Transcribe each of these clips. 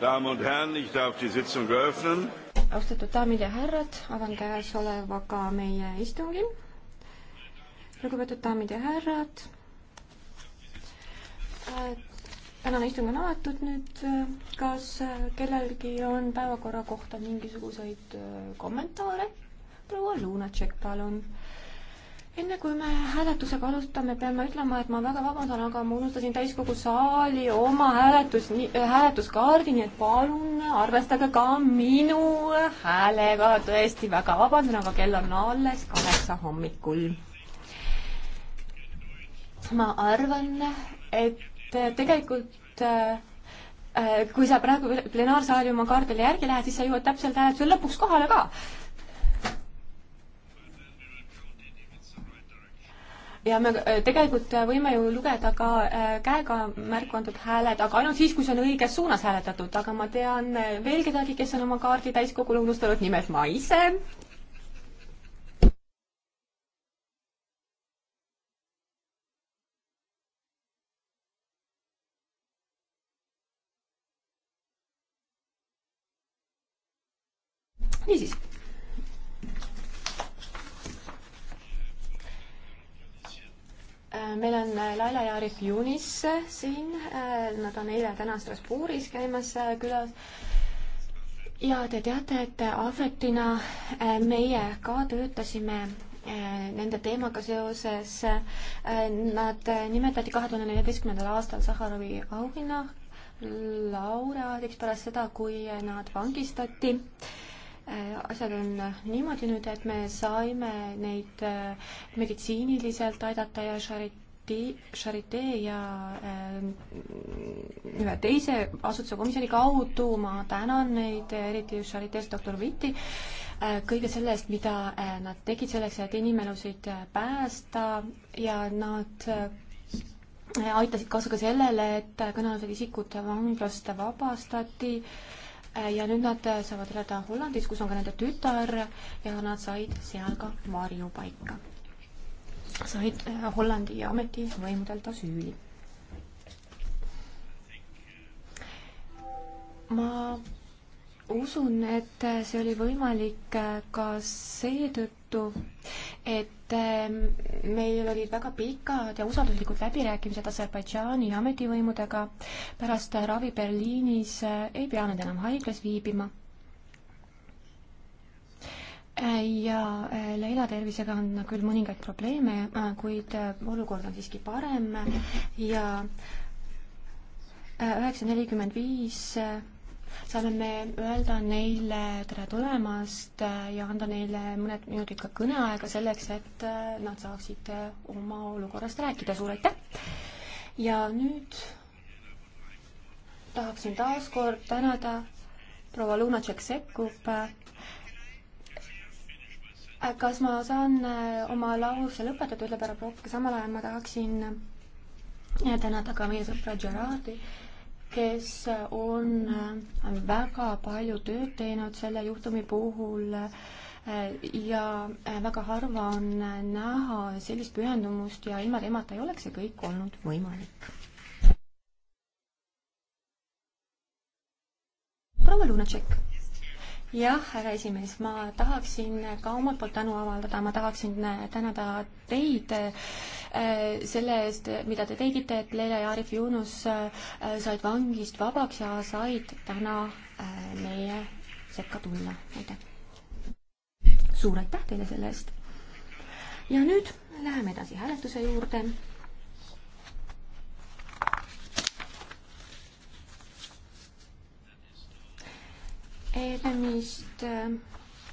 Damen und Herren, ich darf die Sitzung eröffnen. austatud daamid ja härrad, avan käesolevaga meie istungi. lugupeetud daamid ja härrad. tänane istung on avatud nüüd. kas kellelgi on päevakorra kohta mingisuguseid kommentaare? proua Lunatšek, palun enne kui me hääletusega alustame, pean ma ütlema, et ma väga vabandan, aga ma unustasin täiskogu saali oma hääletus, äh, hääletuskaardi, nii et palun arvestage ka minu häälega, tõesti väga vabandan, aga kell on alles kaheksa hommikul. ma arvan, et tegelikult äh, äh, kui sa praegu plenaarsaali oma kaardile järgi lähed, siis sa jõuad täpselt hääletuse lõpuks kohale ka ja me äh, tegelikult äh, võime ju lugeda ka äh, käega märku antud hääled, aga ainult siis, kui see on õiges suunas hääletatud, aga ma tean veel kedagi, kes on oma kaardi täiskogule unustanud, nimelt ma ise. niisiis meil on äh, Laila ja Arif Yunis äh, siin, äh, nad on eile täna Strasbourgis käimas külas. ja te teate, et ahvetina meie ka töötasime nende teemaga seoses. Nad nimetati kahe tuhande neljateistkümnendal aastal Sahharovi auhinna laureaadiks pärast seda, kui nad vangistati asjad on niimoodi nüüd, et me saime neid meditsiiniliselt aidata ja Charit Charité ja äh, ühe teise asutuse komisjoni kaudu ma tänan neid, eriti just Charité's doktor Vitti, äh, kõige selle eest, mida äh, nad tegid selleks, et inimelusid päästa ja nad aitasid kaasa ka sellele, et kõnealused isikud vanglast vabastati ja nüüd nad saavad elada Hollandis, kus on ka nende tütar ja nad said seal ka varjupaika said äh, Hollandi ametivõimudelt asüüli. ma usun, et see oli võimalik äh, ka seetõttu, et ähm, meil olid väga pikad ja usalduslikud läbirääkimised Aserbaidžaani ametivõimudega. pärast ravi Berliinis äh, ei pea nad enam haiglas viibima ja Leila äh, tervisega on küll mõningaid probleeme, äh, kuid äh, olukord on siiski parem ja üheksa nelikümmend viis saame me öelda neile tere tulemast ja anda neile mõned minutid ka kõneaega selleks, et nad saaksid oma olukorrast rääkida. suur aitäh! ja nüüd tahaksin taas kord tänada proua Lunatšek sekkub Äh, kas ma saan äh, oma lause lõpetada, ütleb härra Prokk, samal ajal ma tahaksin äh, tänada ka meie sõpra Gerardi, kes on väga palju tööd teinud selle juhtumi puhul ja väga harva on näha sellist pühendumust ja ilma temata ei oleks see kõik olnud võimalik. proua Lunatšek jah, härra esimees, ma tahaksin ka omalt poolt tänu avaldada, ma tahaksin tänada teid äh, selle eest, mida te tegite, et Leila ja Arif Yunus äh, said vangist vabaks ja said täna äh, meie sekka tulla, aitäh. suur aitäh teile selle eest. ja nüüd läheme edasi hääletuse juurde eelmist äh,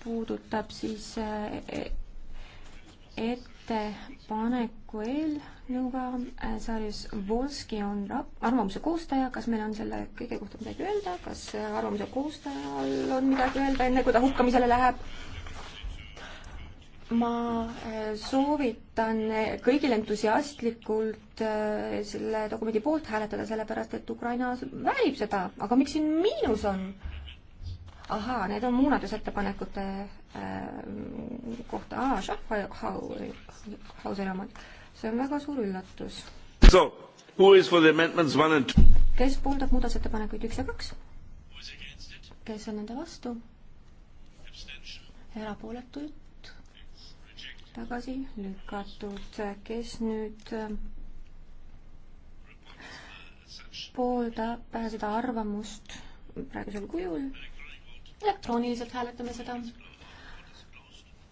puudutab siis äh, e-, ettepaneku eelnõuga, äh, Sarjus Volski on arvamuse koostaja, kas meil on selle kõige kohta midagi öelda, kas arvamuse koostajal on midagi öelda, enne kui ta hukkamisele läheb? ma soovitan kõigil entusiastlikult selle dokumendi poolt hääletada, sellepärast et Ukraina väärib seda, aga miks siin miinus on? ahaa, need on muudatusettepanekute äh, kohta, aa, Schaffhauseri omad. see on väga suur üllatus. And... kes pooldab muudatusettepanekuid üks ja kaks? kes on nende vastu? erapooletuid? tagasi lükatud, kes nüüd äh, pooldab seda arvamust praegusel kujul? elektrooniliselt hääletame seda.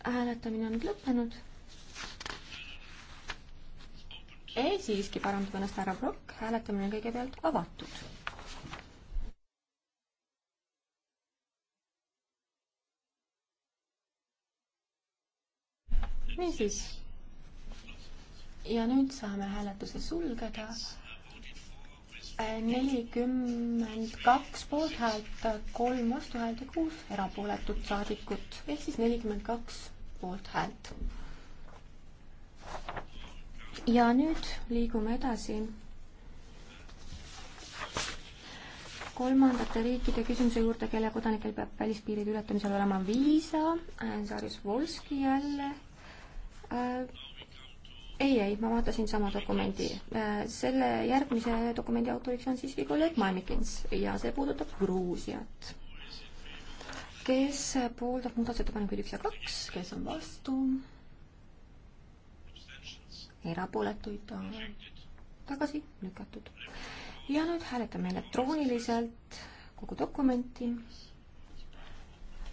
hääletamine on lõppenud. ei, siiski parandab ennast härra Prokk, hääletamine on kõigepealt avatud. niisiis. ja nüüd saame hääletuse sulgeda nelikümmend kaks poolthäält, kolm vastuhäält ja kuus erapooletut saadikut ehk siis nelikümmend kaks poolthäält. ja nüüd liigume edasi kolmandate riikide küsimuse juurde, kelle kodanikel peab välispiiride ületamisel olema viisa, äh, Sarjus Volski jälle äh, ei, ei, ma vaatasin sama dokumendi. Äh, selle järgmise dokumendi autoriks on siiski kolleeg Maimikins ja see puudutab Gruusiat. kes pooldab muudatusettepanekuid üks ja kaks, kes on vastu? erapooletuid on tagasi lükatud. ja nüüd hääletame elektrooniliselt kogu dokumenti.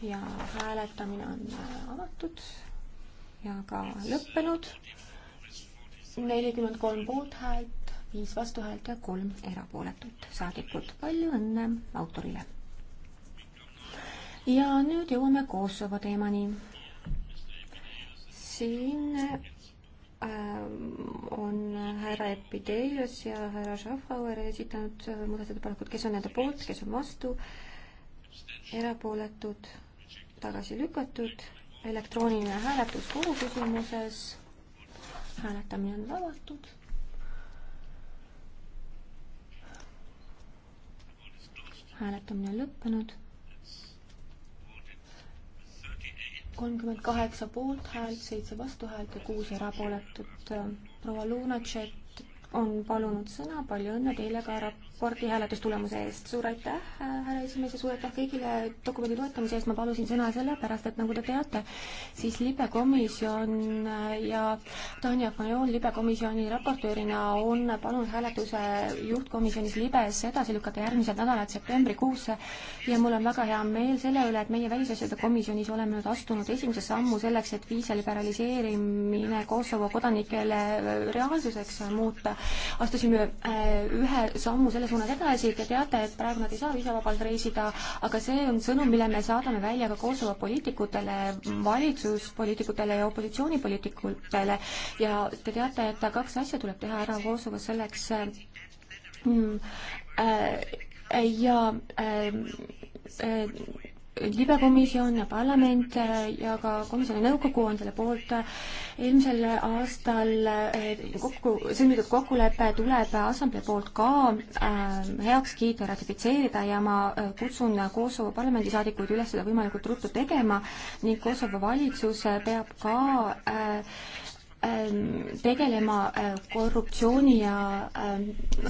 ja hääletamine on avatud ja ka lõppenud nelikümmend kolm poolthäält, viis vastuhäält ja kolm erapooletut saadikut. palju õnne autorile! ja nüüd jõuame Kosovo teemani. siin äh, on härra Epideios ja härra Schaffauer esitanud äh, muudatusettepanekud, kes on nende poolt, kes on vastu, erapooletud, tagasi lükatud, elektrooniline hääletus kogu küsimuses hääletamine on avatud. hääletamine on lõppenud. kolmkümmend kaheksa poolthäält, seitse vastuhäält ja kuus erapooletut. proua Lunatšek on palunud sõna, palju õnne teile ka rap-, raporti hääletustulemuse eest. suur aitäh, härra esimees, ja suur aitäh kõigile dokumendi toetamise eest, ma palusin sõna sellepärast, et nagu te teate, siis libekomisjon äh, ja Tanja Fajon libekomisjoni raportöörina on palunud hääletuse juhtkomisjonis libes edasi lükata järgmisel nädalal septembrikuusse ja mul on väga hea meel selle üle, et meie välisasjade komisjonis oleme nüüd astunud esimese sammu selleks, et viisa liberaliseerimine Kosovo kodanikele reaalsuseks muuta. astusime äh, ühe sammu selles suunas edasi, te teate, et praegu nad ei saa viisavabalt reisida, aga see on sõnum, mille me saadame välja ka Kosovo poliitikutele, valitsuspoliitikutele ja opositsioonipoliitikutele ja te teate, et kaks asja tuleb teha ära Kosovos selleks mm, äh, ja äh, äh, libekomisjon ja parlament äh, ja ka komisjoni nõukogu on selle poolt. eelmisel aastal äh, kokku, sõlmitud kokkulepe tuleb assamblee poolt ka äh, heaks kiita, ratifitseerida ja ma kutsun Kosovo parlamendisaadikuid üles seda võimalikult ruttu tegema ning Kosovo valitsus peab ka äh, Ähm, tegelema äh, korruptsiooni ja ähm,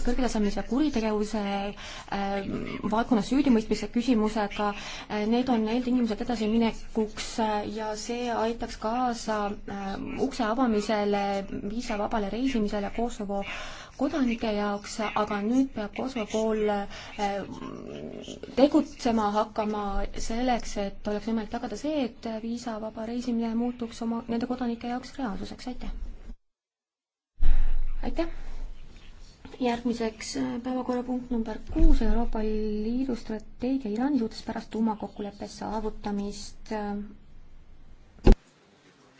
kõrgetasemelise kuritegevuse ähm, valdkonnas süüdimõistmise küsimusega. Äh, need on eeltingimused edasiminekuks äh, ja see aitaks kaasa ukse avamisele, viisavabale reisimisele Kosovo kodanike jaoks, aga nüüd peab Kosovo pool äh, tegutsema hakkama selleks, et oleks võimalik tagada see, et viisavaba reisimine muutuks oma, nende kodanike jaoks reaalsuseks, aitäh! aitäh! järgmiseks äh, päevakorrapunkt number kuus, Euroopa Liidu strateegia Iraani suhtes pärast tuumakokkuleppe saavutamist.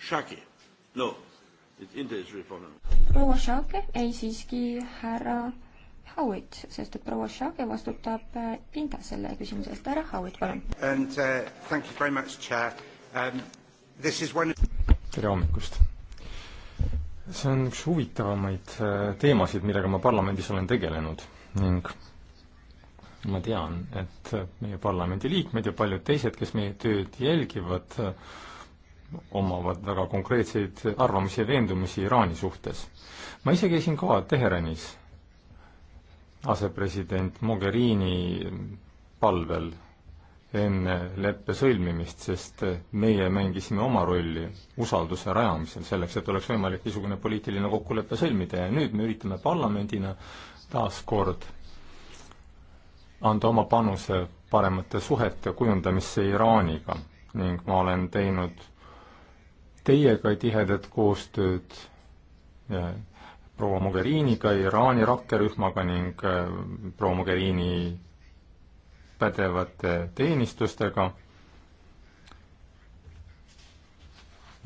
Shaki, no proua Šake, ei siiski härra Howitt, sest et proua Šake vastutab Pinda äh, selle küsimuse eest. härra Howitt, palun. Äh, um, tere hommikust! see on üks huvitavamaid äh, teemasid, millega ma parlamendis olen tegelenud ning ma tean, et meie parlamendi liikmed ja paljud teised, kes meie tööd jälgivad, omavad väga konkreetseid arvamusi ja veendumusi Iraani suhtes. ma ise käisin ka Teheranis asepresident Mogherini palvel enne leppe sõlmimist, sest meie mängisime oma rolli usalduse rajamisel, selleks et oleks võimalik niisugune poliitiline kokkulepe sõlmida ja nüüd me üritame parlamendina taas kord anda oma panuse paremate suhete kujundamisse Iraaniga ning ma olen teinud teiega tihedat koostööd, äh, proua Mogheriniga, Iraani rakkerühmaga ning äh, proua Mogherini pädevate teenistustega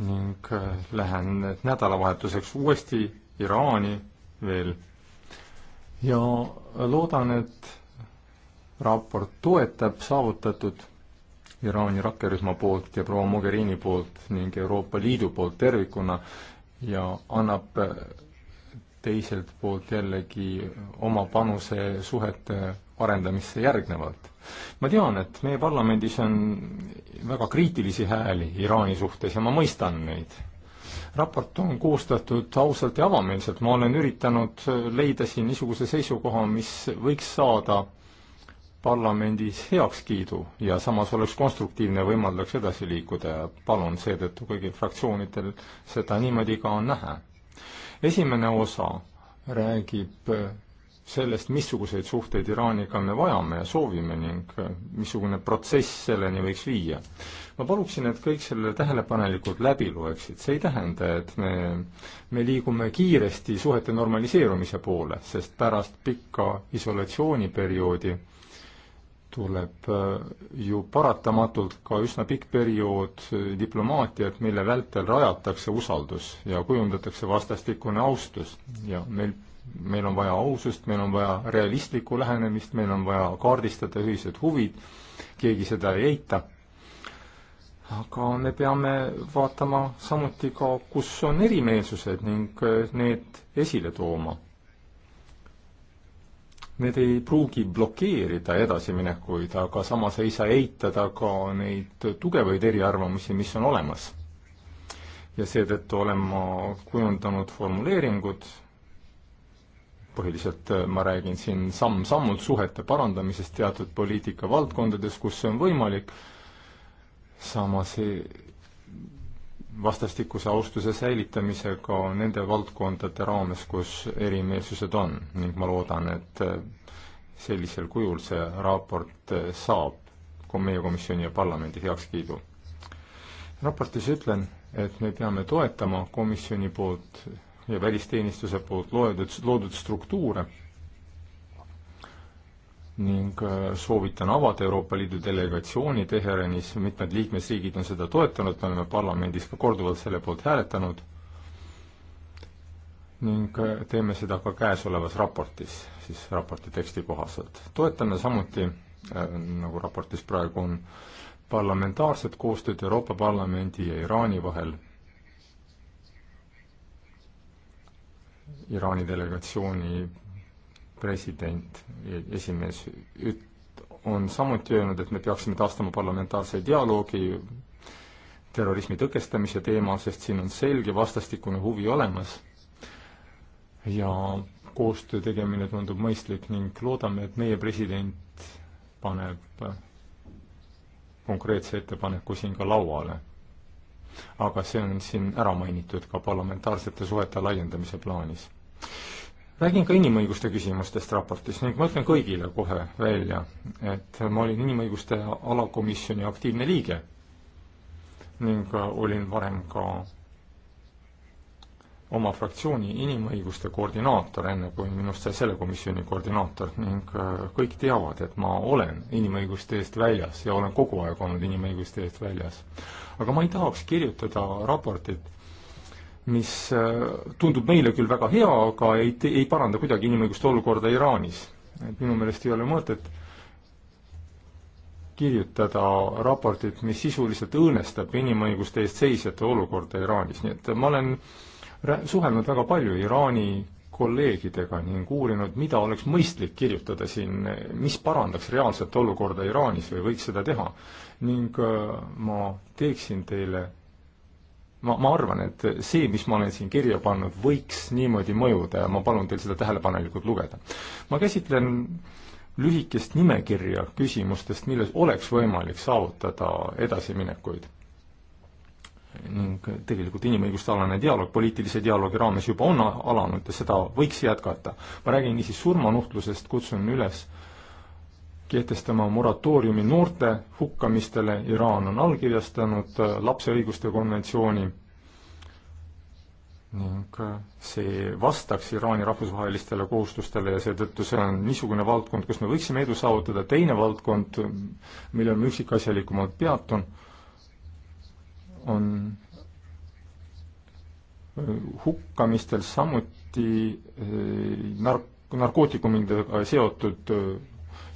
ning äh, lähen nädalavahetuseks uuesti Iraani veel ja loodan, et raport toetab saavutatud Iraani rakkerühma poolt ja proua Mogherini poolt ning Euroopa Liidu poolt tervikuna ja annab äh, teiselt poolt jällegi oma panuse suhete arendamisse järgnevalt. ma tean, et meie parlamendis on väga kriitilisi hääli Iraani suhtes ja ma mõistan neid. raport on koostatud ausalt ja avameelselt, ma olen üritanud leida siin niisuguse seisukoha, mis võiks saada äh, parlamendis heakskiidu ja samas oleks konstruktiivne, võimaldaks edasi liikuda ja palun seetõttu kõigil fraktsioonidel seda niimoodi ka näha. esimene osa räägib sellest, missuguseid suhteid Iraaniga me vajame ja soovime ning missugune protsess selleni võiks viia. ma paluksin, et kõik selle tähelepanelikult läbi loeksid, see ei tähenda, et me, me liigume kiiresti suhete normaliseerumise poole, sest pärast pikka isolatsiooniperioodi äh, tuleb äh, ju paratamatult ka üsna pikk periood äh, diplomaatiat, mille vältel rajatakse usaldus ja kujundatakse vastastikune austus ja meil, meil on vaja ausust, meil on vaja realistlikku lähenemist, meil on vaja kaardistada ühised huvid, keegi seda ei eita. aga me peame vaatama samuti ka, kus on erimeelsused ning äh, need esile tooma need ei pruugi blokeerida edasiminekuid, aga samas ei saa eitada ka neid tugevaid eriarvamusi, mis on olemas. ja seetõttu olen ma kujundanud formuleeringud, põhiliselt äh, ma räägin siin samm-sammult suhete parandamisest teatud poliitikavaldkondades, kus see on võimalik, samas ei vastastikuse austuse säilitamisega nende valdkondade raames, kus erimeelsused on ning ma loodan, et äh, sellisel kujul see raport äh, saab meie komisjoni ja parlamendi heakskiidu. raportis ütlen, et me peame toetama komisjoni poolt ja välisteenistuse poolt loodud, loodud struktuure ning äh, soovitan avada Euroopa Liidu delegatsiooni Teheranis, mitmed liikmesriigid on seda toetanud, me oleme parlamendis ka korduvalt selle poolt hääletanud ning äh, teeme seda ka käesolevas raportis, siis raporti teksti kohaselt. toetame samuti, äh, nagu raportis praegu on, parlamentaarset koostööd Euroopa Parlamendi ja Iraani vahel Iraani delegatsiooni president, esimees, on samuti öelnud, et me peaksime taastama parlamentaarse dialoogi terrorismi tõkestamise teemal, sest siin on selge vastastikune huvi olemas ja koostöö tegemine tundub mõistlik ning loodame, et meie president paneb konkreetse ettepaneku siin ka lauale. aga see on siin ära mainitud ka parlamentaarsete suhete laiendamise plaanis räägin ka inimõiguste küsimustest raportis ning ma ütlen kõigile kohe välja, et ma olin inimõiguste alakomisjoni aktiivne liige ning olin varem ka oma fraktsiooni inimõiguste koordinaator, enne kui minust sai selle komisjoni koordinaator ning äh, kõik teavad, et ma olen inimõiguste eest väljas ja olen kogu aeg olnud inimõiguste eest väljas. aga ma ei tahaks kirjutada raportit mis äh, tundub meile küll väga hea, aga ei, ei paranda kuidagi inimõiguste olukorda Iraanis. et minu meelest ei ole mõtet kirjutada raportit, mis sisuliselt õõnestab inimõiguste eest seisjate olukorda Iraanis, nii et ma olen suhelnud väga palju Iraani kolleegidega ning uurinud, mida oleks mõistlik kirjutada siin, mis parandaks reaalset olukorda Iraanis või võiks seda teha. ning äh, ma teeksin teile ma, ma arvan, et see, mis ma olen siin kirja pannud, võiks niimoodi mõjuda ja ma palun teil seda tähelepanelikult lugeda. ma käsitlen lühikest nimekirja küsimustest, milles oleks võimalik saavutada edasiminekuid. ning tegelikult inimõiguste alane dialoog poliitilise dialoogi raames juba on alanud ja seda võiks jätkata. ma räägin niisiis surmanuhtlusest, kutsun üles äh, kehtestama moratooriumi noorte hukkamistele, Iraan on allkirjastanud äh, lapse õiguste konventsiooni ning äh, see vastaks Iraani rahvusvahelistele kohustustele ja seetõttu see on niisugune valdkond, kus me võiksime edu saavutada, teine valdkond, millel ma üksikasjalikumalt peatun, on äh, hukkamistel samuti nark-, narkootikumidega seotud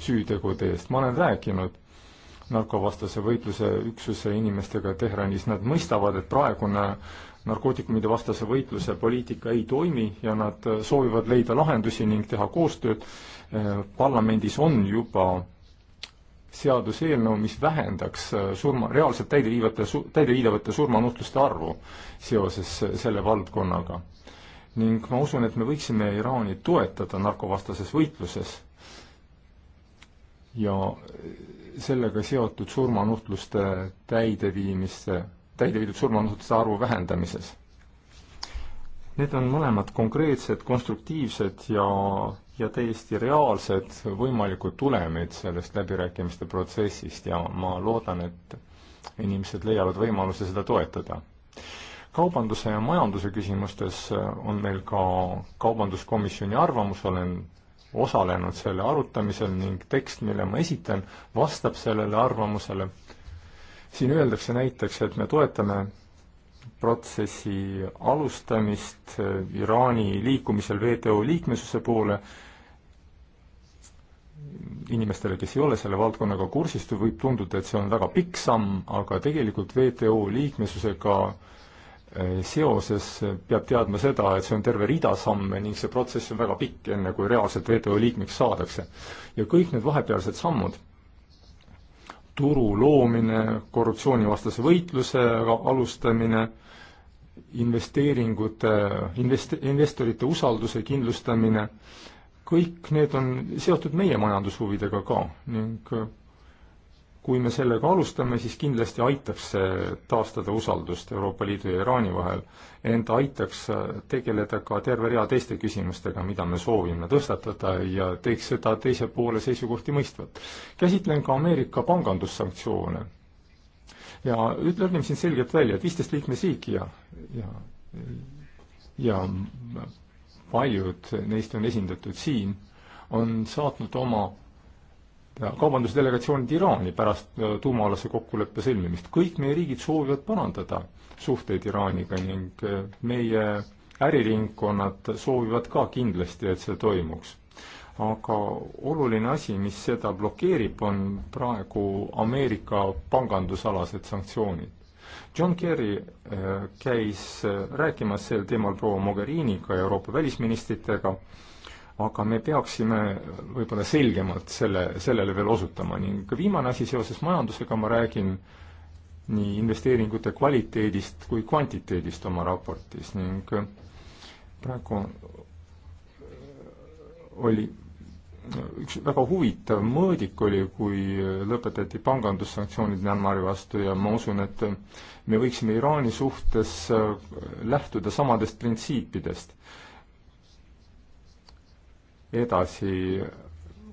süütegude eest. ma olen rääkinud narkovastase võitluse üksuse inimestega Tehranis, nad mõistavad, et praegune narkootikumide vastase võitluse poliitika ei toimi ja nad soovivad leida lahendusi ning teha koostööd. parlamendis on juba seaduseelnõu, mis vähendaks surma, reaalselt täideviivate, täideviidavate surmanuhtluste arvu seoses selle valdkonnaga. ning ma usun, et me võiksime Iraani toetada narkovastases võitluses ja sellega seotud surmanuhtluste täideviimisse, täide viidud surmanuhtluste arvu vähendamises. Need on mõlemad konkreetsed, konstruktiivsed ja, ja täiesti reaalsed võimalikud tulemid sellest läbirääkimiste protsessist ja ma loodan, et inimesed leiavad võimaluse seda toetada kaubanduse ja majanduse küsimustes on meil ka kaubanduskomisjoni arvamus, olen osalenud selle arutamisel ning tekst, mille ma esitan, vastab sellele arvamusele. siin öeldakse näiteks, et me toetame protsessi alustamist Iraani liikumisel WTO liikmesuse poole, inimestele, kes ei ole selle valdkonnaga kursis, võib tunduda, et see on väga pikk samm, aga tegelikult WTO liikmesusega seoses peab teadma seda, et see on terve rida samme ning see protsess on väga pikk, enne kui reaalselt WTO liikmeks saadakse. ja kõik need vahepealsed sammud, turu loomine, korruptsioonivastase võitluse alustamine, investeeringute, invest-, investorite usalduse kindlustamine, kõik need on seotud meie majandushuvidega ka ning kui me sellega alustame, siis kindlasti aitab see taastada usaldust Euroopa Liidu ja Iraani vahel, ent aitaks tegeleda ka terve rea teiste küsimustega, mida me soovime tõstatada ja teeks seda teise poole seisukohti mõistvat. käsitlen ka Ameerika pangandussanktsioone. ja ütleme siin selgelt välja, et viisteist liikmesriiki ja, ja, ja paljud neist on esindatud siin, on saatnud oma kaubandusdelegatsioonid Iraani pärast äh, tuumaalase kokkuleppe sõlmimist. kõik meie riigid soovivad parandada suhteid Iraaniga ning äh, meie äriringkonnad soovivad ka kindlasti, et see toimuks. aga oluline asi, mis seda blokeerib, on praegu Ameerika pangandusalased sanktsioonid. John Kerry äh, käis rääkimas sel teemal proua Mogheriniga ja Euroopa välisministritega aga me peaksime võib-olla selgemalt selle, sellele veel osutama ning viimane asi seoses majandusega, ma räägin nii investeeringute kvaliteedist kui kvantiteedist oma raportis ning praegu oli üks väga huvitav mõõdik oli, kui lõpetati pangandussanktsioonid Myanmari vastu ja ma usun, et me võiksime Iraani suhtes lähtuda samadest printsiipidest edasi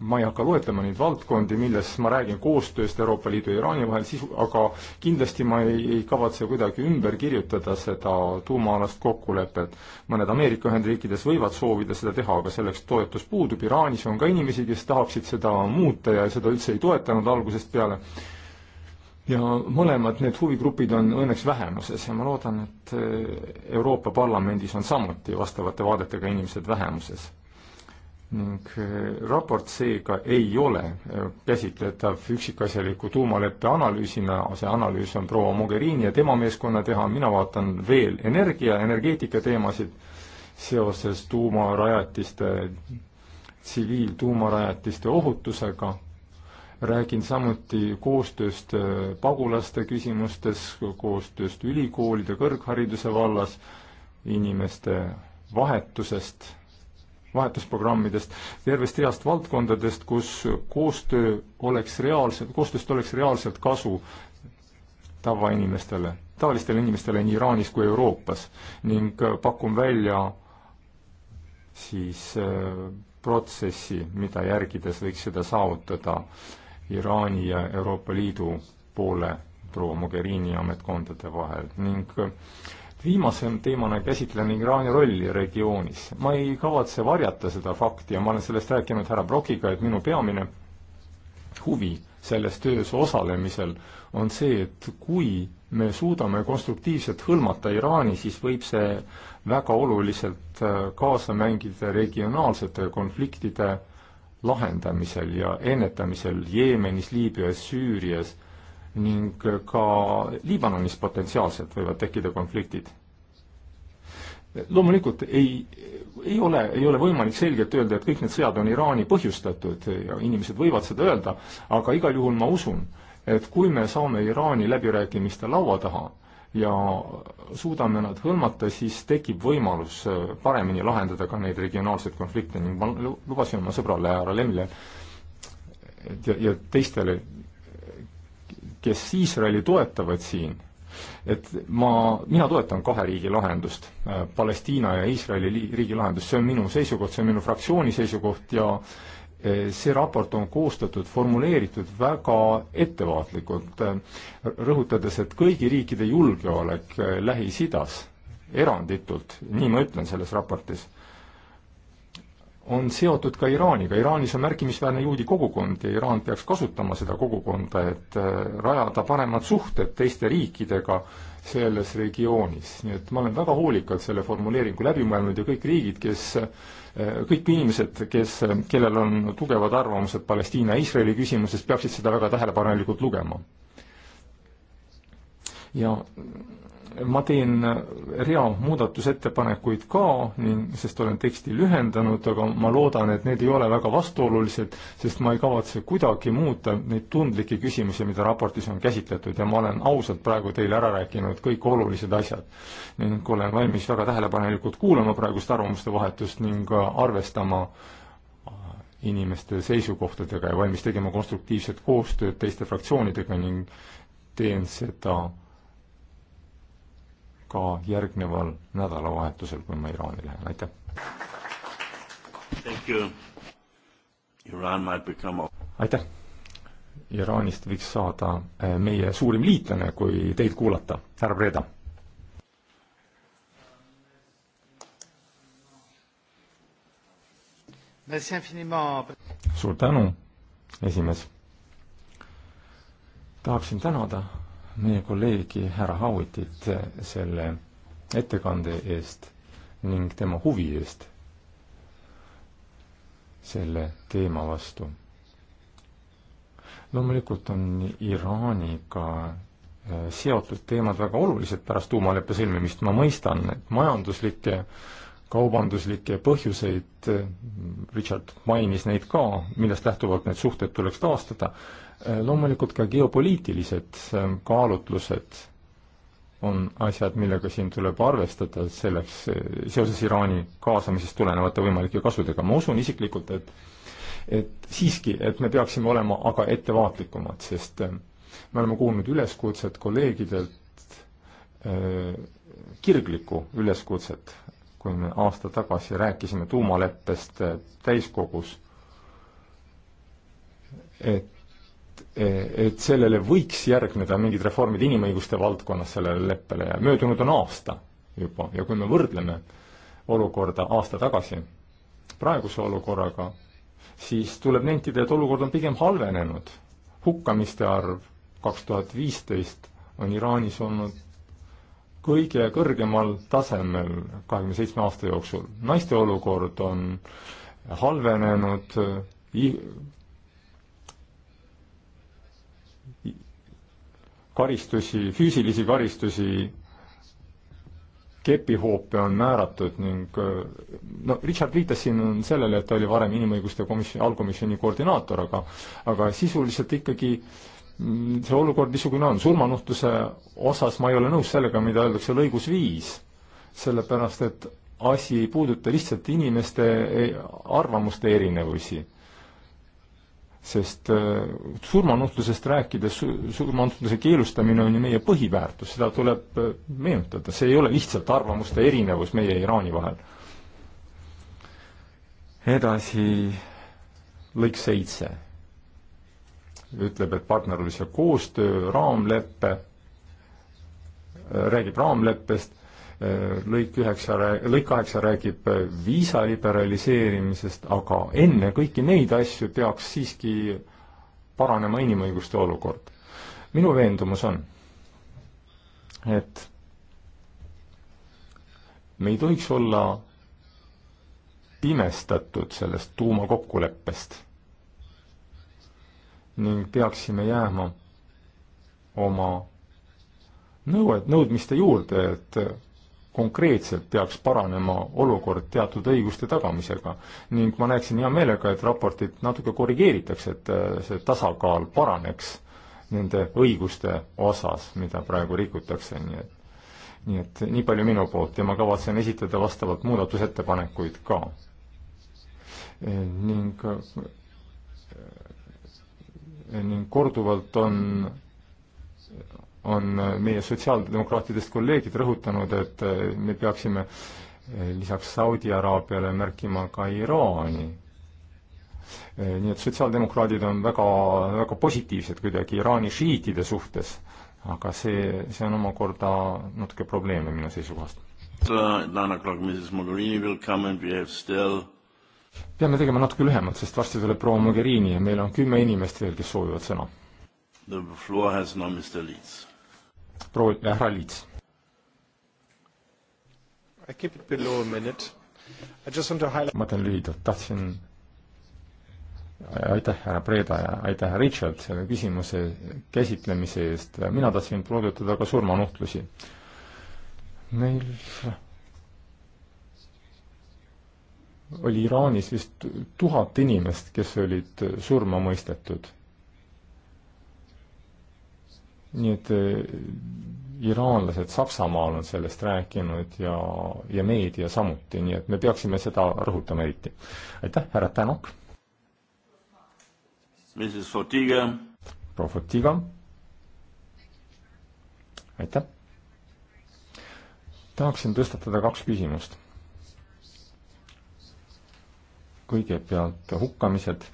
ma ei hakka loetlema neid valdkondi, milles ma räägin koostööst Euroopa Liidu ja Iraani vahel, sisu, aga kindlasti ma ei, ei kavatse kuidagi ümber kirjutada seda tuumaalast kokkulepet. mõned Ameerika Ühendriikides võivad soovida seda teha, aga selleks toetus puudub, Iraanis on ka inimesi, kes tahaksid seda muuta ja seda üldse ei toetanud algusest peale. ja mõlemad need huvigrupid on õnneks vähemuses ja ma loodan, et Euroopa Parlamendis on samuti vastavate vaadetega inimesed vähemuses ning äh, raport seega ei ole äh, käsitletav üksikasjaliku tuumaleppe analüüsina, see analüüs on proua Mogherini ja tema meeskonna teha, mina vaatan veel energia, energeetika teemasid seoses tuumarajatiste, tsiviiltuumarajatiste ohutusega, räägin samuti koostööst äh, pagulaste küsimustes, koostööst ülikoolide, kõrghariduse vallas, inimeste vahetusest vahetusprogrammidest, tervest reast valdkondadest, kus koostöö oleks reaalselt, koostööst oleks reaalselt kasu tavainimestele, tavalistele inimestele nii Iraanis kui Euroopas ning äh, pakun välja siis äh, protsessi, mida järgides võiks seda saavutada Iraani ja Euroopa Liidu poole proua Mogherini ametkondade vahel ning äh, viimase teemana käsitlen Iraani rolli regioonis. ma ei kavatse varjata seda fakti ja ma olen sellest rääkinud härra Brokiga, et minu peamine huvi selles töös osalemisel on see, et kui me suudame konstruktiivselt hõlmata Iraani, siis võib see väga oluliselt äh, kaasa mängida regionaalsete konfliktide lahendamisel ja ennetamisel Jeemenis, Liibüas, Süürias ning ka Liibanonis potentsiaalselt võivad tekkida konfliktid. loomulikult ei, ei ole, ei ole võimalik selgelt öelda, et kõik need sõjad on Iraani põhjustatud ja inimesed võivad seda öelda, aga igal juhul ma usun, et kui me saame Iraani läbirääkimiste laua taha ja suudame nad hõlmata, siis tekib võimalus äh, paremini lahendada ka neid regionaalseid konflikte ning ma lubasin oma sõbrale härra Lemile ja, ja teistele kes Iisraeli toetavad siin, et ma, mina toetan kahe riigi lahendust, äh, Palestiina ja Iisraeli riigi lahendust, see on minu seisukoht, see on minu fraktsiooni seisukoht ja äh, see raport on koostatud, formuleeritud väga ettevaatlikult, äh, rõhutades, et kõigi riikide julgeolek Lähis-Idas eranditult, nii ma ütlen selles raportis, on seotud ka Iraaniga. Iraanis on märkimisväärne juudi kogukond ja Iraan peaks kasutama seda kogukonda, et äh, rajada paremad suhted teiste riikidega selles regioonis. nii et ma olen väga hoolikalt selle formuleeringu läbi mõelnud ja kõik riigid, kes, äh, kõik inimesed, kes, äh, kellel on tugevad arvamused Palestiina ja Iisraeli küsimuses, peaksid seda väga tähelepanelikult lugema. ja ma teen rea muudatusettepanekuid ka ning, sest olen teksti lühendanud, aga ma loodan, et need ei ole väga vastuolulised, sest ma ei kavatse kuidagi muuta neid tundlikke küsimusi, mida raportis on käsitletud ja ma olen ausalt praegu teile ära rääkinud kõik olulised asjad. ning olen valmis väga tähelepanelikult kuulama praegust arvamuste vahetust ning arvestama inimeste seisukohtadega ja valmis tegema konstruktiivset koostööd teiste fraktsioonidega ning teen seda ka järgneval nädalavahetusel, kui ma Iraani lähen, aitäh! Iraan become... aitäh! Iraanist võiks saada eh, meie suurim liitlane, kui teid kuulata, härra Breda. suur tänu, esimees. tahaksin tänada meie kolleegi härra Howitit selle ettekande eest ning tema huvi eest selle teema vastu. loomulikult on Iraaniga äh, seotud teemad väga olulised pärast tuumaleppe sõlmimist, ma mõistan, et majanduslikke, kaubanduslikke põhjuseid, äh, Richard mainis neid ka, millest lähtuvalt need suhted tuleks taastada Äh, loomulikult ka geopoliitilised ähm, kaalutlused on asjad, millega siin tuleb arvestada selleks, äh, seoses Iraani kaasamisest tulenevate võimalike kasudega. ma usun isiklikult, et et siiski, et me peaksime olema aga ettevaatlikumad, sest ähm, me oleme kuulnud üleskutset kolleegidelt äh,, kirglikku üleskutset, kui me aasta tagasi rääkisime tuumaleppest äh, täiskogus, et et sellele võiks järgneda mingid reformid inimõiguste valdkonnas sellele leppele ja möödunud on aasta juba ja kui me võrdleme olukorda aasta tagasi praeguse olukorraga, siis tuleb nentida, et olukord on pigem halvenenud. hukkamiste arv kaks tuhat viisteist on Iraanis olnud kõige kõrgemal tasemel kahekümne seitsme aasta jooksul. naiste olukord on halvenenud, karistusi, füüsilisi karistusi, kepihoope on määratud ning no Richard viitas siin sellele, et ta oli varem inimõiguste komisjoni, allkomisjoni koordinaator, aga aga sisuliselt ikkagi mm, see olukord niisugune on, surmanuhtluse osas ma ei ole nõus sellega, mida öeldakse lõigus viis, sellepärast et asi ei puuduta lihtsalt inimeste eh, arvamuste erinevusi sest äh, surmanuhtlusest rääkides, surmanuhtluse keelustamine on ju meie põhiväärtus, seda tuleb äh, meenutada, see ei ole lihtsalt arvamuste erinevus meie ja Iraani vahel. edasi, lõik seitse ütleb, et partnerlus ja koostöö, raamleppe, äh, räägib raamleppest Äh, lõik üheksa, lõik kaheksa räägib äh, viisa liberaliseerimisest, aga enne kõiki neid asju peaks siiski paranema inimõiguste olukord. minu veendumus on, et me ei tohiks olla pimestatud sellest tuumakokkuleppest ning peaksime jääma oma nõuet, nõudmiste juurde, et konkreetselt peaks paranema olukord teatud õiguste tagamisega. ning ma näeksin hea meelega, et raportit natuke korrigeeritakse, et äh, see tasakaal paraneks nende õiguste osas, mida praegu rikutakse, nii et nii et nii palju minu poolt ja ma kavatsen esitada vastavalt muudatusettepanekuid ka. ning äh, ning korduvalt on on äh, meie sotsiaaldemokraatidest kolleegid rõhutanud, et äh, me peaksime äh, lisaks Saudi Araabiale märkima ka Iraani. nii et sotsiaaldemokraadid on väga, väga positiivsed kuidagi Iraani šiitide suhtes, aga see, see on omakorda natuke probleemne minu seisukohast. peame tegema natuke lühemalt, sest varsti tuleb proua Mogherini ja meil on kümme inimest veel, kes soovivad sõna. The floor has now Mr Leeds proua, härra Liits. ma teen lühidalt, tahtsin aitäh, härra Preeda ja aitäh, härra Richard, selle küsimuse käsitlemise eest. mina tahtsin puudutada ka surmanuhtlusi. meil oli Iraanis vist tuhat inimest, kes olid surma mõistetud nii et eh, iraanlased Saksamaal on sellest rääkinud ja, ja meedia samuti, nii et me peaksime seda rõhutama eriti. aitäh, härra Tänak! proua Fotiga! aitäh! tahaksin tõstatada kaks küsimust. kõigepealt hukkamised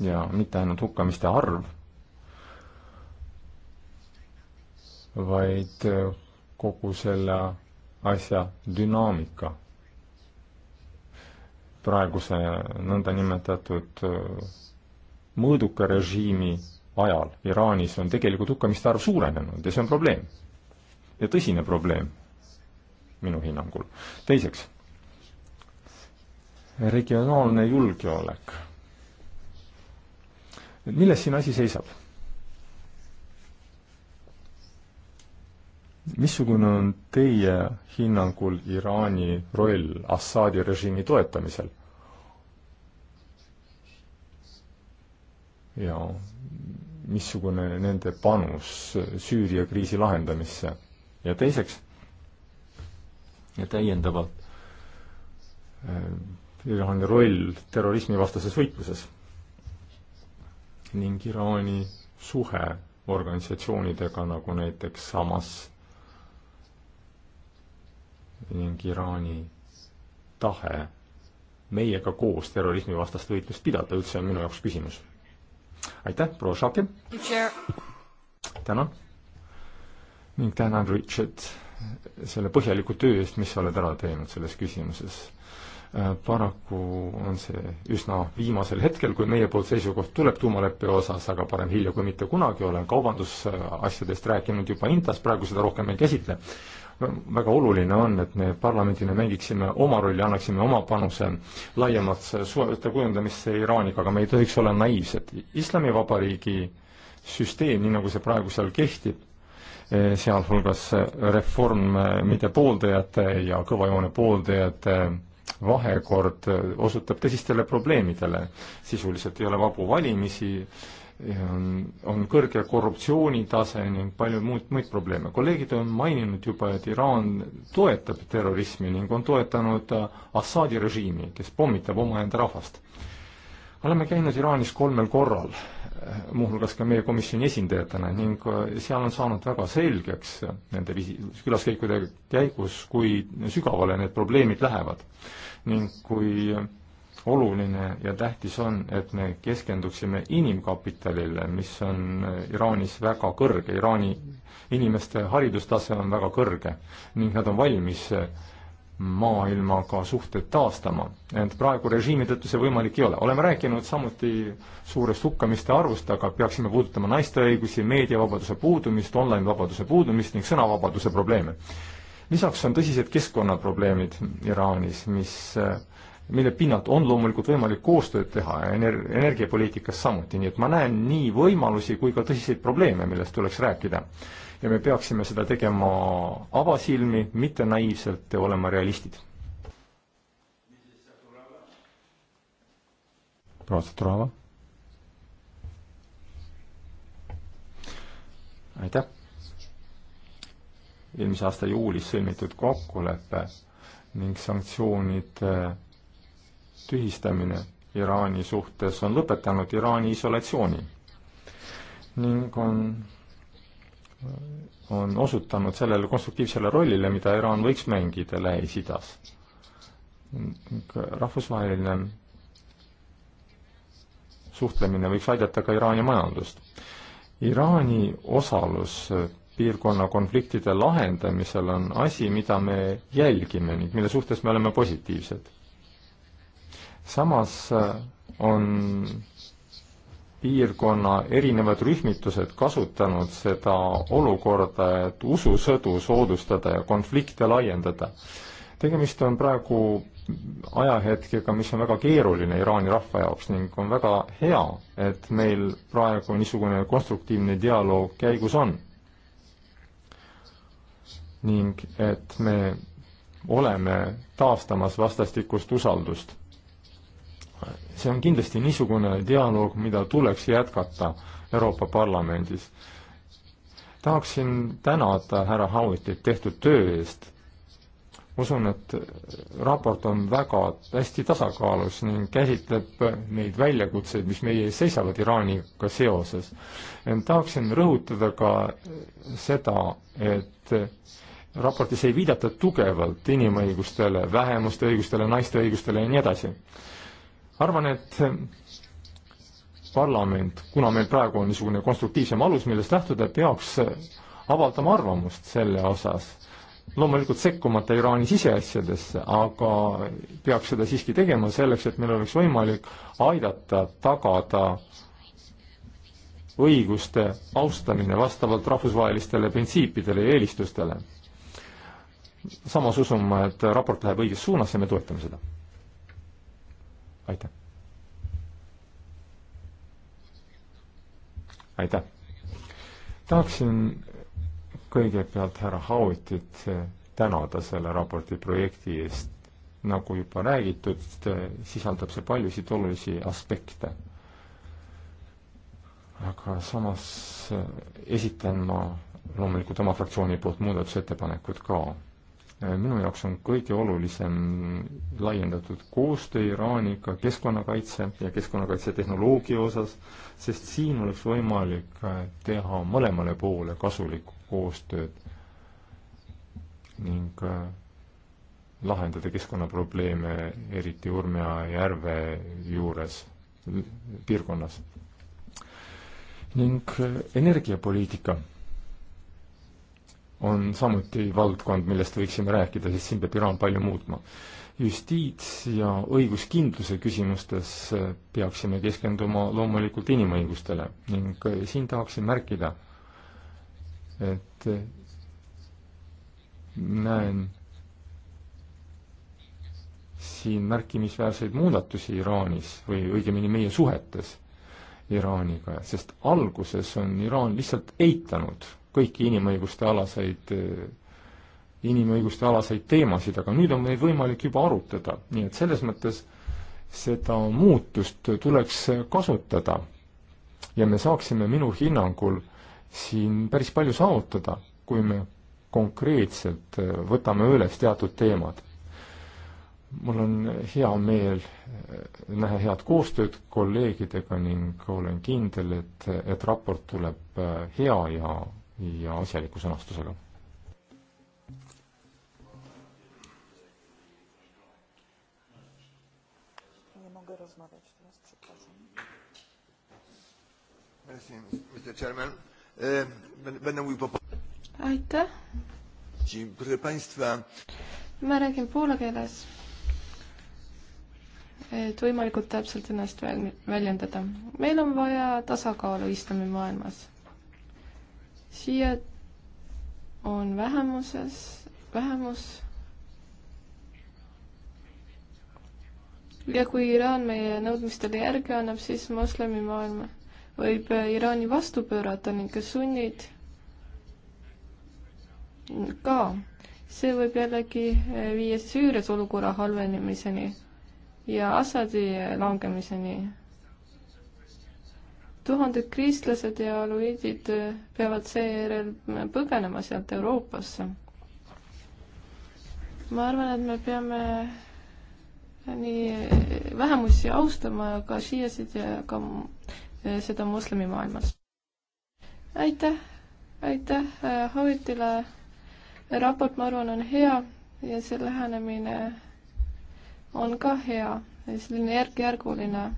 ja mitte ainult hukkamiste arv vaid äh, kogu selle asja dünaamika. praeguse nõndanimetatud äh, mõõduka režiimi ajal Iraanis on tegelikult hukkamiste arv suurenenud ja see on probleem. ja tõsine probleem minu hinnangul. teiseks, regionaalne julgeolek. milles siin asi seisab? missugune on teie hinnangul Iraani roll Assaadi režiimi toetamisel? ja missugune nende panus Süüria kriisi lahendamisse? ja teiseks, ja täiendavalt, äh, Iraani roll terrorismivastases võitluses ning Iraani suhe organisatsioonidega, nagu näiteks Hamas ning Iraani tahe meiega koos terrorismivastast võitlust pidada üldse on minu jaoks küsimus. aitäh, proua Šapi! tänan! ning tänan, Richard, selle põhjaliku töö eest, mis sa oled ära teinud selles küsimuses äh, paraku on see üsna viimasel hetkel, kui meie poolt seisukoht tuleb tuumaleppe osas, aga parem hilja kui mitte kunagi, olen kaubandusasjadest rääkinud juba Intas, praegu seda rohkem ei käsitle väga oluline on, et me parlamendina mängiksime oma rolli, annaksime oma panuse laiemasse suhete kujundamisse Iraaniga, aga me ei tohiks olla naiivsed. islamivabariigi süsteem, nii nagu see praegu seal kehtib, eh, sealhulgas reformide eh, pooldajate ja kõvajoone pooldajate vahekord eh, osutab tõsistele probleemidele. sisuliselt ei ole vabu valimisi, on, on kõrge korruptsioonitase ning palju muud, muid probleeme. kolleegid on maininud juba, et Iraan toetab terrorismi ning on toetanud äh, Assaadi režiimi, kes pommitab omaenda rahvast. oleme käinud Iraanis kolmel korral, äh, muuhulgas ka meie komisjoni esindajatena ning äh, seal on saanud väga selgeks nende visi-, külaskäikude käigus, kui sügavale need probleemid lähevad. ning kui oluline ja tähtis on, et me keskenduksime inimkapitalile, mis on Iraanis väga kõrge, Iraani inimeste haridustase on väga kõrge ning nad on valmis maailmaga suhted taastama. ent praegu režiimi tõttu see võimalik ei ole. oleme rääkinud samuti suurest hukkamiste arvust, aga peaksime puudutama naiste õigusi, meediavabaduse puudumist, online-vabaduse puudumist ning sõnavabaduse probleeme. lisaks on tõsised keskkonnaprobleemid Iraanis, mis mille pinnalt on loomulikult võimalik koostööd teha ener-, energiapoliitikas samuti, nii et ma näen nii võimalusi kui ka tõsiseid probleeme, millest tuleks rääkida. ja me peaksime seda tegema avasilmi, mitte naiivselt ja olema realistid. proua Saturava. aitäh. eelmise aasta juulis sõlmitud kokkulepe ning sanktsioonide tühistamine Iraani suhtes on lõpetanud Iraani isolatsiooni ning on, on osutanud sellele konstruktiivsele rollile, mida Iraan võiks mängida Lähis-Idas. rahvusvaheline suhtlemine võiks aidata ka Iraani majandust. Iraani osalus piirkonna konfliktide lahendamisel on asi, mida me jälgime ning mille suhtes me oleme positiivsed samas äh, on piirkonna erinevad rühmitused kasutanud seda olukorda, et ususõdu soodustada ja konflikte laiendada. tegemist on praegu ajahetkega, mis on väga keeruline Iraani rahva jaoks ning on väga hea, et meil praegu niisugune konstruktiivne dialoog käigus on. ning et me oleme taastamas vastastikust usaldust see on kindlasti niisugune dialoog, mida tuleks jätkata Euroopa Parlamendis. tahaksin tänada härra Howitit tehtud töö eest. usun, et raport on väga hästi tasakaalus ning käsitleb neid väljakutseid, mis meie ees seisavad Iraaniga seoses. ent tahaksin rõhutada ka seda, et raportis ei viidata tugevalt inimõigustele, vähemuste õigustele, naiste õigustele ja nii edasi arvan, et eh, parlament, kuna meil praegu on niisugune konstruktiivsem alus, millest lähtuda, peaks eh, avaldama arvamust selle osas. loomulikult sekkumata Iraani siseasjadesse, aga peaks seda siiski tegema selleks, et meil oleks võimalik aidata tagada õiguste austamine vastavalt rahvusvahelistele printsiipidele ja eelistustele. samas usun ma, et raport läheb õiges suunas ja me toetame seda aitäh. aitäh. tahaksin kõigepealt härra Hauitit tänada selle raporti projekti eest. nagu juba räägitud, sisaldab see paljusid olulisi aspekte. aga samas esitan ma loomulikult oma fraktsiooni poolt muudatusettepanekud ka Äh, minu jaoks on kõige olulisem laiendatud koostöö Iraaniga keskkonnakaitse ja keskkonnakaitsetehnoloogia osas, sest siin oleks võimalik äh, teha mõlemale poole kasulikku koostööd ning äh, lahendada keskkonnaprobleeme, eriti Urmea järve juures, piirkonnas. ning energiapoliitika on samuti valdkond, millest võiksime rääkida, sest siin peab Iraan palju muutma. justiits- ja õiguskindluse küsimustes peaksime keskenduma loomulikult inimõigustele ning eh, siin tahaksin märkida, et eh, näen siin märkimisväärseid muudatusi Iraanis või õigemini meie suhetes Iraaniga, sest alguses on Iraan lihtsalt eitanud kõiki inimõiguste alaseid, eh, inimõiguste alaseid teemasid, aga nüüd on meil võimalik juba arutada, nii et selles mõttes seda muutust tuleks kasutada. ja me saaksime minu hinnangul siin päris palju saavutada, kui me konkreetselt eh, võtame üles teatud teemad. mul on hea meel eh, näha head koostööd kolleegidega ning olen kindel, et, et raport tuleb hea ja ja asjaliku sõnastusega. E, aitäh. ma räägin poola keeles et võimalikult täpselt ennast väljendada. meil on vaja tasakaalu islamimaailmas siia on vähemuses, vähemus. ja kui Iraan meie nõudmistele järgi annab, siis moslemimaailm võib Iraani vastu pöörata ning ka sunnid ka. see võib jällegi viia Süürias olukorra halvenemiseni ja Assadi langemiseni tuhanded kristlased ja aluiidid peavad seejärel põgenema sealt Euroopasse. ma arvan, et me peame nii vähemusi austama, ka šiiasid ja ka seda moslemimaailmas. aitäh, aitäh äh, Havitile. raport, ma arvan, on hea ja see lähenemine on ka hea, selline järk-järguline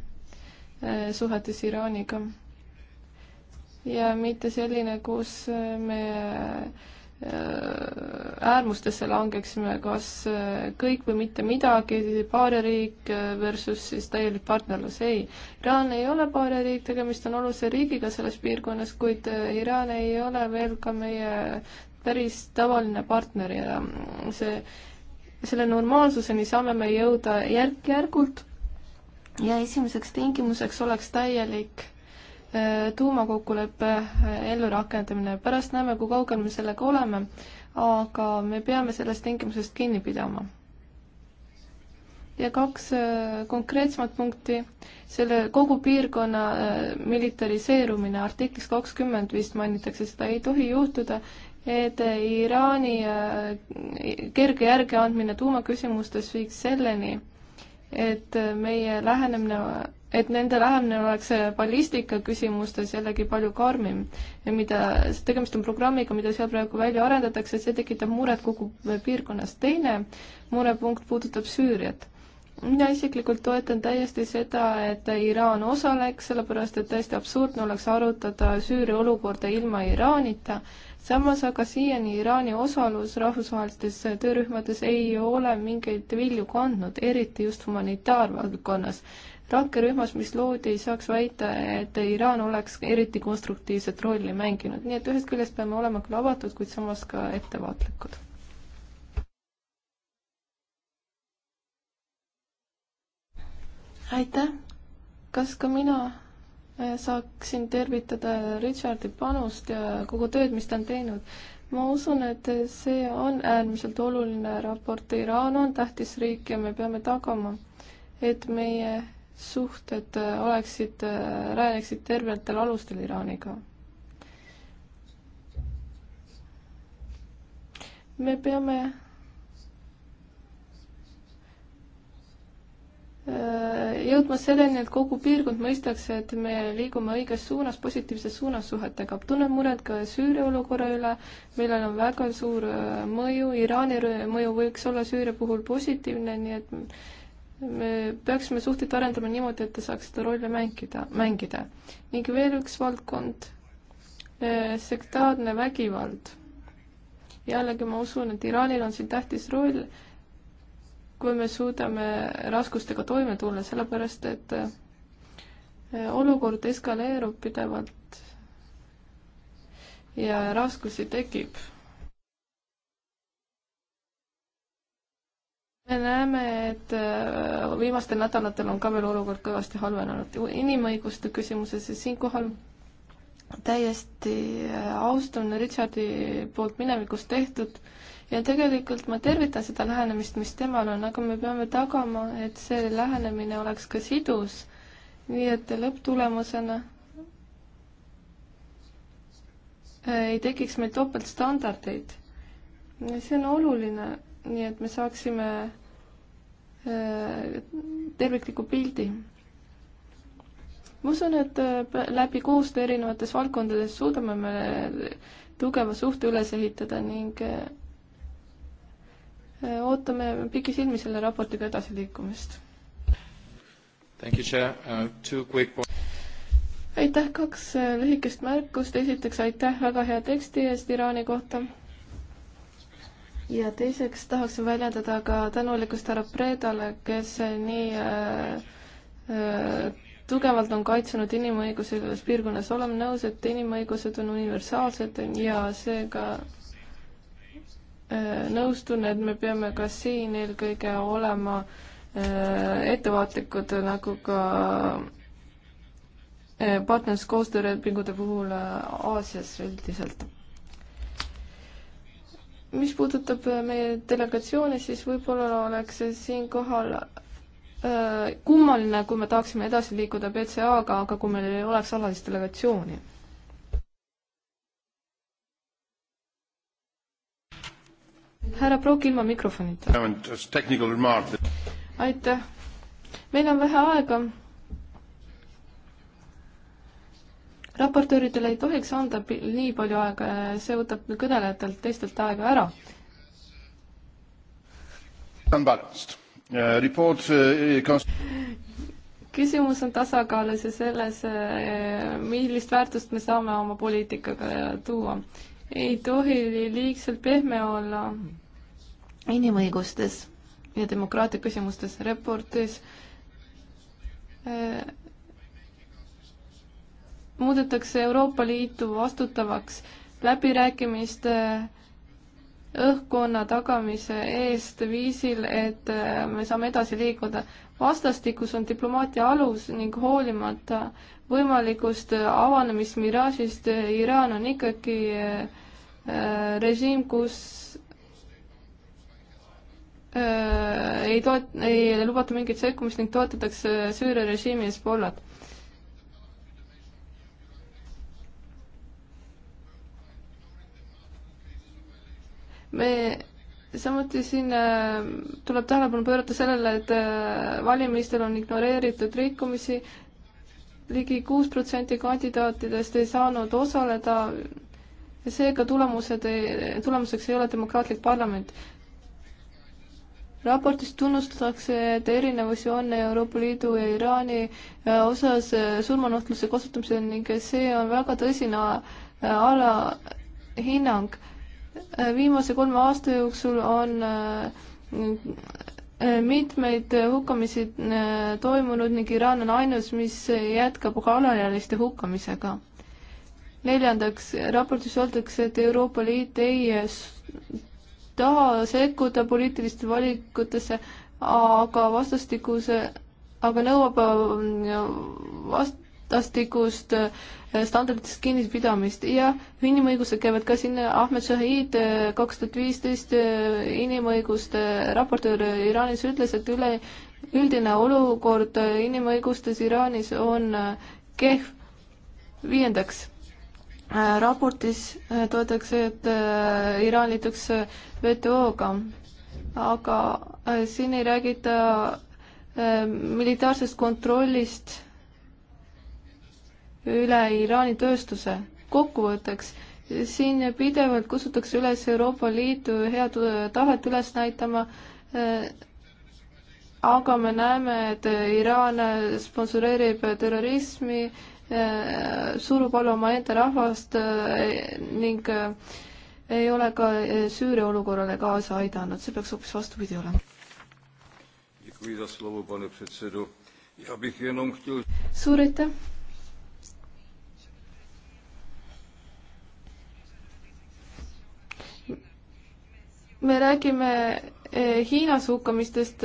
Äh, suhetes Iraaniga. ja mitte selline, kus me äh, äärmustesse langeksime, kas äh, kõik või mitte midagi, paariariik versus siis täielik partnerlus, ei. Iraan ei ole paariariik, tegemist on olulise riigiga selles piirkonnas, kuid Iraan ei ole veel ka meie päris tavaline partner ja mm, see, selle normaalsuseni saame me jõuda järk-järgult ja esimeseks tingimuseks oleks täielik äh, tuumakokkuleppe äh, ellurakendamine. pärast näeme, kui kaugel me sellega oleme, aga me peame sellest tingimusest kinni pidama. ja kaks äh, konkreetsemat punkti, selle kogu piirkonna militariseerumine, artiklis kakskümmend vist mainitakse, seda ei tohi juhtuda, et Iraani kerge järgeandmine tuumaküsimustes viiks selleni, et meie lähenemine, et nende lähenemine oleks ballistika küsimustes jällegi palju karmim. mida, tegemist on programmiga, mida seal praegu välja arendatakse, see tekitab muret kogu piirkonnas. teine murepunkt puudutab Süüriat mina isiklikult toetan täiesti seda, et Iraan osaleks, sellepärast et täiesti absurdne oleks arutada Süüria olukorda ilma Iraanita samas aga siiani Iraani osalus rahvusvahelistes töörühmades ei ole mingeid vilju kandnud, eriti just humanitaarvaldkonnas. rakkerühmas, mis loodi, ei saaks väita, et Iraan oleks eriti konstruktiivset rolli mänginud, nii et ühest küljest peame olema küll avatud, kuid samas ka ettevaatlikud. aitäh, kas ka mina Äh, saaksin tervitada Richardi panust ja kogu tööd, mis ta on teinud. ma usun, et see on äärmiselt oluline raport, Iraan on tähtis riik ja me peame tagama, et meie suhted äh, oleksid, äh, rajaneksid tervetel alustel Iraaniga. me peame Äh, jõudmas selleni, et kogu piirkond mõistaks, et me liigume õiges suunas, positiivses suunas suhetega. tunnen muret ka Süüria olukorra üle, millel on väga suur äh, mõju, Iraani mõju võiks olla Süüria puhul positiivne, nii et me peaksime suhteid arendama niimoodi, et ta saaks seda rolli mängida, mängida. ning veel üks valdkond, äh, sektaarne vägivald. jällegi ma usun, et Iraanil on siin tähtis roll kui me suudame raskustega toime tulla, sellepärast et äh, olukord eskaleerub pidevalt ja raskusi tekib. me näeme, et äh, viimastel nädalatel on ka veel olukord kõvasti halvenenud. inimõiguste küsimuses siinkohal täiesti äh, austan Richardi poolt minevikus tehtud äh, ja tegelikult ma tervitan seda lähenemist, mis temal on, aga me peame tagama, et see lähenemine oleks ka sidus. nii et lõpptulemusena äh, ei tekiks meil topeltstandardeid. see on oluline, nii et me saaksime äh, tervikliku pildi. ma usun, et äh, läbi koostöö erinevates valdkondades suudame me tugeva suhte üles ehitada ning Äh, ootame pikisilmi selle raportiga edasiliikumist. Uh, aitäh, kaks äh, lühikest märkust, esiteks aitäh väga hea teksti eest Iraani kohta. ja teiseks tahaksin väljendada ka tänulikkust härra Predale, kes nii äh, äh, tugevalt on kaitsnud inimõigusi selles piirkonnas, oleme nõus, et inimõigused on universaalsed ja seega ka nõustun, et me peame ka siin eelkõige olema äh, ettevaatlikud, nagu ka äh, partnerluskoostöölepingute puhul äh, Aasias üldiselt. mis puudutab meie delegatsiooni, siis võib-olla oleks siinkohal kummaline, kui me tahaksime edasi liikuda BCA-ga, aga kui meil ei oleks alalist delegatsiooni härra Prokk ilma mikrofonita. aitäh. meil on vähe aega. raportööridele ei tohiks anda nii palju aega, see võtab kõnelejatelt teistelt aega ära. Unbalanced uh,. Report uh, küsimus on tasakaalus ja selles, uh, millist väärtust me saame oma poliitikaga tuua. ei tohi liigselt pehme olla inimõigustes ja demokraatia küsimustes raportis äh, muudetakse Euroopa Liitu vastutavaks läbirääkimiste õhkkonna tagamise eest viisil, et äh, me saame edasi liikuda. vastastikus on diplomaatia alus ning hoolimata võimalikust avanemismiraažist, äh, Iraan on ikkagi äh, režiim, kus Äh, ei toet-, ei lubata mingit sekkumist ning toetatakse Süüria režiimi Hezbollat. me samuti siin äh, tuleb tähelepanu pöörata sellele, et äh, valimistel on ignoreeritud rikkumisi ligi, ligi kuus protsenti kandidaatidest ei saanud osaleda ja seega tulemused ei, tulemuseks ei ole demokraatlik parlament raportis tunnustatakse, et erinevusi on Euroopa Liidu ja Iraani äh, osas äh, surmanuhtluse kasutamisel ning see on väga tõsine äh, alahinnang. viimase kolme aasta jooksul on mitmeid hukkamisi toimunud ning Iraan on ainus, mis jätkab ka alaealiste hukkamisega. neljandaks, raportis öeldakse, et Euroopa Liit ei taha sekkuda poliitilistesse valikutesse, aga vastastikuse, aga nõuab äh, vastastikust äh, standarditest kinnipidamist ja inimõigused käivad ka sinna, Ahmed Shahid äh, kaks tuhat viisteist inimõiguste raportöör Iraanis ütles, et üle, üldine olukord inimõigustes Iraanis on kehv. viiendaks Äh, raportis äh, tõdetakse, et äh, Iraan liituks WTO-ga, aga siin ei räägita militaarsest kontrollist üle Iraani tööstuse. kokkuvõtteks, siin pidevalt kutsutakse üles Euroopa Liitu head tahet üles näitama, aga me näeme, et Iraan sponsoreerib terrorismi, Äh, surub alla omaenda rahvast äh, ning äh, ei ole ka Süüria olukorrale kaasa aidanud, see peaks hoopis vastupidi olema. suur aitäh! me räägime Hiinas hukkamistest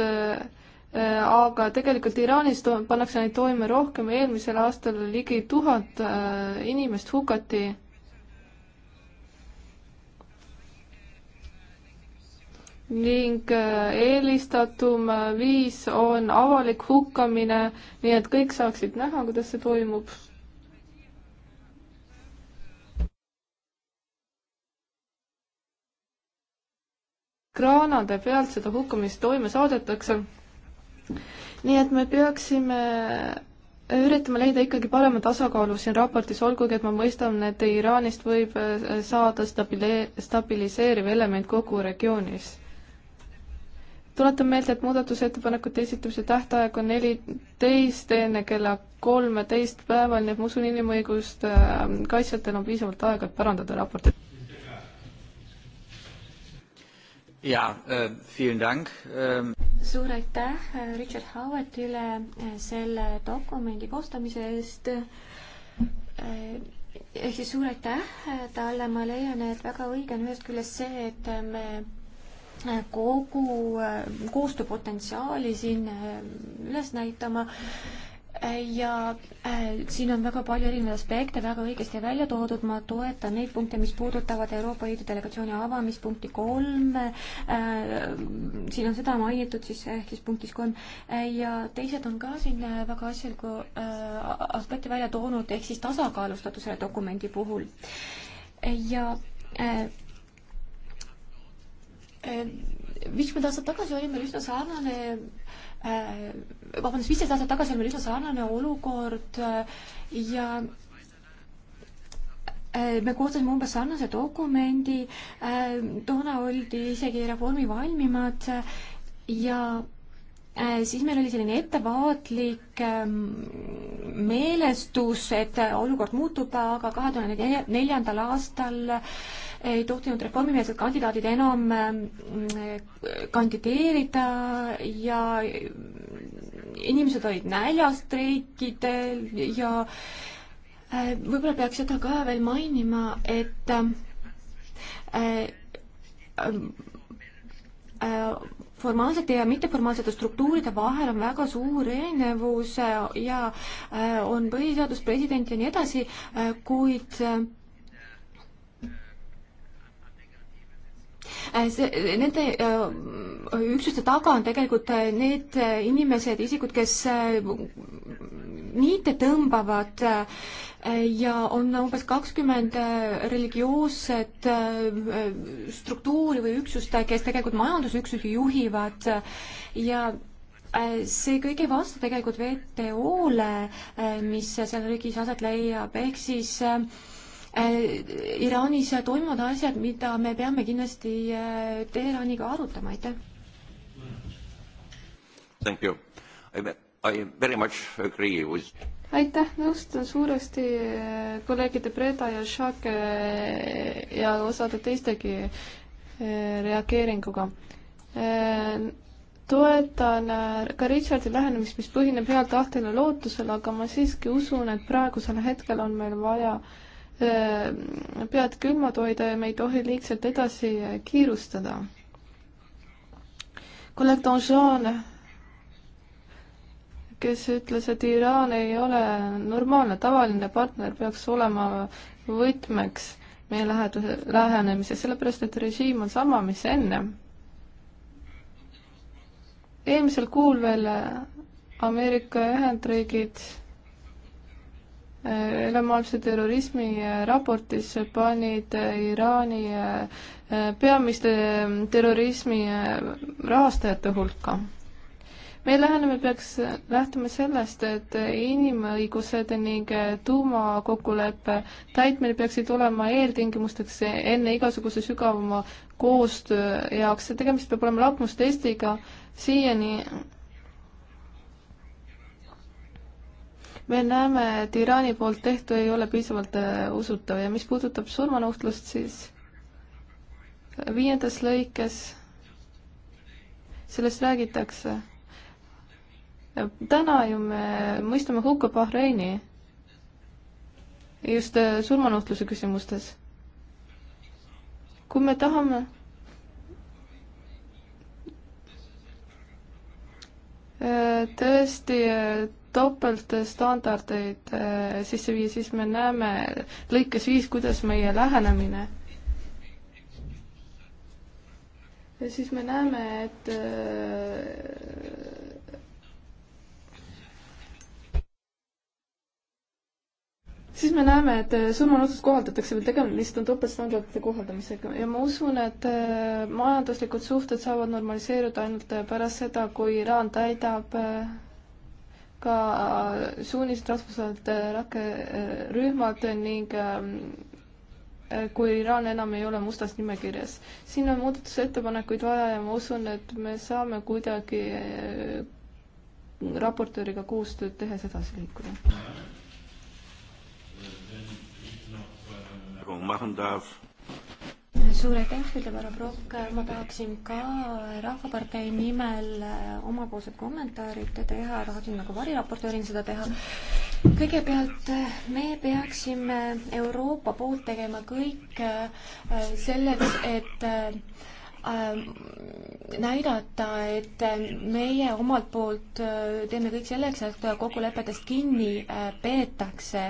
Äh, aga tegelikult Iraanis to-, pannakse neid toime rohkem, eelmisel aastal ligi tuhat äh, inimest hukati ning äh, eelistatum viis on avalik hukkamine, nii et kõik saaksid näha, kuidas see toimub. kraanade pealt seda hukkamist toime saadetakse nii et me peaksime üritame leida ikkagi parema tasakaalu siin raportis, olgugi et ma mõistan, et Iraanist võib äh, saada stabile-, stabiliseeriv element kogu regioonis. tuletan meelde, et muudatusettepanekute esitamise tähtaeg on neliteist enne kella kolmeteist päeval, nii et ma usun, inimõiguste äh, kaitsjatel on piisavalt aega, et parandada raportit. jaa äh,, vielen dank ähm suur aitäh äh, Richard Howardile äh, selle dokumendi koostamise eest äh, ehk siis suur aitäh talle, ma leian, et väga õige on ühest küljest see, et me kogu koostööpotentsiaali siin üles näitama ja äh, siin on väga palju erinevaid aspekte väga õigesti välja toodud, ma toetan neid punkte, mis puudutavad Euroopa Liidu delegatsiooni avamist, punkti kolm äh,, siin on seda mainitud siis ehk äh, siis punktis kolm äh,, ja teised on ka siin äh, väga asjalikku äh, aspekti välja toonud, ehk siis tasakaalustatus selle dokumendi puhul. Äh, ja äh, äh, viiskümmend aastat tagasi oli meil üsna sarnane äh,, vabandust, viisteist aastat tagasi oli meil üsna sarnane olukord äh, ja äh, me koostasime umbes sarnase dokumendi, äh, toona oldi isegi reformi valmimad äh, ja Äh, siis meil oli selline ettevaatlik ähm, meelestus, et äh, olukord muutub, aga kahe tuhande neljandal aastal äh, ei tohtinud reformimeelsed kandidaadid enam ähm, kandideerida ja inimesed olid näljastreikidel ja võib-olla peaks seda ka veel mainima, et formaalsete ja mitteformaalsete struktuuride vahel on väga suur erinevus äh, ja äh, on põhiseadus, president ja nii edasi, äh, kuid see, nende üksuste taga on tegelikult need inimesed, isikud, kes niite tõmbavad äh, ja on umbes kakskümmend äh, religioosset äh, struktuuri või üksust, kes tegelikult majandusüksusi juhivad ja see kõik ei vasta tegelikult WTO-le, mis seal riigis aset leiab, ehk siis Iraanis toimuvad asjad, mida me peame kindlasti Teheraniga arutama, aitäh! Thank you. With... aitäh, nõustun suuresti eh, kolleegide Breda ja Šake eh, ja osade teistegi eh, reageeringuga. toetan ka Richardi lähenemist, mis põhineb heal tahtel ja lootusel, aga ma siiski usun, et praegusel hetkel on meil vaja pead külmad hoida ja me ei tohi liigselt edasi kiirustada. kolleeg Donjon kes ütles, et Iraan ei ole normaalne, tavaline partner peaks olema võtmeks meie läheduse, lähenemises, sellepärast et režiim on sama, mis ennem. eelmisel kuul veel Ameerika Ühendriigid äh, ülemaailmse terrorismi äh, raportis panid äh, Iraani peamiste terrorismi rahastajate hulka meie lähenemine peaks lähtuma sellest, et inimõigused ning tuumakokkuleppe täitmine peaksid olema eeltingimusteks enne igasuguse sügavama koostöö jaoks ja tegemist peab olema lakmustestiga siiani. me näeme, et Iraani poolt tehtu ei ole piisavalt äh, usutav ja mis puudutab surmanuhtlust, siis viiendas lõikes sellest räägitakse täna ju me mõistame hukka Bahreini just äh, surmanuhtluse küsimustes. kui me tahame äh, tõesti äh, topeltstandardeid sisse viia, siis me näeme lõikes viis, kuidas meie lähenemine ja siis me näeme, et siis me näeme, et äh, surmanuhtlust kohaldatakse veel, tegemist on topeltstandardite kohaldamisega ja ma usun, et äh, majanduslikud suhted saavad normaliseeruda ainult äh, pärast seda, kui Iraan täidab ka suunised rahvusvahelised rakkerühmad ning ähm, kui Iraan enam ei ole mustas nimekirjas. siin on muudatusettepanekuid vaja ja ma usun, et me saame kuidagi raportööriga koostööd tehes edasi liikuda. Bemerkung nagu machen darf. suur aitäh, ütleb härra Prokk, ma tahaksin ka Rahvapartei nimel äh, omapoolsed kommentaarid teha, tahaksin nagu variraportöörina seda teha kõigepealt äh, me peaksime Euroopa poolt tegema kõik äh, selleks, et näidata, et meie omalt poolt teeme kõik selleks, et kokkulepetest kinni peetakse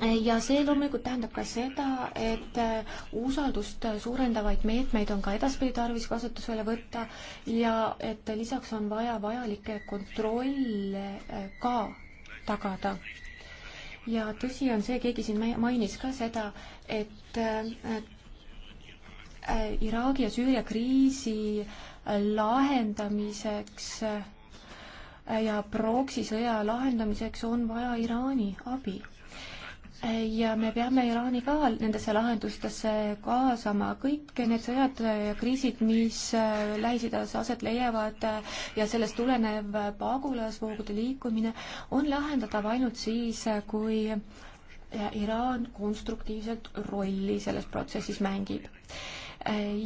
ja see loomulikult tähendab ka seda, et äh, usaldust suurendavaid meetmeid on ka edaspidi tarvis kasutusele võtta ja et lisaks on vaja vajalikke kontrolle äh, ka tagada. ja tõsi on see, keegi siin mainis ka seda, et äh, Iraagi ja Süüria kriisi lahendamiseks ja proksisõja lahendamiseks on vaja Iraani abi ja me peame Iraani ka nendesse lahendustesse kaasama, kõik need sõjad ja kriisid, mis äh, Lähis-Idas aset leiavad äh, ja sellest tulenev äh, pagulasvoogude liikumine on lahendatav ainult siis, kui Iraan konstruktiivselt rolli selles protsessis mängib.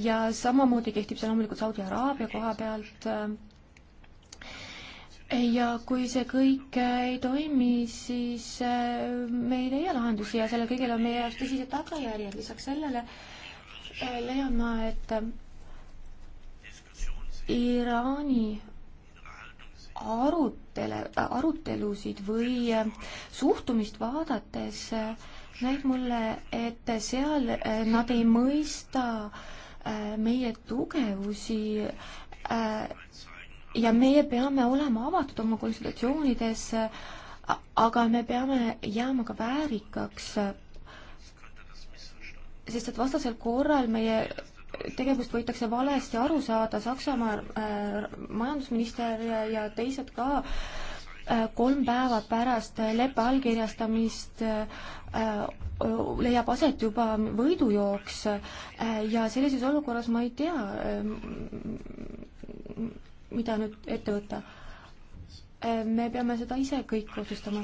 ja samamoodi kehtib see loomulikult Saudi Araabia koha pealt ja kui see kõik ei toimi, siis äh, me ei leia lahendusi ja sellel kõigil on meie jaoks tõsised tagajärjed. lisaks sellele äh, leian ma, et äh, Iraani arutele, arutelusid või suhtumist vaadates näib mulle, et seal nad ei mõista meie tugevusi ja meie peame olema avatud oma konsultatsioonides, aga me peame jääma ka väärikaks, sest et vastasel korral meie tegevust võidakse valesti aru saada, Saksamaa äh, majandusminister ja, ja teised ka äh, kolm päeva pärast leppe allkirjastamist äh, leiab aset juba võidujooks äh, ja sellises olukorras ma ei tea, äh, mida nüüd ette võtta. me peame seda ise kõik otsustama.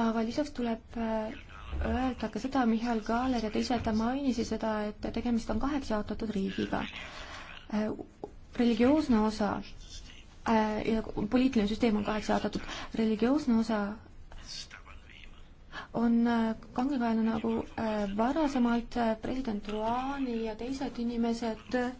aga lisaks tuleb äh, öelda ka seda, Mihhail Kaaler ja teised mainisid seda, et tegemist on kaheks jaotatud riigiga. Äh, religioosne osa äh, ja poliitiline süsteem on kaheks jaotatud, religioosne osa on kangekaelne nagu varasemalt president Rouhani ja teised inimesed äh,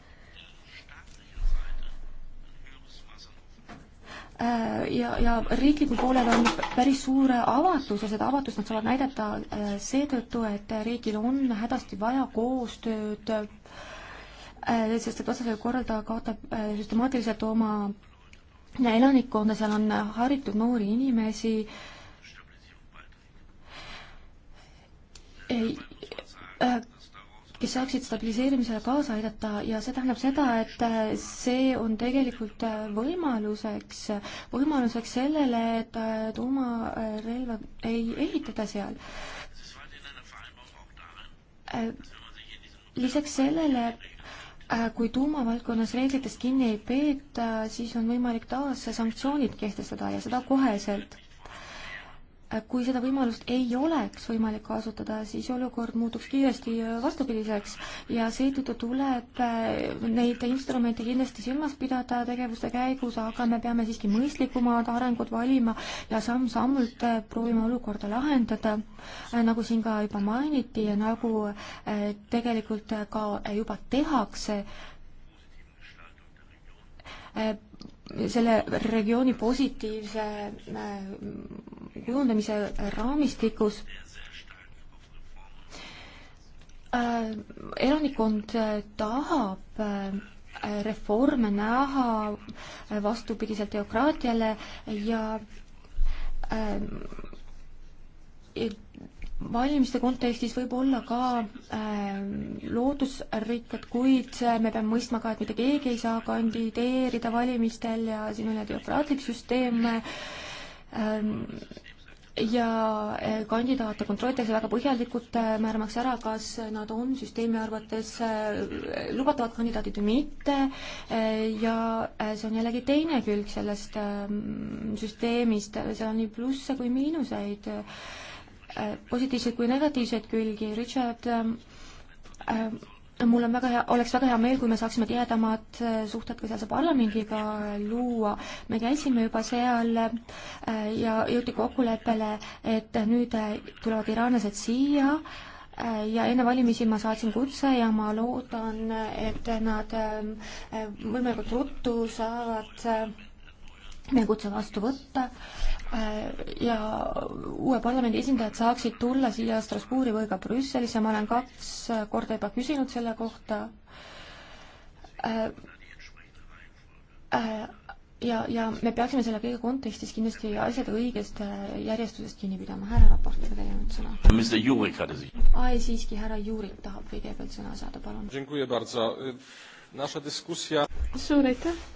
Äh, ja, ja riiklikul poolel on päris suur avatus ja seda avatust nad saavad näidata äh, seetõttu, et riigil on hädasti vaja koostööd, äh, sest et vastasel korral ta kaotab süstemaatiliselt oma elanikkonda, seal on haritud noori inimesi, Ei, äh, kes saaksid stabiliseerimisele kaasa aidata ja see tähendab seda, et äh, see on tegelikult äh, võimaluseks, võimaluseks sellele, et äh, tuumarelva ei ehitada seal. lisaks sellele kui tuumavaldkonnas reeglitest kinni ei peeta, siis on võimalik taas sanktsioonid kehtestada ja seda koheselt. Äh, kui seda võimalust ei oleks võimalik kasutada, siis olukord muutuks kiiresti äh, vastupidiseks ja seetõttu tuleb äh, neid instrumente kindlasti silmas pidada tegevuste käigus, aga me peame siiski mõistlikumad arengud valima ja samm-sammult proovima olukorda lahendada, nagu siin ka juba mainiti ja nagu tegelikult ka juba tehakse selle regiooni positiivse äh, kujundamise raamistikus äh, elanikkond äh, tahab reforme näha vastupidiselt teokraatiale ja valimiste kontekstis võib olla ka äh, lootusrikkad, kuid me peame mõistma ka, et mitte keegi ei saa kandideerida valimistel ja siin on demokraatlik süsteem ähm, ja äh, kandidaate kontrollitakse väga põhjalikult, äh, määramaks ära, kas nad on süsteemi arvates äh, lubatavad kandidaadid või mitte ja see on jällegi teine külg sellest ähm, süsteemist, seal on nii plusse kui miinuseid Äh, positiivseid kui negatiivseid külgi. Richard äh, äh,, mul on väga hea, oleks väga hea meel, kui me saaksime tihedamad äh, suhted ka sealse parlamendiga luua. me käisime juba seal äh, ja jõuti kokkuleppele, et nüüd tulevad iraanlased siia äh, ja enne valimisi ma saatsin kutse ja ma loodan, et nad võimalikult ruttu saavad meie kutse vastu võtta Äh, ja uue parlamendi esindajad saaksid tulla siia Strasbourgi või ka Brüsselisse, ma olen kaks korda juba küsinud selle kohta äh, äh, ja, ja me peaksime selle kõige kontekstis kindlasti asjade õigest järjestusest kinni pidama. härra raportöör, teil on nüüd sõna. ai, siiski, härra Juurik tahab kõigepealt sõna saada, palun. suur aitäh.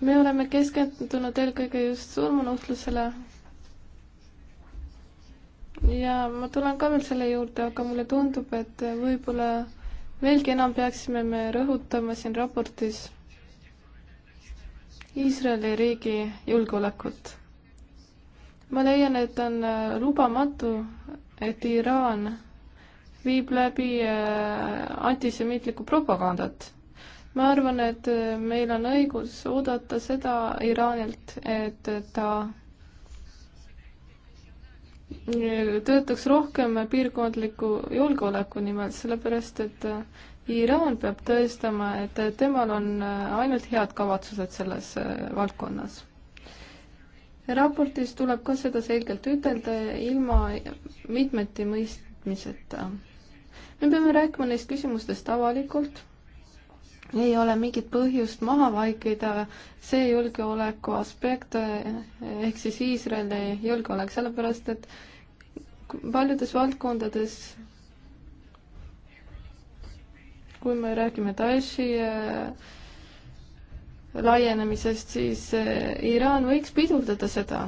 me oleme keskendunud eelkõige just surmanuhtlusele. ja ma tulen ka veel selle juurde, aga mulle tundub, et võib-olla veelgi enam peaksime me rõhutama siin raportis Iisraeli riigi julgeolekut. ma leian, et on äh, lubamatu, et Iraan viib läbi äh, antisemiitlikku propagandat ma arvan, et äh, meil on õigus oodata seda Iraanilt, et ta äh, töötaks rohkem piirkondliku julgeoleku nimel, sellepärast et äh, Iraan peab tõestama, et temal on ainult head kavatsused selles valdkonnas. raportis tuleb ka seda selgelt ütelda ilma mitmeti mõistmiseta. me peame rääkima neist küsimustest avalikult ei ole mingit põhjust maha vaikida see julgeoleku aspekt ehk siis Iisraeli julgeolek, sellepärast et paljudes valdkondades, kui me räägime Daeshi äh, laienemisest, siis äh, Iraan võiks pidurdada seda.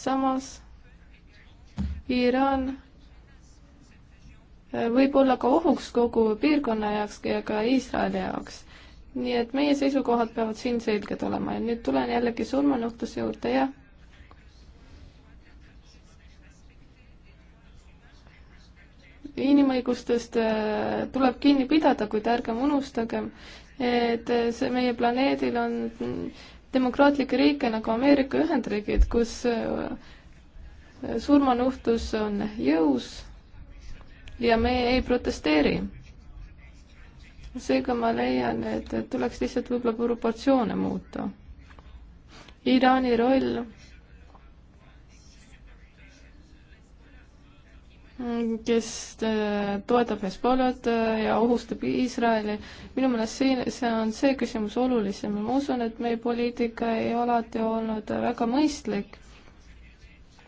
samas Iraan võib olla ka ohuks kogu piirkonna jaoks ja ka Iisraeli jaoks. nii et meie seisukohad peavad siin selged olema ja nüüd tulen jällegi surmanuhtluse juurde ja inimõigustest äh, tuleb kinni pidada, kuid ärgem unustagem, et äh, see meie planeedil on demokraatlikke riike nagu Ameerika Ühendriigid, kus äh, surmanuhtlus on jõus ja me ei protesteeri. seega ma leian, et tuleks lihtsalt võib-olla proportsioone muuta. Iraani roll kes äh, toetab Hezbollat äh, ja ohustab Iisraeli. minu meelest siin, see on see küsimus olulisem ja ma usun, et meie poliitika ei alati olnud väga mõistlik.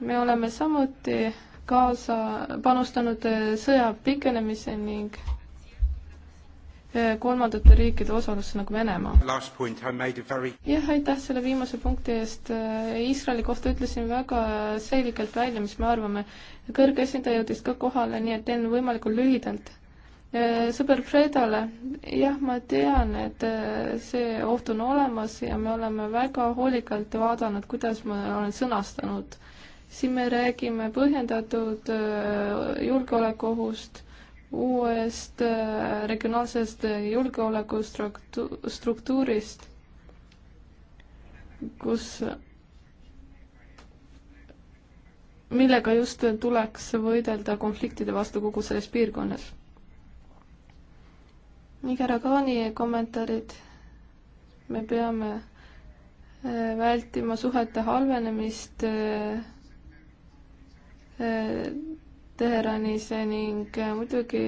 me oleme samuti kaasa panustanud eh, sõja pikenemise ning eh, kolmandate riikide osalusse nagu Venemaa. jah, aitäh selle viimase punkti eest. Eh, Iisraeli kohta ütlesin väga selgelt välja, mis me arvame. kõrge esindaja jõudis ka kohale, nii et teen võimalikult lühidalt. sõber Fredole, jah, ma tean, et see oht on olemas ja me oleme väga hoolikalt vaadanud, kuidas ma olen sõnastanud siin me räägime põhjendatud äh, julgeolekuohust, uuest äh, regionaalsest julgeolekustruktuurist, kus, millega just tuleks võidelda konfliktide vastu kogu selles piirkonnas. Nicaragani kommentaarid, me peame äh, vältima suhete halvenemist äh, Teheranis ning äh, muidugi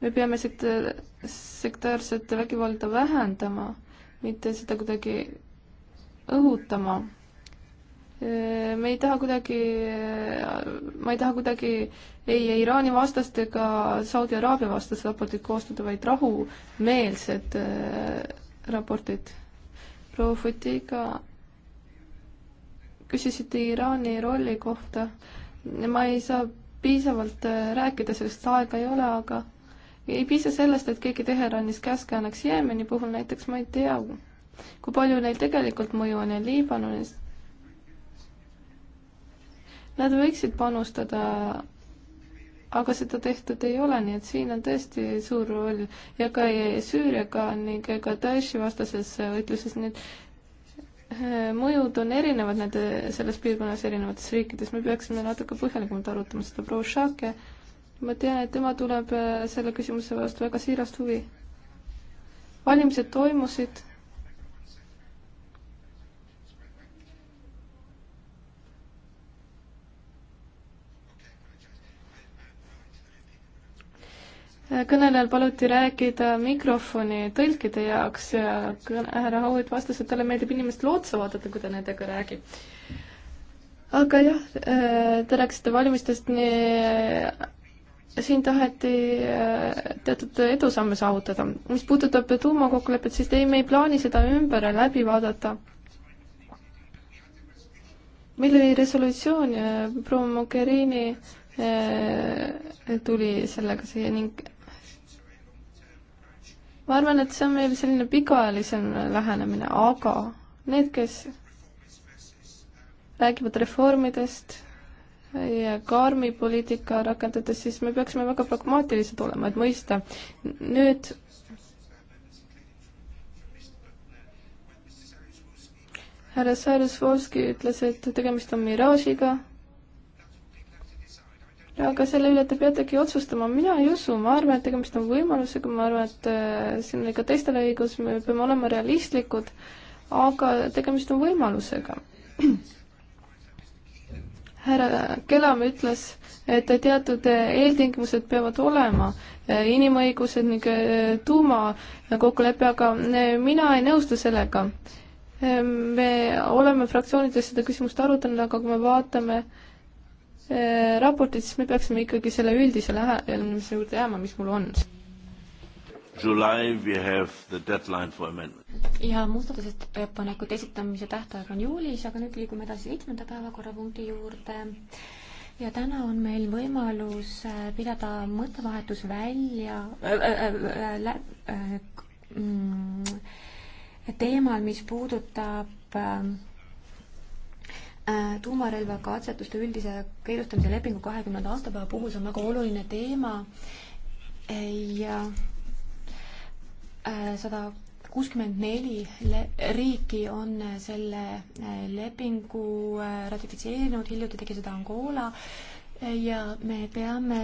me peame sektor, sektaarset vägivalda vähendama, mitte seda kuidagi õhutama. Äh, me ei taha kuidagi, äh, ma ei taha kuidagi ei Iraani vastast ega Saudi Araabia vastast raportit koostada, vaid rahumeelsed raportid. proua Futiga küsisite Iraani rolli kohta. ma ei saa piisavalt äh, rääkida, sellest aega ei ole, aga ei piisa sellest, et keegi Teheranis käske annaks Jeemeni puhul, näiteks ma ei tea, kui palju neil tegelikult mõju on ja Liibanonis. Nad võiksid panustada, aga seda tehtud ei ole, nii et siin on tõesti suur roll ja ka Süüriaga ning ka Daeshi vastases võitluses, nii et mõjud on erinevad nende, selles piirkonnas erinevates riikides, me peaksime natuke põhjalikumalt arutama seda, proua Šake, ma tean, et tema tuleb äh, selle küsimuse vastu väga siirast huvi. valimised toimusid kõnelejal paluti rääkida mikrofoni tõlkide jaoks ja härra Howard vastas, et talle meeldib inimestele otsa vaadata, kui ta nendega räägib. aga jah, äh, te rääkisite valimistest, nii äh, siin taheti äh, teatud edusamme saavutada. mis puudutab tuumakokkulepet, siis ei, me ei plaani seda ümber läbi vaadata meil oli resolutsioon ja proua Mogherini tuli sellega siia ning ma arvan, et see on meil selline pikaajalisem lähenemine, aga need, kes räägivad reformidest ja karmi poliitika rakendades, siis me peaksime väga pragmaatilised olema, et mõista. nüüd härra Sarasvolski ütles, et tegemist on miraažiga aga selle üle te peategi otsustama, mina ei usu, ma arvan, et tegemist on võimalusega, ma arvan, et äh, siin oli ka teistel õigus, me peame olema realistlikud, aga tegemist on võimalusega. härra Kelam ütles, et teatud äh, eeltingimused peavad olema, äh, inimõigused ning tuumakokkulepe, aga mina ei nõustu sellega. me oleme fraktsioonides seda küsimust arutanud, aga kui me vaatame äh, Äh, raportit, siis me peaksime ikkagi selle üldise lähenemise juurde jääma, mis mul on. ja muudatusettepanekute esitamise tähtaeg on juulis, aga nüüd liigume edasi seitsmenda päevakorrapunkti juurde. ja täna on meil võimalus äh, pidada mõttevahetus välja äh, äh, äh, äh mm, teemal, mis puudutab äh, Äh, tuumarelvaga katsetuste üldise keelustamise lepingu kahekümnenda aastapäeva puhul, see on väga oluline teema ja äh, sada kuuskümmend neli riiki on äh, selle lepingu ratifitseerinud, hiljuti tegi seda Angola ja me peame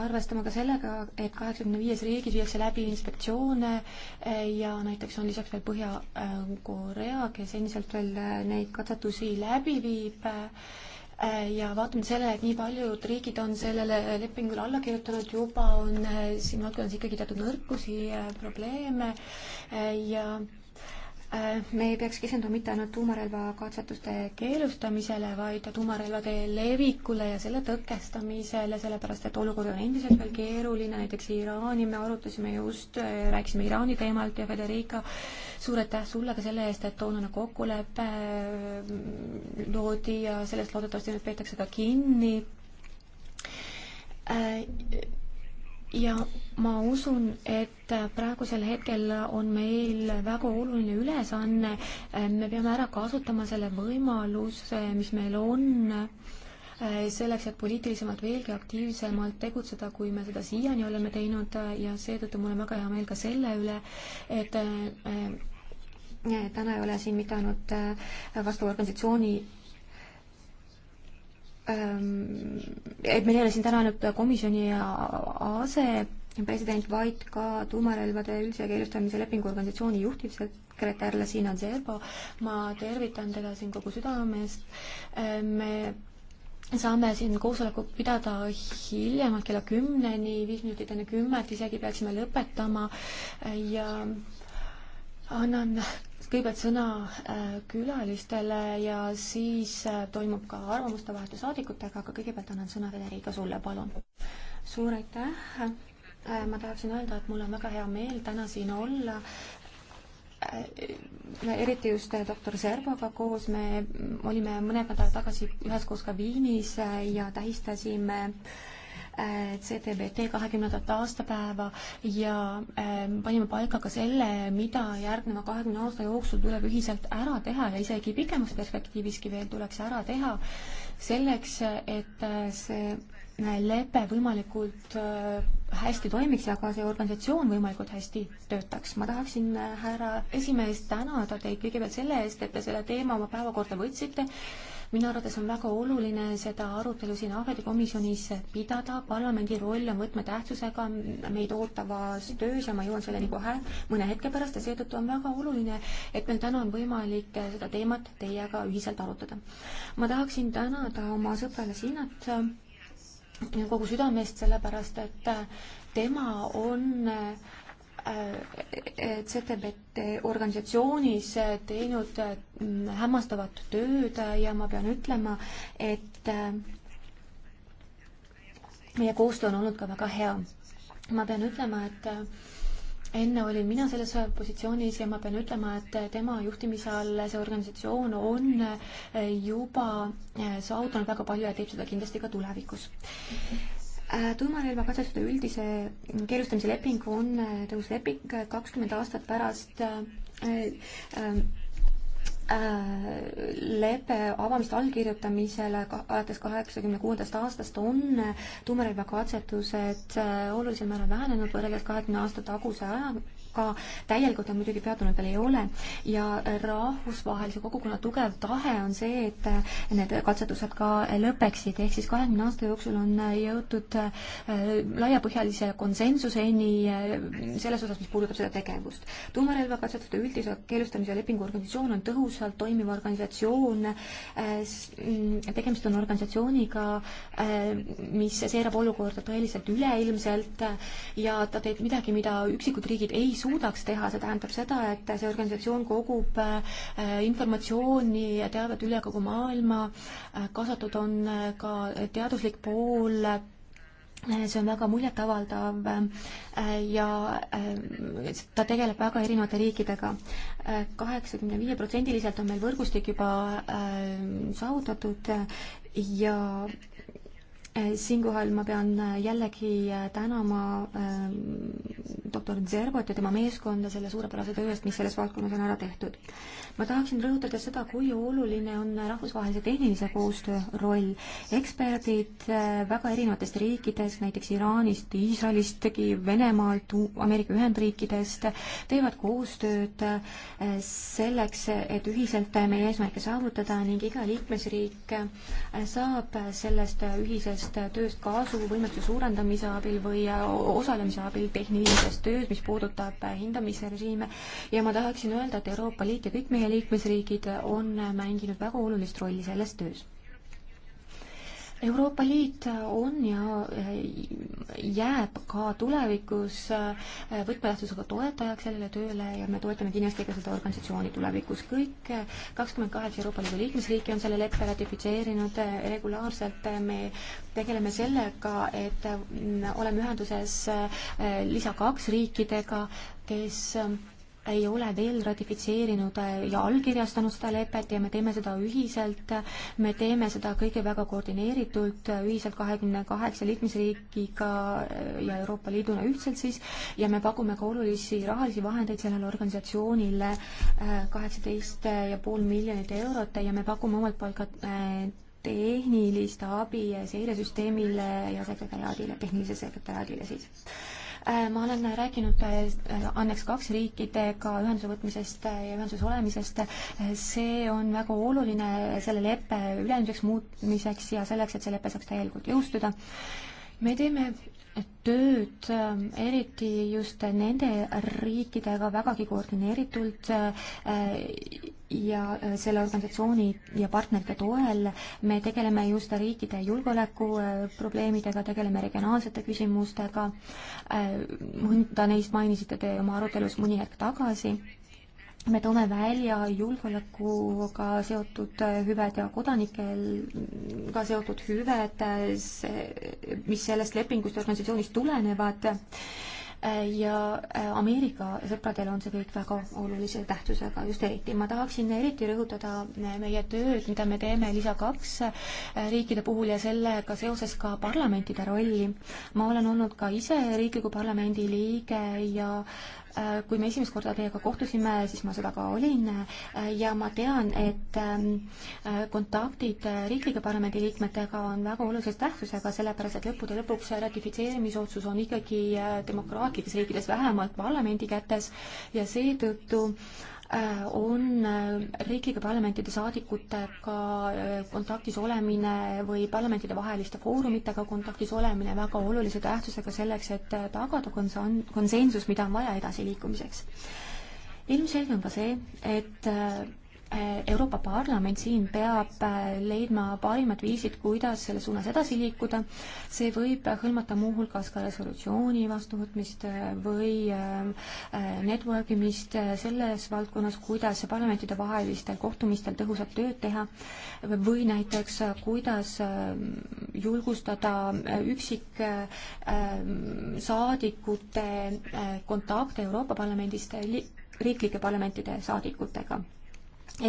arvestama ka sellega, et kaheksakümne viies riigis viiakse läbi inspektsioone eh, ja näiteks on lisaks veel Põhja-Korea, kes endiselt veel eh, neid katsetusi läbi viib eh, ja vaatamata sellele, et nii paljud riigid on sellele lepingule alla kirjutanud, juba on siin valdkonnas ikkagi teatud nõrkusi, probleeme ja Äh, me ei peaks keskenduma mitte ainult tuumarelva katsetuste keelustamisele, vaid tuumarelvade levikule ja selle tõkestamisele, sellepärast et olukord on endiselt veel keeruline, näiteks Iraani me arutasime just, äh, rääkisime Iraani teemalt ja Federica, suur aitäh sulle ka selle eest, et toonane kokkulepe äh, loodi ja sellest loodetavasti nüüd peetakse ka kinni ja ma usun, et praegusel hetkel on meil väga oluline ülesanne, me peame ära kasutama selle võimaluse, mis meil on, selleks, et poliitilisemalt veelgi aktiivsemalt tegutseda, kui me seda siiani oleme teinud ja seetõttu mul on väga hea meel ka selle üle, et täna ei ole siin mitte ainult vastav organisatsiooni et meil ei ole siin täna ainult komisjoni asepresident, vaid ka tuumarelvade üldise keelustamise lepingu organisatsiooni juhtivsekretär Lasina Zerbo. ma tervitan teda siin kogu südamest. me saame siin koosoleku pidada hiljemalt kella kümneni, viis minutit enne kümmet isegi peaksime lõpetama ja annan kõigepealt sõna äh, külalistele ja siis äh, toimub ka arvamuste vahetus saadikutega, aga kõigepealt annan sõna Federica sulle, palun. suur aitäh. Äh, ma tahaksin öelda, et mul on väga hea meel täna siin olla eriti just doktor Servoga koos me olime mõned nädalad tagasi üheskoos ka Viinis ja tähistasime äh, Äh, CTBT kahekümnendat aastapäeva ja ähm, panime paika ka selle, mida järgneva kahekümne aasta jooksul tuleb ühiselt ära teha ja isegi pikemas perspektiiviski veel tuleks ära teha, selleks et äh, see äh, lepe võimalikult hästi toimiks ja ka see organisatsioon võimalikult hästi töötaks. ma tahaksin, härra esimees, tänada teid kõigepealt selle eest, et te selle teema oma päevakorda võtsite minu arvates on väga oluline seda arutelu siin ametikomisjonis pidada, parlamendi roll on võtmetähtsusega meid ootavas töös ja ma jõuan selleni kohe mõne hetke pärast ja seetõttu on väga oluline, et meil täna on võimalik seda teemat teiega ühiselt arutada. ma tahaksin tänada oma sõpra Lesinat kogu südamest, sellepärast et tema on äh, CTBT äh, organisatsioonis äh, teinud äh, hämmastavat tööd ja ma pean ütlema, et meie koostöö on olnud ka väga hea. ma pean ütlema, et enne olin mina selles positsioonis ja ma pean ütlema, et tema juhtimise all see organisatsioon on juba saavutanud väga palju ja teeb seda kindlasti ka tulevikus Äh, tuumarelva katsetuste üldise keelustamise äh, leping on tõusleping kakskümmend aastat pärast äh, leppe avamist allkirjutamisele alates kaheksakümne kuuendast aastast on tuumarelvakatsetused olulisel määral vähenenud võrreldes kahekümne aasta taguse ajaga ka täielikult nad muidugi peatunud veel ei ole ja rahvusvahelise kogukonna tugev tahe on see, et need katsetused ka lõpeksid, ehk siis kahekümne aasta jooksul on jõutud äh, laiapõhjalise konsensuseni äh, selles osas, mis puudutab seda tegevust. tuumarelvakatsetuste üldise keelustamise lepingu organisatsioon on tõhusalt toimiv organisatsioon, äh, mm, tegemist on organisatsiooniga, mis seirab olukorda tõeliselt üleilmselt ja ta teeb midagi, mida üksikud riigid ei suudaks teha, see tähendab seda, et see organisatsioon kogub äh, informatsiooni ja teavet üle kogu maailma, äh, kaasatud on äh, ka teaduslik pool, see on väga muljetavaldav ja ta tegeleb väga erinevate riikidega. kaheksakümne viie protsendiliselt on meil võrgustik juba saavutatud ja Äh, siinkohal ma pean äh, jällegi äh, tänama ähm, doktor Zervot ja tema meeskonda selle suurepärase töö eest, mis selles valdkonnas on ära tehtud. ma tahaksin rõhutada seda, kui oluline on rahvusvahelise tehnilise koostöö roll. eksperdid väga erinevatest riikidest, näiteks Iraanist, Iisraelistki, Venemaalt, Ameerika Ühendriikidest, teevad koostööd selleks, et ühiselt meie eesmärke saavutada ning iga liikmesriik saab sellest ühisest sellest tööst kasu võimekuse suurendamise abil või äh, osalemise abil tehnilises töös, mis puudutab äh, hindamisrežiime. ja ma tahaksin öelda, et Euroopa Liit ja kõik meie liikmesriigid on äh, mänginud väga olulist rolli selles töös Euroopa Liit on ja eh, jääb ka tulevikus eh, võtmetähtsusega toetajaks sellele tööle ja me toetame kindlasti ka seda organisatsiooni tulevikus. kõik eh, kakskümmend kaheksa Euroopa Liidu liikmesriiki on selle leppe ratifitseerinud regulaarselt. me tegeleme sellega, et mm, oleme ühenduses lisa kaks riikidega, kes ei ole veel ratifitseerinud äh, ja allkirjastanud seda lepet ja me teeme seda ühiselt, me teeme seda kõige väga koordineeritult, äh, ühiselt kahekümne kaheksa liikmesriigiga äh, ja Euroopa Liiduna ühtselt siis, ja me pakume ka olulisi rahalisi vahendeid sellele organisatsioonile, kaheksateist ja pool miljonit eurot ja me pakume omalt poolt ka tehnilist abi seiresüsteemile ja sekretäriaadile, tehnilisele sekretäriaadile siis Äh, ma olen rääkinud äh, anneks kaks riikidega ühenduse võtmisest äh, ja ühenduses olemisest. see on väga oluline selle leppe ülemiseks muutmiseks ja selleks, et see lepe saaks täielikult jõustuda. me teeme tööd, äh, eriti just nende riikidega vägagi koordineeritult äh, ja äh, selle organisatsiooni ja partnerite toel. me tegeleme just riikide julgeolekuprobleemidega, tegeleme regionaalsete küsimustega, mõnda neist mainisite te oma arutelus mõni hetk tagasi me toome välja julgeolekuga seotud hüved ja kodanikega seotud hüved, mis sellest lepingust ja organisatsioonist tulenevad. ja Ameerika sõpradel on see kõik väga olulise tähtsusega just eriti. ma tahaksin eriti rõhutada meie tööd, mida me teeme lisa kaks riikide puhul ja sellega seoses ka parlamentide rolli. ma olen olnud ka ise riikliku parlamendi liige ja äh, Äh, kui me esimest korda teiega kohtusime, siis ma seda ka olin äh, ja ma tean, et ähm, äh, kontaktid riiklike parlamendi liikmetega on väga olulise tähtsusega, sellepärast et lõppude lõpuks ratifitseerimisotsus on ikkagi demokraatlikes riikides vähemalt parlamendi kätes ja seetõttu äh, Äh, on äh, riiklike parlamentide saadikutega äh, kontaktis olemine või parlamentidevaheliste foorumitega kontaktis olemine väga olulise tähtsusega selleks, et tagada konsen-, konsensus, mida on vaja edasiliikumiseks. ilmselge on ka see, et Euroopa Parlament siin peab äh, leidma parimad viisid, kuidas selles suunas edasi liikuda. see võib hõlmata muuhulgas ka resolutsiooni vastuvõtmist äh, või ähm, äh, network imist selles valdkonnas, kuidas parlamentidevahelistel kohtumistel tõhusat tööd teha või näiteks kuidas ähm, julgustada üksiksaadikute ähm, kontakte Euroopa Parlamendist riiklike parlamentide saadikutega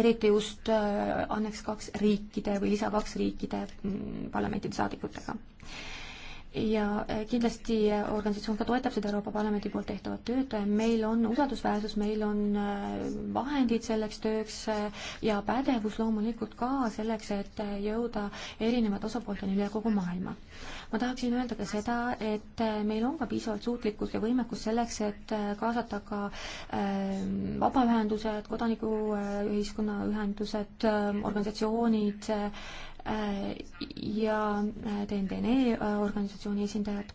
eriti just äh, anneks kaks riikide või lisa kaks riikide mm, parlamentide saadikutega ja eh, kindlasti eh, organisatsioon ka toetab seda Euroopa Parlamendi poolt tehtavat tööd, meil on usaldusväärsus, meil on eh, vahendid selleks tööks ja pädevus loomulikult ka selleks, et jõuda erinevate osapoolteni üle kogu maailma. ma tahaksin öelda ka seda, et meil on ka piisavalt suutlikkust ja võimekust selleks, et kaasata ka vabaühendused, kodanikuühiskonna ühendused, organisatsioonid, Äh, ja äh, TNDN e, äh, organisatsiooni esindajad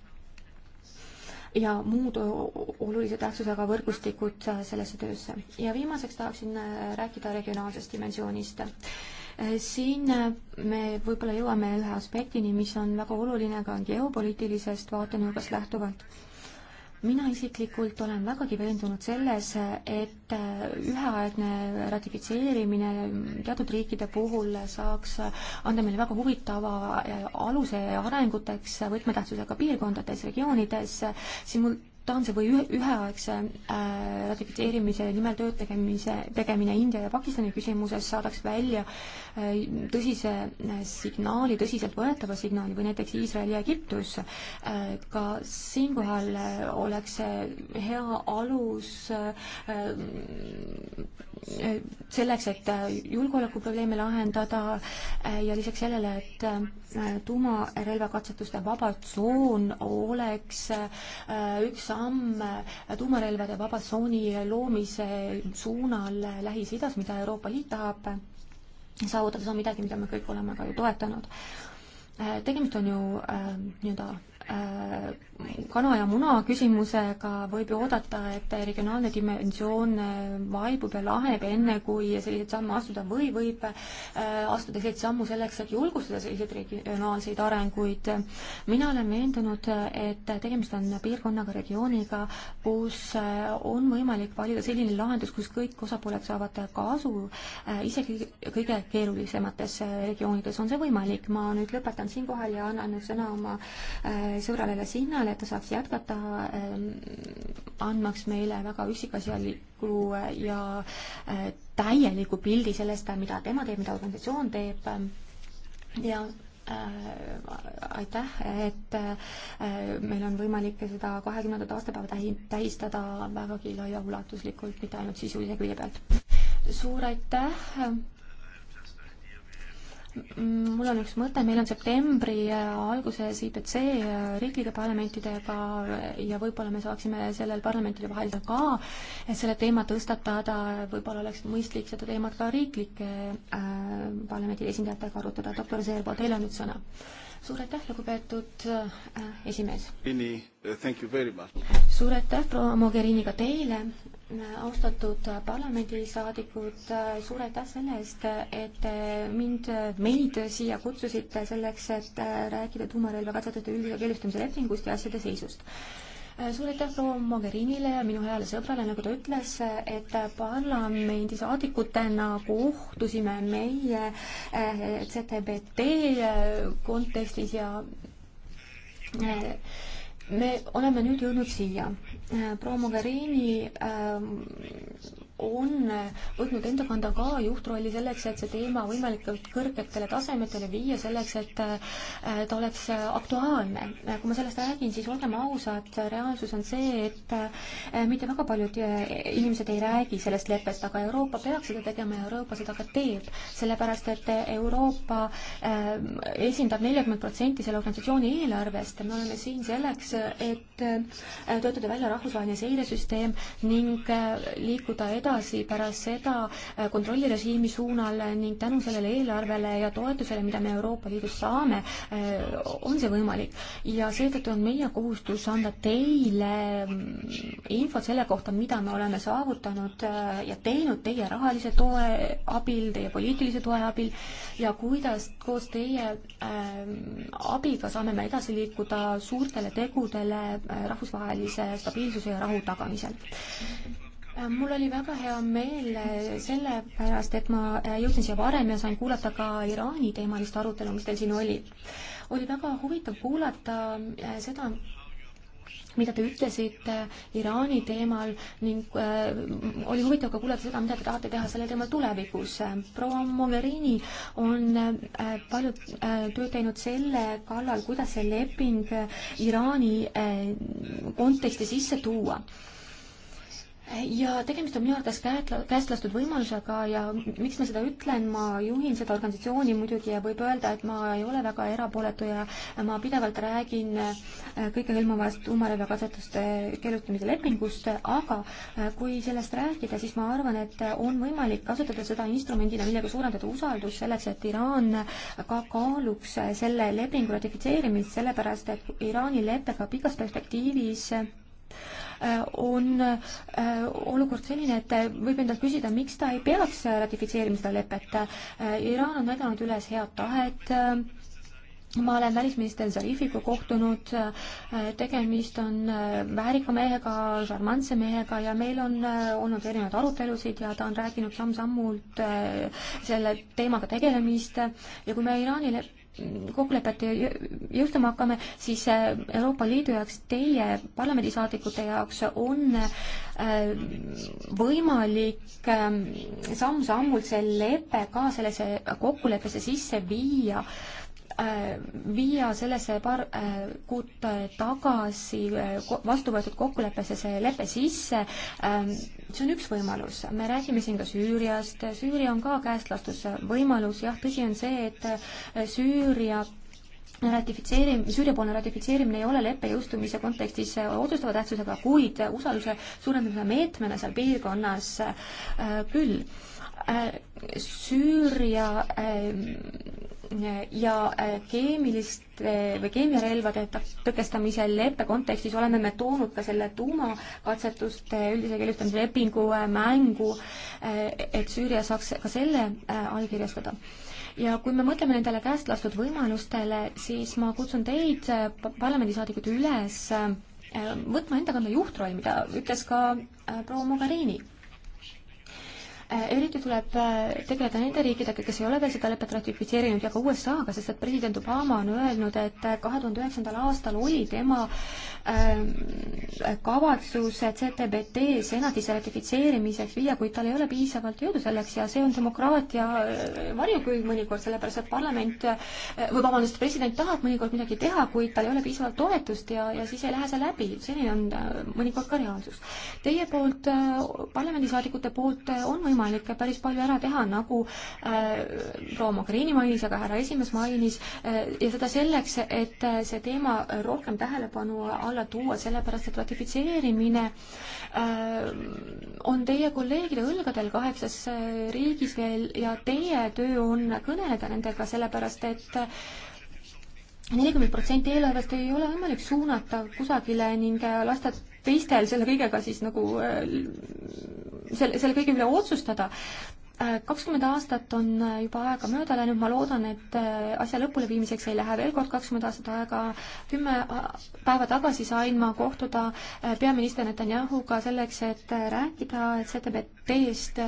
ja muud olulise tähtsusega võrgustikud sellesse töösse. ja viimaseks tahaksin rääkida regionaalsest dimensioonist. siin me võib-olla jõuame ühe aspektini, mis on väga oluline ka geopoliitilisest vaatenurgast lähtuvalt mina isiklikult olen vägagi veendunud selles, et äh, üheaegne ratifitseerimine teatud riikide puhul saaks anda meile väga huvitava äh, aluse arenguteks võtmetähtsusega piirkondades, regioonides. siin mul simultaanse või ühe, üheaegse äh, ratifitseerimise nimel tööd tegemise, tegemine India ja Pakistani küsimuses saadaks välja äh, tõsise äh, signaali, tõsiseltvõetava signaali või näiteks Iisrael ja Egiptus äh,. ka siinkohal äh, oleks see hea alus äh, selleks, et julgeolekuprobleeme lahendada ja lisaks sellele, et tuumarelvakatsetuste vaba tsoon oleks üks samm tuumarelvade vaba tsooni loomise suunal Lähis-Idas, mida Euroopa Liit tahab saavutada, see on midagi, mida me kõik oleme ka ju toetanud. Äh, tegemist on ju äh, nii-öelda Äh, kana ja muna küsimusega võib ju oodata, et regionaalne dimensioon äh, vaibub ja laheb, enne kui selliseid samme astuda või võib äh, astuda selliseid sammu selleks, et julgustada selliseid regionaalseid arenguid. mina olen veendunud, et tegemist on piirkonnaga, regiooniga, kus on võimalik valida selline lahendus, kus kõik osapooled saavad kasu, isegi kõige keerulisemates regioonides on see võimalik. ma nüüd lõpetan siinkohal ja annan nüüd sõna oma sõbrale Lasinale, et ta saaks jätkata ähm, andmaks meile väga üksikasjaliku äh, ja äh, täieliku pildi sellest, mida tema teeb, mida organisatsioon teeb ja äh, aitäh, et meil on võimalik seda kahekümnendat aastapäeva tähi-, tähistada vägagi laiaulatuslikult, mitte ainult sisulise külje pealt. suur aitäh Mm, mul on üks mõte, meil on septembri äh, alguses IPC äh, riiklike parlamentidega ja võib-olla me saaksime sellel parlamentide vahel ka äh, selle teema tõstatada, võib-olla oleks mõistlik seda teemat ka riiklike parlamentide esindajatega arutada. doktor Seerbo, teil on nüüd sõna. suur aitäh, lugupeetud esimees. suur aitäh, proua Mogherini, ka teile austatud parlamendisaadikud, suur aitäh selle eest, et te mind, meid siia kutsusite selleks, et rääkida tuumarelva katsetute üldise keelustamise lepingust ja asjade seisust. suur aitäh proua Mogherinile ja minu heale sõbrale, nagu ta ütles, et parlamendisaadikutena kohtusime meie eh, ZBT eh, kontekstis ja eh, me oleme nüüd jõudnud siia Äh, proua Mogherini ähm, on võtnud enda kanda ka juhtrolli selleks, et see teema võimalikult kõrgetele tasemetele viia, selleks et äh, ta oleks aktuaalne. Äh, kui ma sellest räägin, siis olgem ausad, reaalsus on see, et äh, mitte väga paljud inimesed ei räägi sellest leppest, aga Euroopa peaks seda tegema ja Euroopa seda ka teeb, sellepärast et Euroopa esindab neljakümmend protsenti selle organisatsiooni eelarvest ja me oleme siin selleks, et töötada välja rahvusvaheline seiresüsteem ning liikuda edasi edasi pärast seda äh, kontrollirežiimi suunal ning tänu sellele eelarvele ja toetusele, mida me Euroopa Liidust saame, äh, on see võimalik. ja seetõttu on meie kohustus anda teile mm, infot selle kohta, mida me oleme saavutanud äh, ja teinud teie rahalise toe abil, teie poliitilise toe abil ja kuidas koos teie abiga saame me edasi liikuda suurtele tegudele rahvusvahelise stabiilsuse ja rahu tagamisel. Äh, mul oli väga hea meel äh, sellepärast, et ma äh, jõudsin siia varem ja sain kuulata ka Iraani teemalist arutelu, mis teil siin oli. oli väga huvitav kuulata seda, mida te ütlesite Iraani teemal ning äh, oli huvitav ka kuulata seda, mida te tahate teha sellel teemal tulevikus. proua Mogherini on äh, palju äh, tööd teinud selle kallal, kuidas see leping äh, Iraani äh, konteksti sisse tuua äh, ja tegemist on minu arvates käest lastud võimalusega ja miks ma seda ütlen, ma juhin seda organisatsiooni muidugi ja võib öelda, et ma ei ole väga erapooletu ja ma pidevalt räägin äh, kõikehõlmavast tuumarelvakasvatuste keelustamise lepingust, aga äh, kui sellest rääkida, siis ma arvan, et on võimalik kasutada seda instrumendina, millega suurendada usaldust selleks, et Iraan ka kaaluks selle lepingu ratifitseerimist, sellepärast et Iraani leppega pikas perspektiivis Äh, on äh, olukord selline, et äh, võib endalt küsida, miks ta ei peaks ratifitseerima seda lepet. Iraan on näidanud üles head tahet ma olen välisminister Zarifiga kohtunud, tegemist on väärika mehega, šarmantse mehega ja meil on olnud erinevaid arutelusid ja ta on rääkinud samm-sammult selle teemaga tegelemist ja kui me Iraanile kokkulepet jõustama hakkame, siis äh, Euroopa Liidu jaoks, teie parlamendisaadikute jaoks on äh, võimalik ähm, samm-sammult see lepe ka sellesse kokkuleppesse sisse viia Äh, viia sellesse paar äh, kuud äh, tagasi vastu võetud kokkuleppesse see lepe sisse. Ähm, see on üks võimalus, me räägime siin ka Süüriast, Süüria on ka käest lastud võimalus, jah, tõsi on see, et Süüria ratifitseerim-, Süüria-poolne ratifitseerimine ei ole leppe jõustumise kontekstis otsustava tähtsusega, kuid usalduse suurendamise meetmena seal piirkonnas küll. Süüria ähm, ja äh, keemiliste või keemiarelvade tõkestamise leppe kontekstis oleme me toonud ka selle tuumakatsetuste üldise keelustamise lepingu äh, mängu, äh, et Süüria saaks ka selle allkirjastada ja kui me mõtleme nendele käest lastud võimalustele, siis ma kutsun teid, parlamendisaadikud, üles võtma enda kanda juhtrolli, mida ütles ka proua Mogherini Äh, eriti tuleb äh, tegeleda nende riikidega, kes ei ole veel seda lepet ratifitseerinud ja ka USA-ga, sest et president Obama on öelnud, et äh, kahe tuhande üheksandal aastal oli tema ähm, kavatsus CTBT senatis ratifitseerimiseks viia, kuid tal ei ole piisavalt jõudu selleks ja see on demokraatia varjukülg mõnikord, sellepärast et parlament või vabandust, president tahab mõnikord midagi teha, kuid tal ei ole piisavalt toetust ja, ja siis ei lähe see läbi, selline on mõnikord ka reaalsus. Teie poolt, parlamendisaadikute poolt on võimalik võimalik päris palju ära teha, nagu äh, proua Mogherini mainis, aga härra esimees mainis, äh, ja seda selleks, et äh, see teema rohkem tähelepanu alla tuua, sellepärast et ratifitseerimine on teie kolleegide õlgadel kaheksas riigis veel ja teie töö on kõneleda nendega, sellepärast et nelikümmend protsenti eelarvest ei ole võimalik suunata kusagile ning lasta teistel selle kõigega siis nagu äh, selle, selle kõige üle otsustada. Äh, kakskümmend aastat on äh, juba aega mööda läinud, ma loodan, et asja lõpuleviimiseks ei lähe veel kord kakskümmend aastat aega. kümme päeva tagasi sain ma kohtuda peaminister Netanyahuga selleks, et rääkida ZBT-st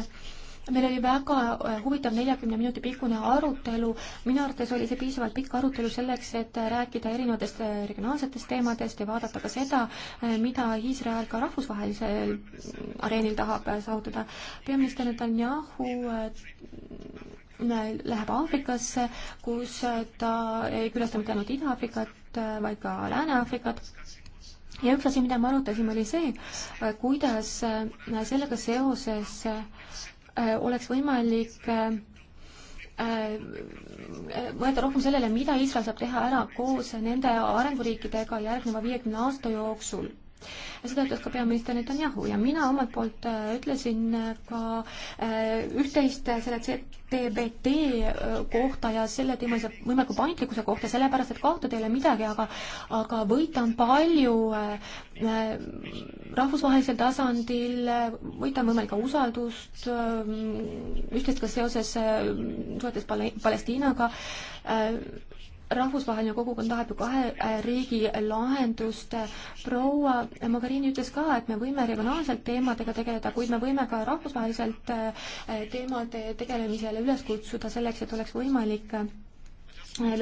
meil oli väga äh, huvitav neljakümne minuti pikkune arutelu, minu arvates oli see piisavalt pikk arutelu selleks, et äh, rääkida erinevatest äh, regionaalsetest teemadest ja vaadata ka seda, mida Iisrael ka rahvusvahelisel mm, areenil tahab saavutada. peaminister Netanyahu mm, läheb Aafrikasse, kus ta ei külasta mitte ainult Ida-Aafrikat, vaid ka Lääne-Aafrikat ja üks asi, mida me arutasime, oli see, kuidas sellega seoses Äh, oleks võimalik äh, äh, mõelda rohkem sellele, mida Iisrael saab teha ära koos nende arenguriikidega järgneva viiekümne aasta jooksul seda ütles ka peaminister Netanyahu ja mina omalt poolt äh, ütlesin äh, ka äh, üht-teist selle CTBT kohta ja selle teemalise võimaliku paindlikkuse kohta, sellepärast et kaotada ei ole midagi, aga aga võita on palju rahvusvahelisel tasandil, võita on võimalik ka usaldust, üht-teist ka seoses suhetes Palestiinaga, rahvusvaheline kogukond tahab ju kahe äh, riigi lahendust. proua Mogherini ütles ka, et me võime regionaalselt teemadega tegeleda, kuid me võime ka rahvusvaheliselt äh, teemade tegelemisele üles kutsuda selleks, et oleks võimalik äh,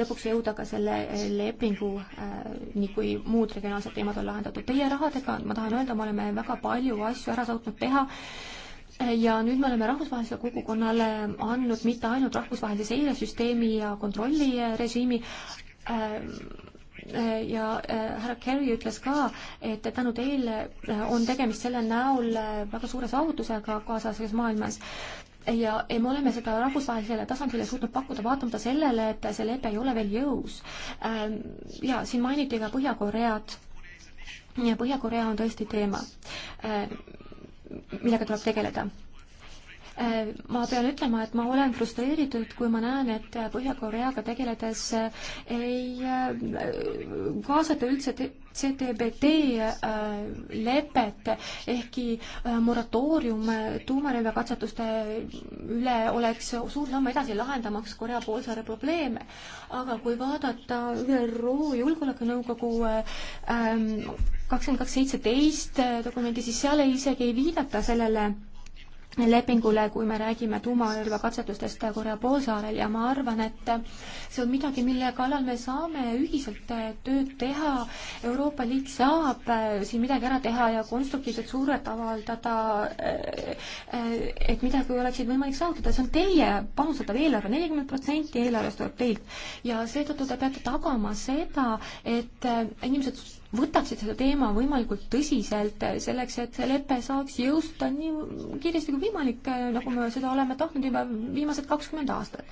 lõpuks jõuda ka selle lepinguni, kui muud regionaalsed teemad on lahendatud. Teie rahadega, ma tahan öelda, me oleme väga palju asju ära suutnud teha ja nüüd me oleme rahvusvahelisele kogukonnale andnud mitte ainult rahvusvahelise seiresüsteemi ja kontrollirežiimi, äh, äh, ja äh, härra Kerry ütles ka, et tänu teile on tegemist selle näol väga suure saavutusega kaasaegses maailmas ja, ja me oleme seda rahvusvahelisele tasandile suutnud pakkuda, vaatamata sellele, et see lepe ei ole veel jõus. Ähm, ja siin mainiti ka Põhja-Koread ja Põhja-Korea on tõesti teema millega tuleb tegeleda Äh, ma pean ütlema, et ma olen frustreeritud, kui ma näen, et Põhja-Koreaga tegeledes ei äh, kaasata üldse CTBT äh, lepet, ehkki moratoorium tuumarelvakatsetuste üle oleks suur samm edasi lahendamaks Korea poolsaare probleeme. aga kui vaadata ÜRO Julgeolekunõukogu ähm, kakskümmend kaks seitseteist dokumenti, siis seal ei isegi ei viidata sellele lepingule, kui me räägime tuumarelvakatsetustest Korea poolsaarel ja ma arvan, et see on midagi, mille kallal me saame ühiselt tööd teha. Euroopa Liit saab äh, siin midagi ära teha ja konstruktiivset survet avaldada, äh, äh, et midagi oleks siin võimalik saavutada, see on teie panustatav eelarve, nelikümmend protsenti eelarvest tuleb teilt ja seetõttu te peate tagama seda, et inimesed võtaksid seda teema võimalikult tõsiselt, eh, selleks et see lepe saaks jõustuda nii kiiresti kui võimalik, eh, nagu me seda oleme tahtnud juba viimased kakskümmend aastat.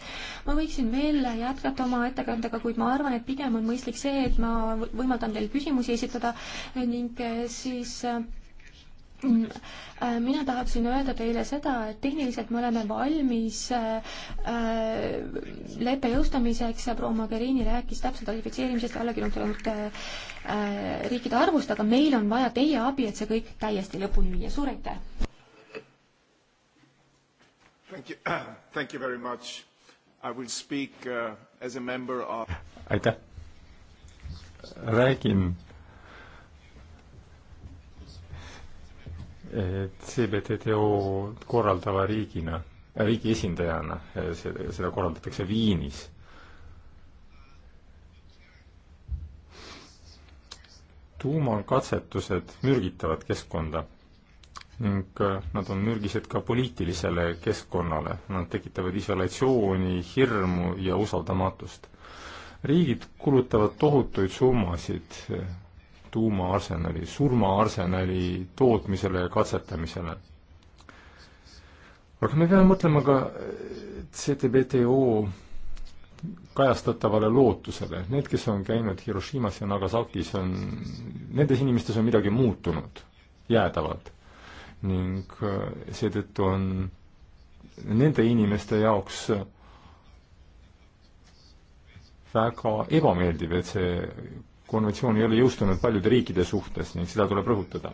ma võiksin veel jätkata oma ettekandega, kuid ma arvan, et pigem on mõistlik see, et ma võimaldan teil küsimusi esitada eh, ning siis äh, Mm, äh, mina tahaksin öelda teile seda, et tehniliselt me oleme valmis äh, äh, leppe jõustamiseks, proua Mogherini rääkis täpselt ratifitseerimisest allakirjutanud riikide arvust, aga meil on vaja teie abi, et see kõik täiesti lõpuni viia, suur aitäh! Thank you, thank you very much. I will speak uh, as a member of aitäh! räägin CBTTO korraldava riigina, äh, riigi esindajana, äh, seda korraldatakse Viinis tuumakatsetused mürgitavad keskkonda ning äh, nad on mürgised ka poliitilisele keskkonnale, nad tekitavad isolatsiooni, hirmu ja usaldamatust. riigid kulutavad tohutuid summasid tuumaarsenali, surmaarsenali tootmisele ja katsetamisele. aga me peame mõtlema ka CTBTO kajastatavale lootusele. Need, kes on käinud Hiroshimas ja Nagasakis, on, nendes inimestes on midagi muutunud jäädavalt. ning äh, seetõttu on nende inimeste jaoks väga ebameeldiv, et see konventsioon ei ole jõustunud paljude riikide suhtes ning seda tuleb rõhutada.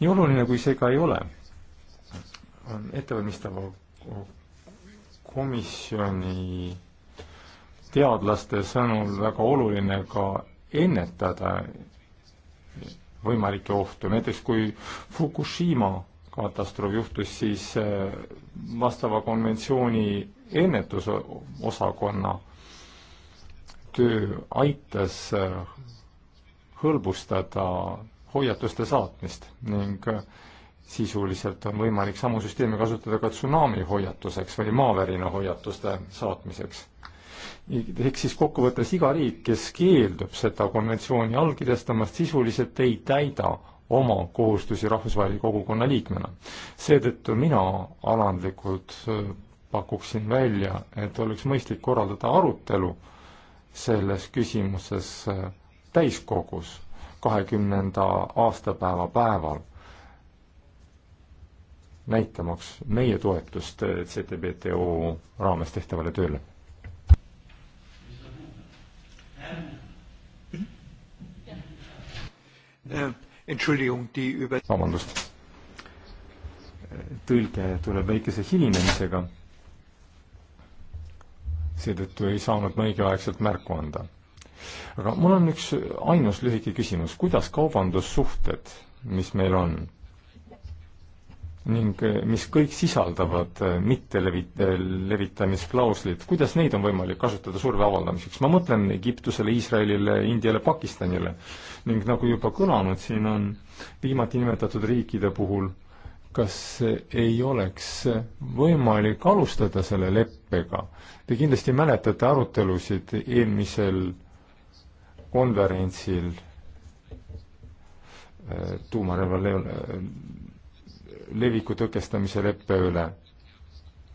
nii oluline, kui see ka ei ole, on ettevalmistava komisjoni teadlaste sõnul väga oluline ka ennetada võimalikke ohtu, näiteks kui Fukushima katastroof juhtus, siis äh, vastava konventsiooni ennetusosakonna töö aitas äh, hõlbustada hoiatuste saatmist ning sisuliselt on võimalik samu süsteemi kasutada ka tsunami hoiatuseks või maavärina hoiatuste saatmiseks. ehk siis kokkuvõttes iga riik, kes keeldub seda konventsiooni allkirjastamast, sisuliselt ei täida oma kohustusi rahvusvahelise kogukonna liikmena. seetõttu mina alandlikult äh, pakuksin välja, et oleks mõistlik korraldada arutelu selles küsimuses äh, täiskogus kahekümnenda aastapäeva päeval, näitamaks meie toetust CTBTO raames tehtavale tööle. Äh, vabandust. tõlge tuleb väikese hilinemisega seetõttu ei saanud ma õigeaegselt märku anda aga mul on üks ainus lühike küsimus, kuidas kaubandussuhted, mis meil on, ning eh, mis kõik sisaldavad eh, mittelevit-, eh, levitamisklauslit, kuidas neid on võimalik kasutada surve avaldamiseks? ma mõtlen Egiptusele, Iisraelile, Indiale, Pakistanile ning nagu juba kõlanud, siin on viimati nimetatud riikide puhul kas ei oleks võimalik alustada selle leppega? Te kindlasti mäletate arutelusid eelmisel konverentsil äh, tuumarelva äh, leviku tõkestamise leppe üle.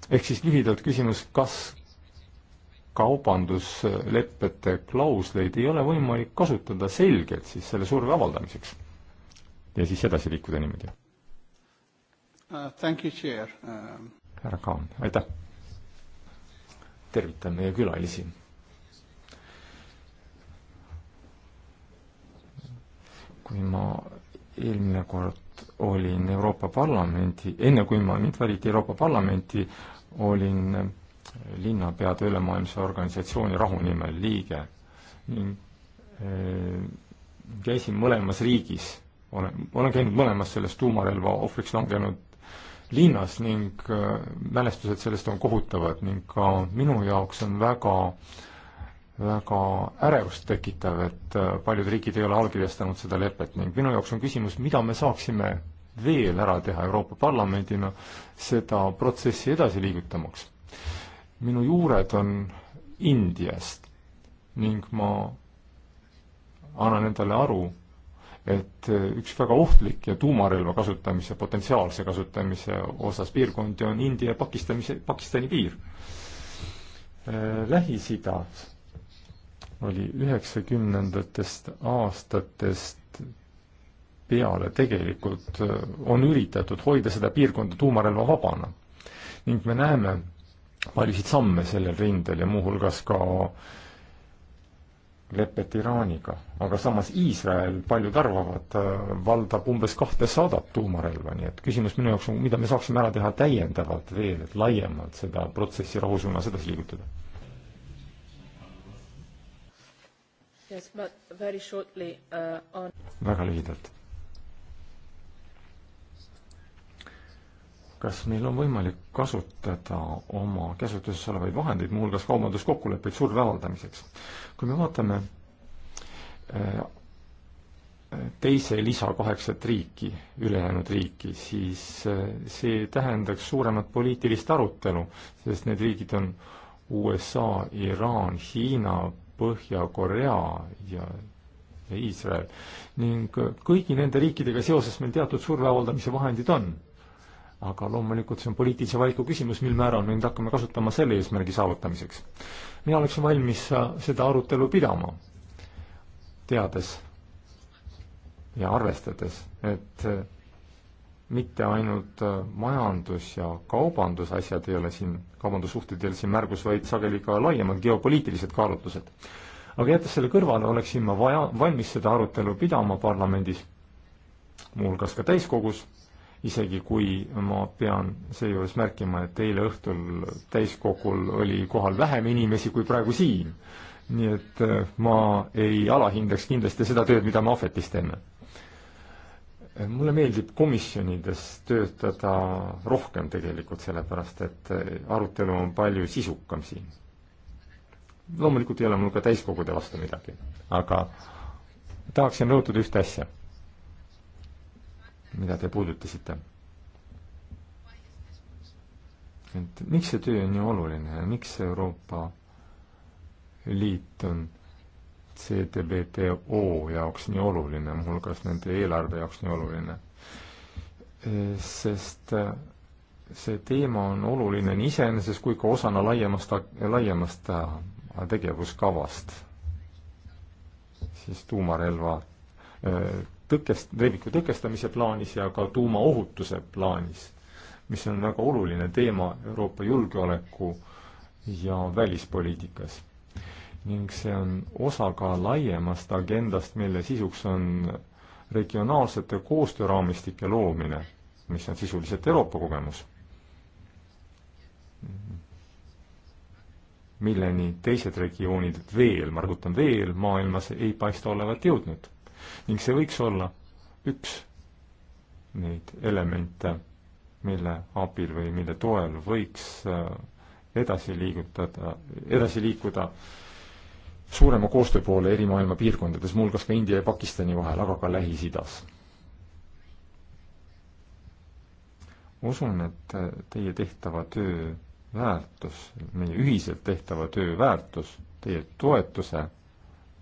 ehk siis lühidalt küsimus, kas kaubandusleppete klausleid ei ole võimalik kasutada selgelt siis selle surve avaldamiseks ja siis edasi liikuda niimoodi uh,? Um, härra Kaan, aitäh! tervitan meie külalisi kui ma eelmine kord olin Euroopa Parlamenti, enne kui ma mind valiti Euroopa Parlamenti, olin linnapeade ülemaailmse organisatsiooni rahu nimel liige ning eh, käisin mõlemas riigis, olen, olen käinud mõlemas selles tuumarelva ohvriks langenud linnas ning eh, mälestused sellest on kohutavad ning ka minu jaoks on väga äh, väga ärevust tekitav, et äh, paljud riigid ei ole allkirjastanud seda lepet ning minu jaoks on küsimus, mida me saaksime veel ära teha Euroopa Parlamendina seda protsessi edasi liigutamaks. minu juured on Indiast ning ma annan endale aru, et äh, üks väga ohtlik ja tuumarelva kasutamise, potentsiaalse kasutamise osas piirkondi on India ja Pakistani, Pakistani piir. Äh, Lähis-Idas oli üheksakümnendatest aastatest peale tegelikult äh, on üritatud hoida seda piirkonda tuumarelva vabana. ning me näeme paljusid samme sellel rindel ja muuhulgas ka lepet Iraaniga, aga samas Iisrael, paljud arvavad, äh, valdab umbes kahtesadat tuumarelva, nii et küsimus minu jaoks on, mida me saaksime ära teha täiendavalt veel, et laiemalt seda protsessi rahu suunas edasi liigutada Yes, but very shortly uh, on väga lühidalt. kas meil on võimalik kasutada oma käsutuses olevaid vahendeid, muuhulgas kaubanduskokkuleppeid surve avaldamiseks? kui me vaatame äh, teise lisa kaheksat riiki, ülejäänud riiki, siis äh, see tähendaks suuremat poliitilist arutelu, sest need riigid on USA, Iraan, Hiina, Põhja-Korea ja Iisrael ning kõigi nende riikidega seoses meil teatud surve avaldamise vahendid on. aga loomulikult see on poliitilise valiku küsimus, mil määral me nüüd hakkame kasutama selle eesmärgi saavutamiseks. mina oleksin valmis äh, seda arutelu pidama, teades ja arvestades, et äh, mitte ainult äh, majandus- ja kaubandusasjad ei ole siin, kaubandussuhted ei ole siin märgus, vaid sageli ka laiemad geopoliitilised kaalutlused. aga jättes selle kõrvale, oleksin ma vaja, valmis seda arutelu pidama parlamendis, muuhulgas ka täiskogus, isegi kui ma pean seejuures märkima, et eile õhtul täiskogul oli kohal vähem inimesi kui praegu siin. nii et äh, ma ei alahindaks kindlasti seda tööd, mida me Ahvetis teeme mulle meeldib komisjonides töötada rohkem tegelikult, sellepärast et arutelu on palju sisukam siin. loomulikult ei ole mul ka täiskogude vastu midagi, aga tahaksin rõhutada ühte asja, mida te puudutasite. et miks see töö on nii oluline ja miks Euroopa Liit on CTBTO jaoks nii oluline, muuhulgas nende eelarve jaoks nii oluline. sest äh, see teema on oluline nii iseenesest kui ka osana laiemast, laiemast äh, tegevuskavast, siis tuumarelva äh, tõkest-, leviku tõkestamise plaanis ja ka tuumaohutuse plaanis, mis on väga oluline teema Euroopa julgeoleku ja välispoliitikas ning see on osa ka laiemast agendast, mille sisuks on regionaalsete koostööraamistike loomine, mis on sisuliselt Euroopa kogemus, milleni teised regioonid veel, ma rõhutan veel, maailmas ei paista olevat jõudnud. ning see võiks olla üks neid elemente, mille abil või mille toel võiks äh, edasi liigutada, edasi liikuda äh, suurema koostöö poole eri maailma piirkondades, muuhulgas ka India ja Pakistani vahel, aga ka Lähis-Idas. usun, et teie tehtava töö väärtus, meie ühiselt tehtava töö väärtus, teie toetuse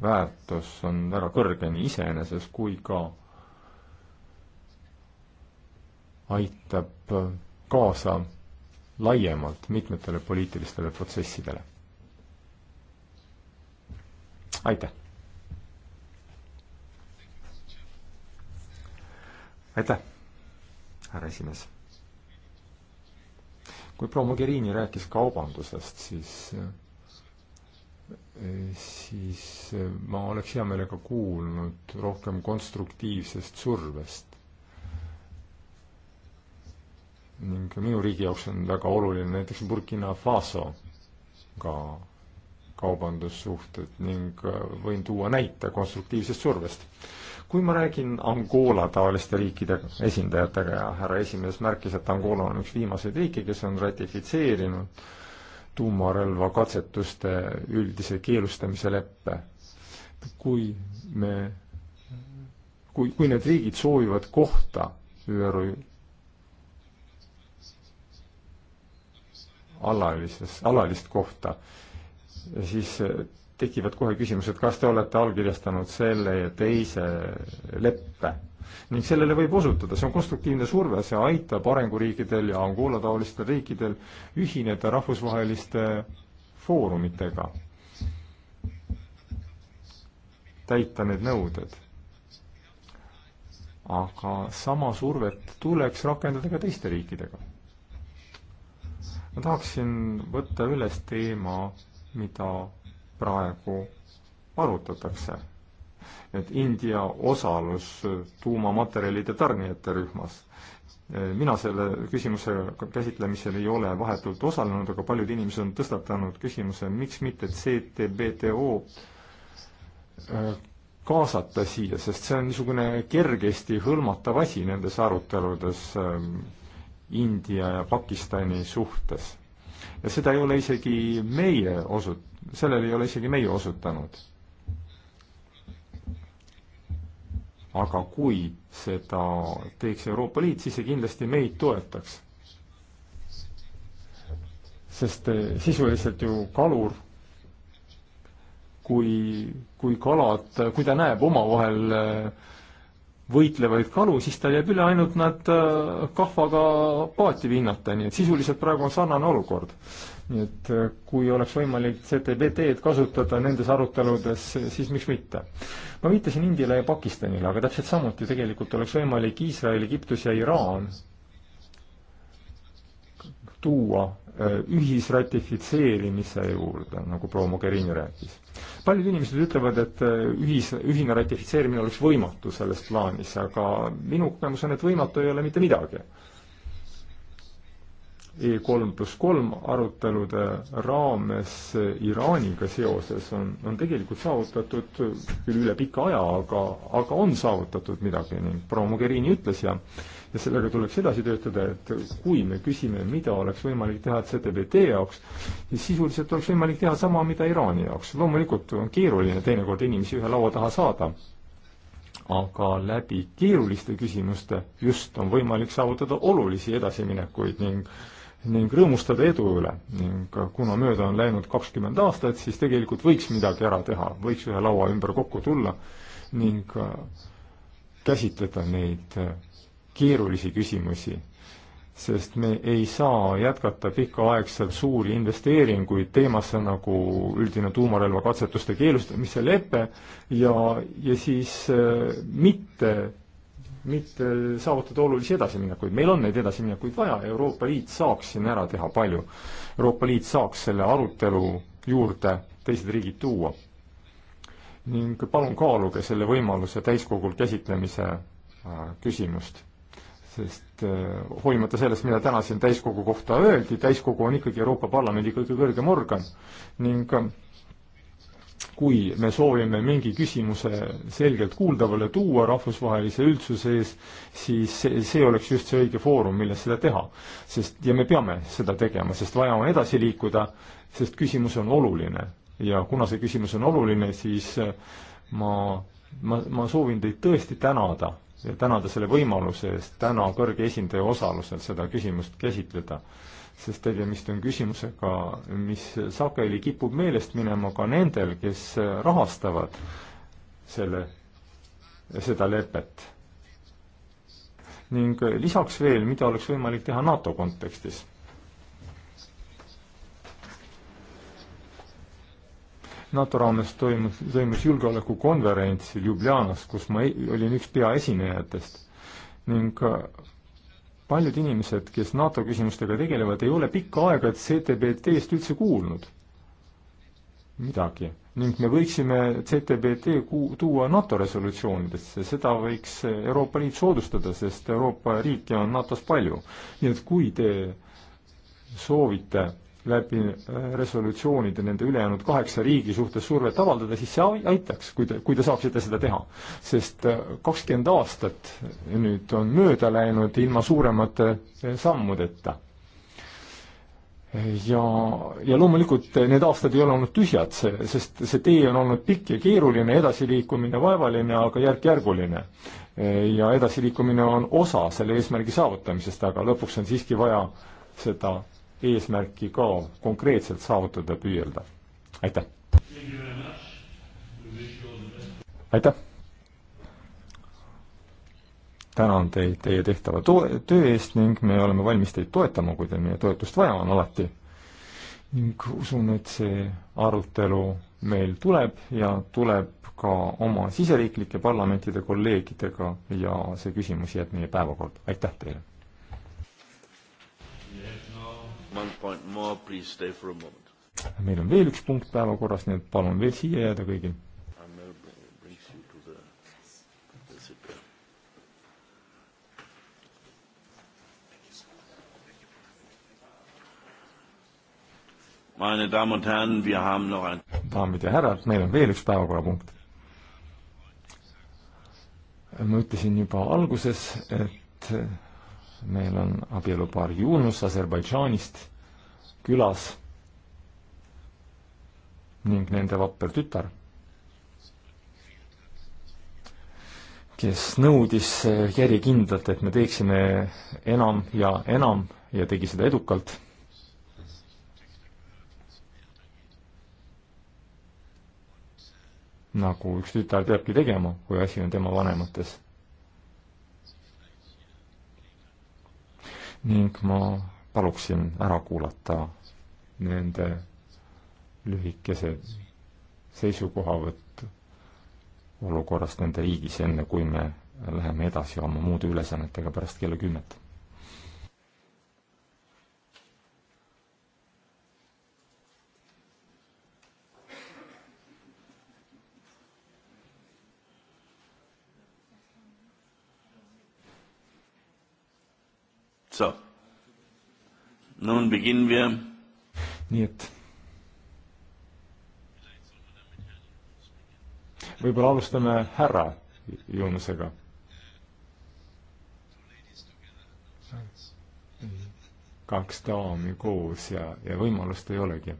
väärtus on väga kõrge nii iseenesest kui ka aitab kaasa laiemalt mitmetele poliitilistele protsessidele aitäh! aitäh, härra esimees! kui proua Mogherini rääkis kaubandusest, siis, siis ma oleks hea meelega kuulnud rohkem konstruktiivsest survest. ning minu riigi jaoks on väga oluline näiteks Burkina Faso ka kaubandussuhted ning äh, võin tuua näite konstruktiivsest survest. kui ma räägin Angola taoliste riikide esindajatega ja härra esimees märkis, et Angola on üks viimaseid riike, kes on ratifitseerinud tuumarelva katsetuste üldise keelustamise leppe. kui me, kui, kui need riigid soovivad kohta ÜRO alalises, alalist kohta, siis äh, tekivad kohe küsimused, kas te olete allkirjastanud selle ja teise leppe. ning sellele võib osutuda, see on konstruktiivne surve, see aitab arenguriikidel ja Angola taolistel riikidel ühineda rahvusvaheliste foorumitega, täita need nõuded. aga sama survet tuleks rakendada ka teiste riikidega. ma tahaksin võtta üles teema mida praegu arutatakse. et India osalus tuumamaterjalide tarnijate rühmas. mina selle küsimuse käsitlemisel ei ole vahetult osalenud, aga paljud inimesed on tõstatanud küsimuse, miks mitte CTBTO äh, kaasata siia, sest see on niisugune kergesti hõlmatav asi nendes aruteludes ähm, India ja Pakistani suhtes ja seda ei ole isegi meie osut-, sellele ei ole isegi meie osutanud. aga kui seda teeks Euroopa Liit, siis see kindlasti meid toetaks. sest eh, sisuliselt ju kalur kui, kui kalad, kui ta näeb omavahel äh, võitlevaid kalu, siis tal jääb üle ainult nad äh, kahvaga paati vinnata, nii et sisuliselt praegu on sarnane olukord. nii et äh, kui oleks võimalik CTBT-d kasutada nendes aruteludes, siis miks mitte. ma viitasin Indiale ja Pakistanile, aga täpselt samuti tegelikult oleks võimalik Iisrael, Egiptus ja Iraan tuua Äh, ühisratifitseerimise juurde, nagu proua Mogherini rääkis. paljud inimesed ütlevad, et äh, ühis, ühine ratifitseerimine oleks võimatu selles plaanis, aga minu kogemus on, et võimatu ei ole mitte midagi. E kolm pluss kolm arutelude raames Iraaniga seoses on, on tegelikult saavutatud küll üle pika aja, aga, aga on saavutatud midagi ning proua Mogherini ütles ja äh, ja sellega tuleks edasi töötada, et kui me küsime, mida oleks võimalik teha ZBT jaoks, siis sisuliselt oleks võimalik teha sama, mida Iraani jaoks. loomulikult on keeruline teinekord inimesi ühe laua taha saada, aga läbi keeruliste küsimuste just on võimalik saavutada olulisi edasiminekuid ning ning rõõmustada edu üle ning kuna mööda on läinud kakskümmend aastat, siis tegelikult võiks midagi ära teha, võiks ühe laua ümber kokku tulla ning äh, käsitleda neid äh, keerulisi küsimusi, sest me ei saa jätkata pikaaegselt suuri investeeringuid teemasse nagu üldine tuumarelvakatsetuste keelustamise lepe ja, ja siis äh, mitte mitte saavutada olulisi edasiminekuid. meil on neid edasiminekuid vaja, Euroopa Liit saaks siin ära teha palju. Euroopa Liit saaks selle arutelu juurde teised riigid tuua. ning palun kaaluge selle võimaluse täiskogul käsitlemise äh, küsimust sest äh, hoolimata sellest, mida täna siin täiskogu kohta öeldi, täiskogu on ikkagi Euroopa Parlamendi kõige kõrgem organ ning äh, kui me soovime mingi küsimuse selgelt kuuldavale tuua rahvusvahelise üldsuse ees, siis see, see oleks just see õige foorum, milles seda teha. sest, ja me peame seda tegema, sest vaja on edasi liikuda, sest küsimus on oluline. ja kuna see küsimus on oluline, siis äh, ma, ma, ma soovin teid tõesti tänada ja tänada selle võimaluse eest täna kõrge esindaja osalusel seda küsimust käsitleda. sest tegemist on küsimusega, mis sageli kipub meelest minema ka nendel, kes rahastavad selle, seda lepet. ning lisaks veel, mida oleks võimalik teha NATO kontekstis NATO raames toimus, toimus julgeolekukonverents Ljubljanas, kus ma ei, olin üks peaesinejatest ning paljud inimesed, kes NATO küsimustega tegelevad, ei ole pikka aega CTBT-st üldse kuulnud midagi ning me võiksime CTBT tuua NATO resolutsioonidesse, seda võiks Euroopa Liit soodustada, sest Euroopa riike on NATO-s palju. nii et kui te soovite läbi äh, resolutsioonide nende ülejäänud kaheksa riigi suhtes survet avaldada, siis see aitaks, kui te, kui te saaksite seda teha. sest äh, kakskümmend aastat nüüd on mööda läinud ilma suuremate äh, sammudeta. ja, ja loomulikult need aastad ei ole olnud tühjad, see, sest see tee on olnud pikk ja keeruline, edasiliikumine vaevaline, aga järk-järguline ja edasiliikumine on osa selle eesmärgi saavutamisest, aga lõpuks on siiski vaja seda eesmärki ka konkreetselt saavutada püüelda. aitäh! aitäh! tänan teid teie tehtava to-, töö eest ning me oleme valmis teid toetama, kui teil meie toetust vaja on alati. ning usun, et see arutelu meil tuleb ja tuleb ka oma siseriiklike parlamentide kolleegidega ja see küsimus jääb meie päevakorda. aitäh teile! one point more, please stay for a moment. meil on veel üks punkt päevakorras, nii et palun veel siia jääda kõigil. daamid ja härrad, meil on veel üks päevakorrapunkt. ma ütlesin juba alguses, et meil on abielupaar Yunus Aserbaidžaanist külas ning nende vapper tütar, kes nõudis järjekindlalt, et me teeksime enam ja enam ja tegi seda edukalt nagu üks tütar peabki tegema, kui asi on tema vanemates. ning ma paluksin ära kuulata nende lühikese seisukohavõtt olukorrast nende riigis, enne kui me läheme edasi oma muude ülesannetega pärast kella kümmet So. Nun beginnen wir. nii et võib-olla alustame härra Joonusega. kaks daami koos ja, ja võimalust ei olegi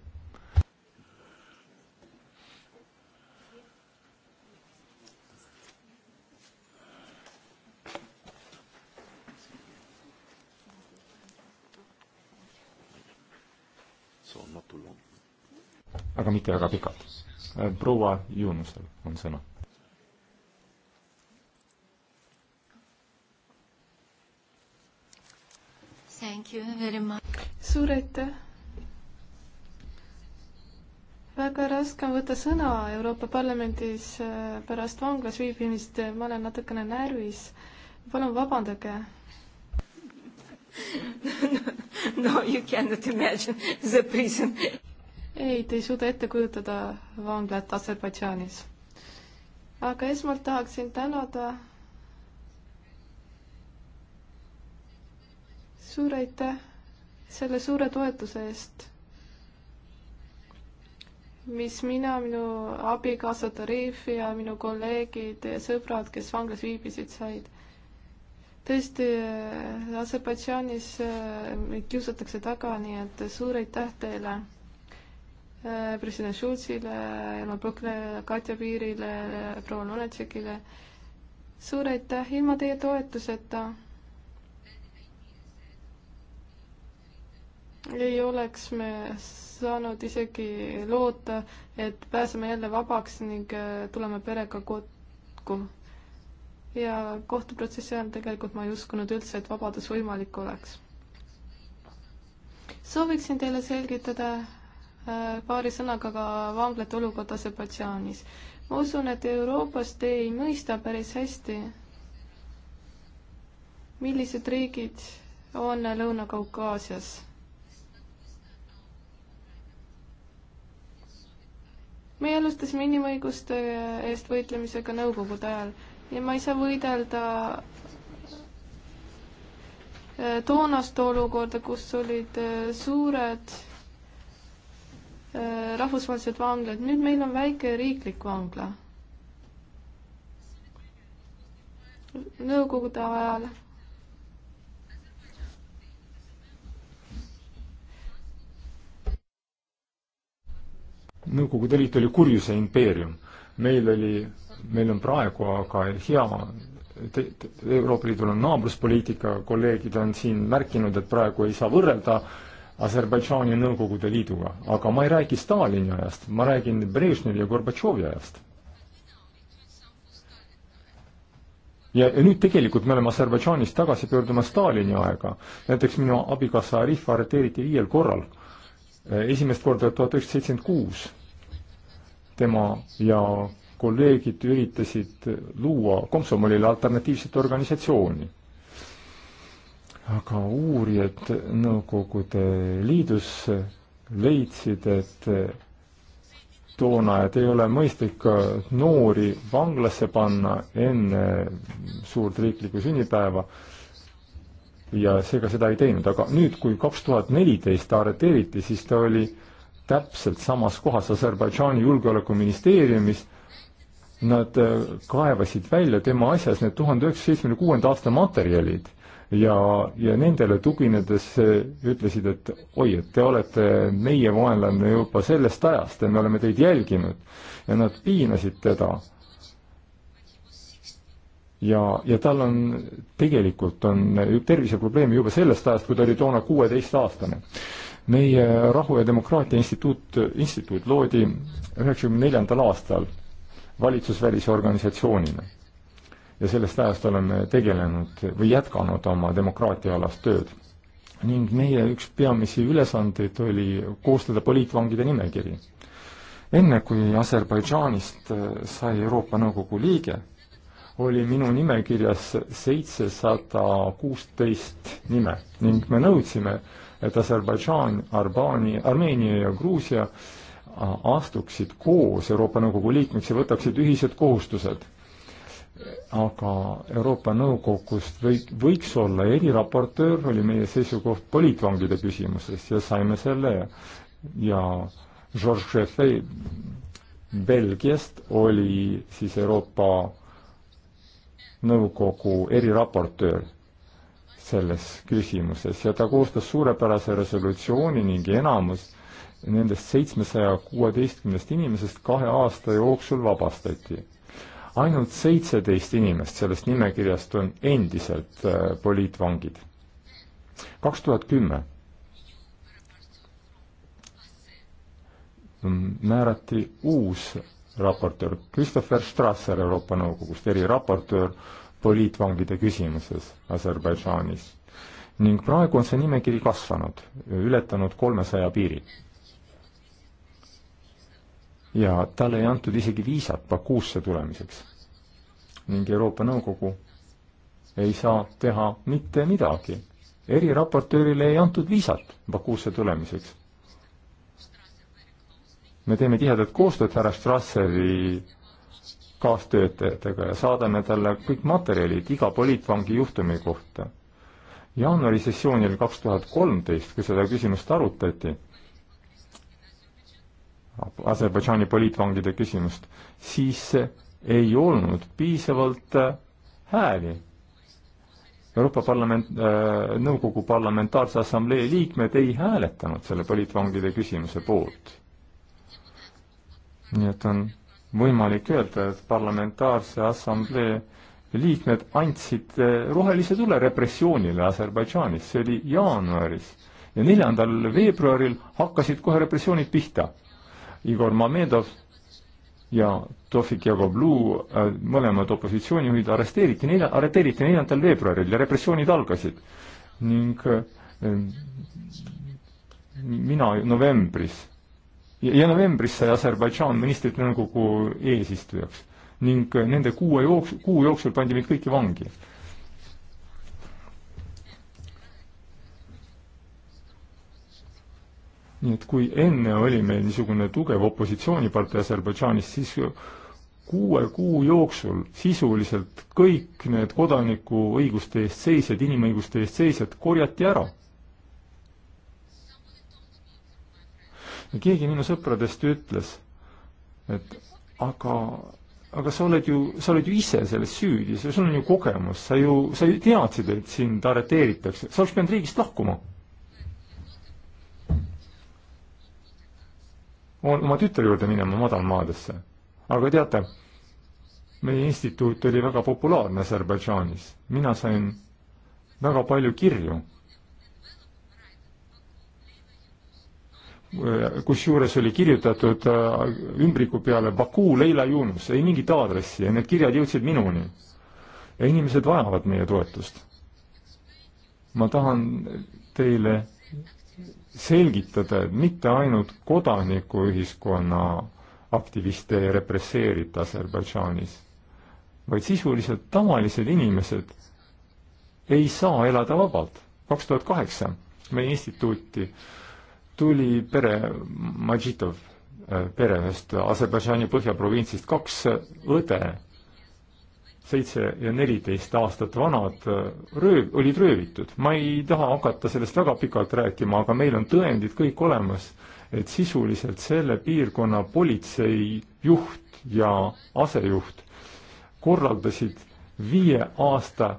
mitte väga pikalt. proua Juunusel on sõna. suur aitäh! väga raske on võtta sõna Euroopa Parlamendis äh, pärast vanglas viibimist, ma olen natukene närvis. palun vabandage no, no, you cannot imagine the prison ei, te ei suuda ette kujutada vanglat Aserbaidžaanis. aga esmalt tahaksin tänada suur aitäh selle suure toetuse eest, mis mina, minu abikaasa Tariif ja minu kolleegid ja sõbrad, kes vanglas viibisid, said. tõesti, Aserbaidžaanis meid äh, kiusatakse taga, nii et suur aitäh teile president Schulzile, Elmar Brokile, Katja Piirile, proua Lunatšekile. suur aitäh, ilma teie toetuseta ei oleks me saanud isegi loota, et pääseme jälle vabaks ning äh, tuleme perega kokku. ja kohtuprotsessi ajal tegelikult ma ei uskunud üldse, et vabadus võimalik oleks. sooviksin teile selgitada Äh, paari sõnaga ka vanglate olukord Aserbaidžaanis. ma usun, et Euroopas te ei mõista päris hästi, millised riigid on Lõuna-Kaukaasias. me alustasime inimõiguste eest võitlemisega nõukogude ajal ja ma ei saa võidelda äh, toonast olukorda, kus olid äh, suured Äh, rahvusvahelised vanglad, nüüd meil on väike riiklik vangla. Nõukogude ajal Nõukogude Liit oli kurjuse impeerium. meil oli, meil on praegu aga hea, Euroopa Liidul on naabruspoliitika, kolleegid on siin märkinud, et praegu ei saa võrrelda äh, Aserbaidžaani Nõukogude Liiduga, aga ma ei räägi Stalini ajast, ma räägin Brežnevi ja Gorbatšovi ajast. ja nüüd tegelikult me oleme Aserbaidžaanis tagasi pöördumas Stalini aega. näiteks minu abikaasa Arif arreteeriti viiel korral. Eh, esimest korda tuhat üheksasada seitsekümmend kuus. tema ja kolleegid üritasid luua komsomolile alternatiivset organisatsiooni aga uurijad Nõukogude Liidus leidsid, et toona, et ei ole mõistlik noori vanglasse panna enne suurt riiklikku sünnipäeva ja seega seda ei teinud, aga nüüd, kui kaks tuhat neliteist ta arreteeriti, siis ta oli täpselt samas kohas Aserbaidžaani julgeolekuministeeriumis nad kaevasid välja tema asjas need tuhande üheksasaja seitsmekümne kuuenda aasta materjalid ja, ja nendele tuginedes eh, ütlesid, et oi, et te olete meie vaenlane juba sellest ajast ja me oleme teid jälginud. ja nad piinasid teda ja, ja tal on, tegelikult on eh, terviseprobleeme juba sellest ajast, kui ta oli toona kuueteistaastane. meie Rahu ja Demokraatia Instituut, instituut loodi üheksakümne neljandal aastal valitsusvälise organisatsioonina ja sellest ajast oleme tegelenud või jätkanud oma demokraatiaalast tööd. ning meie üks peamisi ülesandeid oli koostada poliitvangide nimekiri. enne, kui Aserbaidžaanist äh, sai Euroopa Nõukogu liige, oli minu nimekirjas seitsesada kuusteist nime ning me nõudsime, et Aserbaidžaan, Arbaani, Armeenia ja Gruusia äh, astuksid koos Euroopa Nõukogu liikmeks ja võtaksid ühised kohustused aga Euroopa Nõukogust või, võiks olla eriraportöör, oli meie seisukoht poliitvangide küsimuses ja saime selle ja Georges Jeffet Belgiast oli siis Euroopa Nõukogu eriraportöör selles küsimuses ja ta koostas suurepärase resolutsiooni ning enamus nendest seitsmesaja kuueteistkümnest inimesest kahe aasta jooksul vabastati ainult seitseteist inimest sellest nimekirjast on endiselt äh, poliitvangid. kaks tuhat kümme mm, määrati uus raportöör, Christopher Strasser Euroopa Nõukogust, eriraportöör poliitvangide küsimuses Aserbaidžaanis. ning praegu on see nimekiri kasvanud, ületanud kolmesaja piiri ja talle ei antud isegi viisat Bakuusse tulemiseks. ning Euroopa Nõukogu ei saa teha mitte midagi. eriraportöörile ei antud viisat Bakuusse tulemiseks. me teeme tihedat koostööd härra Strasseri kaastöötajatega ja saadame talle kõik materjalid iga poliitvangi juhtumi kohta. jaanuari sessioonil kaks tuhat kolmteist, kui seda küsimust arutati Aserbaidžaani poliitvangide küsimust, siis ei olnud piisavalt äh, hääli. Euroopa Parlament äh,, Nõukogu Parlamentaarse Assamblee liikmed ei hääletanud selle poliitvangide küsimuse poolt. nii et on võimalik öelda, et Parlamentaarse Assamblee liikmed andsid äh, rohelise tule repressioonile Aserbaidžaanis, see oli jaanuaris. ja neljandal veebruaril hakkasid kohe repressioonid pihta Igor Mamedov ja Tofik Jagoblu, äh, mõlemad opositsioonijuhid, arresteeriti nelja, arreteeriti neljandal veebruaril ja repressioonid algasid. ning äh, mina novembris ja novembris sai Aserbaidžaan ministrite nõukogu eesistujaks ning äh, nende kuue jooksul, kuu jooksul pandi meid kõiki vangi nii et kui enne oli meil niisugune tugev opositsioonipartei Aserbaidžaanis, siis kuue kuu jooksul sisuliselt kõik need kodanikuõiguste eest seisjad, inimõiguste eest seisjad korjati ära. ja keegi minu sõpradest ütles, et aga, aga sa oled ju, sa oled ju ise selles süüdi, sul on ju kogemus, sa ju, sa ju teadsid, et sind arreteeritakse, sa oleks pidanud riigist lahkuma oma tütre juurde minema madalmaadesse. aga teate, meie instituut oli väga populaarne Aserbaidžaanis. mina sain väga palju kirju. kusjuures oli kirjutatud äh, ümbriku peale Baku Leila Yunus, ei mingit aadressi ja need kirjad jõudsid minuni. ja inimesed vajavad meie toetust. ma tahan teile selgitada, et mitte ainult kodanikuühiskonna aktiviste ei represseerita Aserbaidžaanis, vaid sisuliselt tavalised inimesed ei saa elada vabalt. kaks tuhat kaheksa meie instituuti tuli pere Madžitov, pere ühest Aserbaidžaani põhjaprovintsist, kaks õde seitse ja neliteist aastat vanad äh, rööv, olid röövitud. ma ei taha hakata sellest väga pikalt rääkima, aga meil on tõendid kõik olemas, et sisuliselt selle piirkonna politseijuht ja asejuht korraldasid viie aasta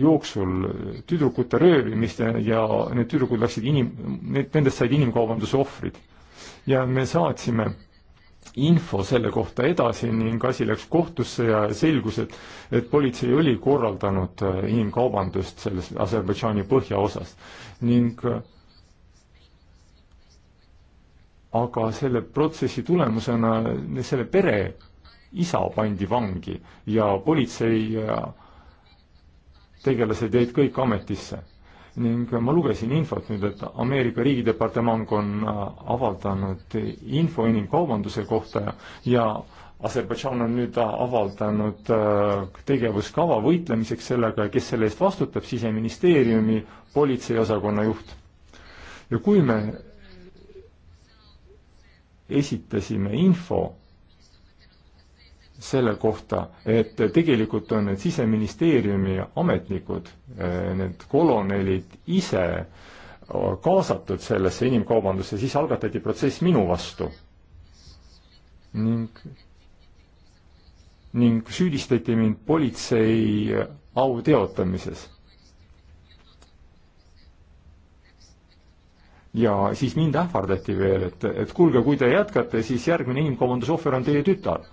jooksul äh, tüdrukute röövimist ja, ja need tüdrukud läksid inim-, need, nendest said inimkaubanduse ohvrid. ja me saatsime info selle kohta edasi ning asi läks kohtusse ja selgus, et et politsei oli korraldanud äh, inimkaubandust selles Aserbaidžaani põhjaosas ning äh, aga selle protsessi tulemusena selle pere isa pandi vangi ja politsei äh, tegelased jäid kõik ametisse ning ma lugesin infot nüüd, et Ameerika riigidepartement on äh, avaldanud info inimkaubanduse kohta ja Aserbaidžaan on nüüd äh, avaldanud äh, tegevuskava võitlemiseks sellega ja kes selle eest vastutab, Siseministeeriumi politseiosakonna juht. ja kui me esitasime info selle kohta, et tegelikult on need Siseministeeriumi ametnikud, eh, need kolonelid ise eh, kaasatud sellesse inimkaubandusse, siis algatati protsess minu vastu. ning, ning süüdistati mind politsei au teotamises. ja siis mind ähvardati veel, et, et kuulge, kui te jätkate, siis järgmine inimkaubanduse ohver on teie tütar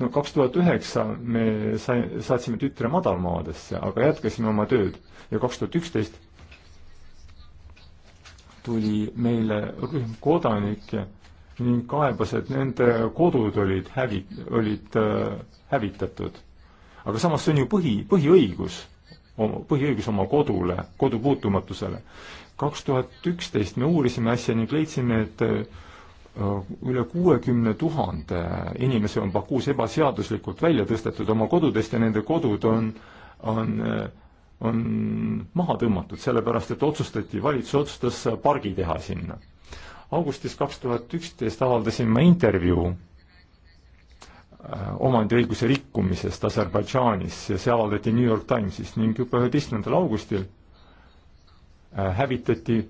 no kaks tuhat üheksa me sai, saatsime tütre madalmaadesse, aga jätkasime oma tööd ja kaks tuhat üksteist tuli meile rühm kodanikke ning kaebas, et nende kodud olid hävi-, olid äh, hävitatud. aga samas see on ju põhi, põhiõigus, põhiõigus oma kodule, kodu puutumatusele. kaks tuhat üksteist me uurisime asja ning leidsime, et äh, Äh, üle kuuekümne tuhande inimese on Bakuus ebaseaduslikult välja tõstetud oma kodudest ja nende kodud on, on, äh, on maha tõmmatud, sellepärast et otsustati, valitsus otsustas pargi teha sinna. augustis kaks tuhat üksteist avaldasin ma intervjuu äh, omandiõiguse rikkumisest Aserbaidžaanis ja see avaldati New York Timesis ning juba üheteistkümnendal augustil hävitati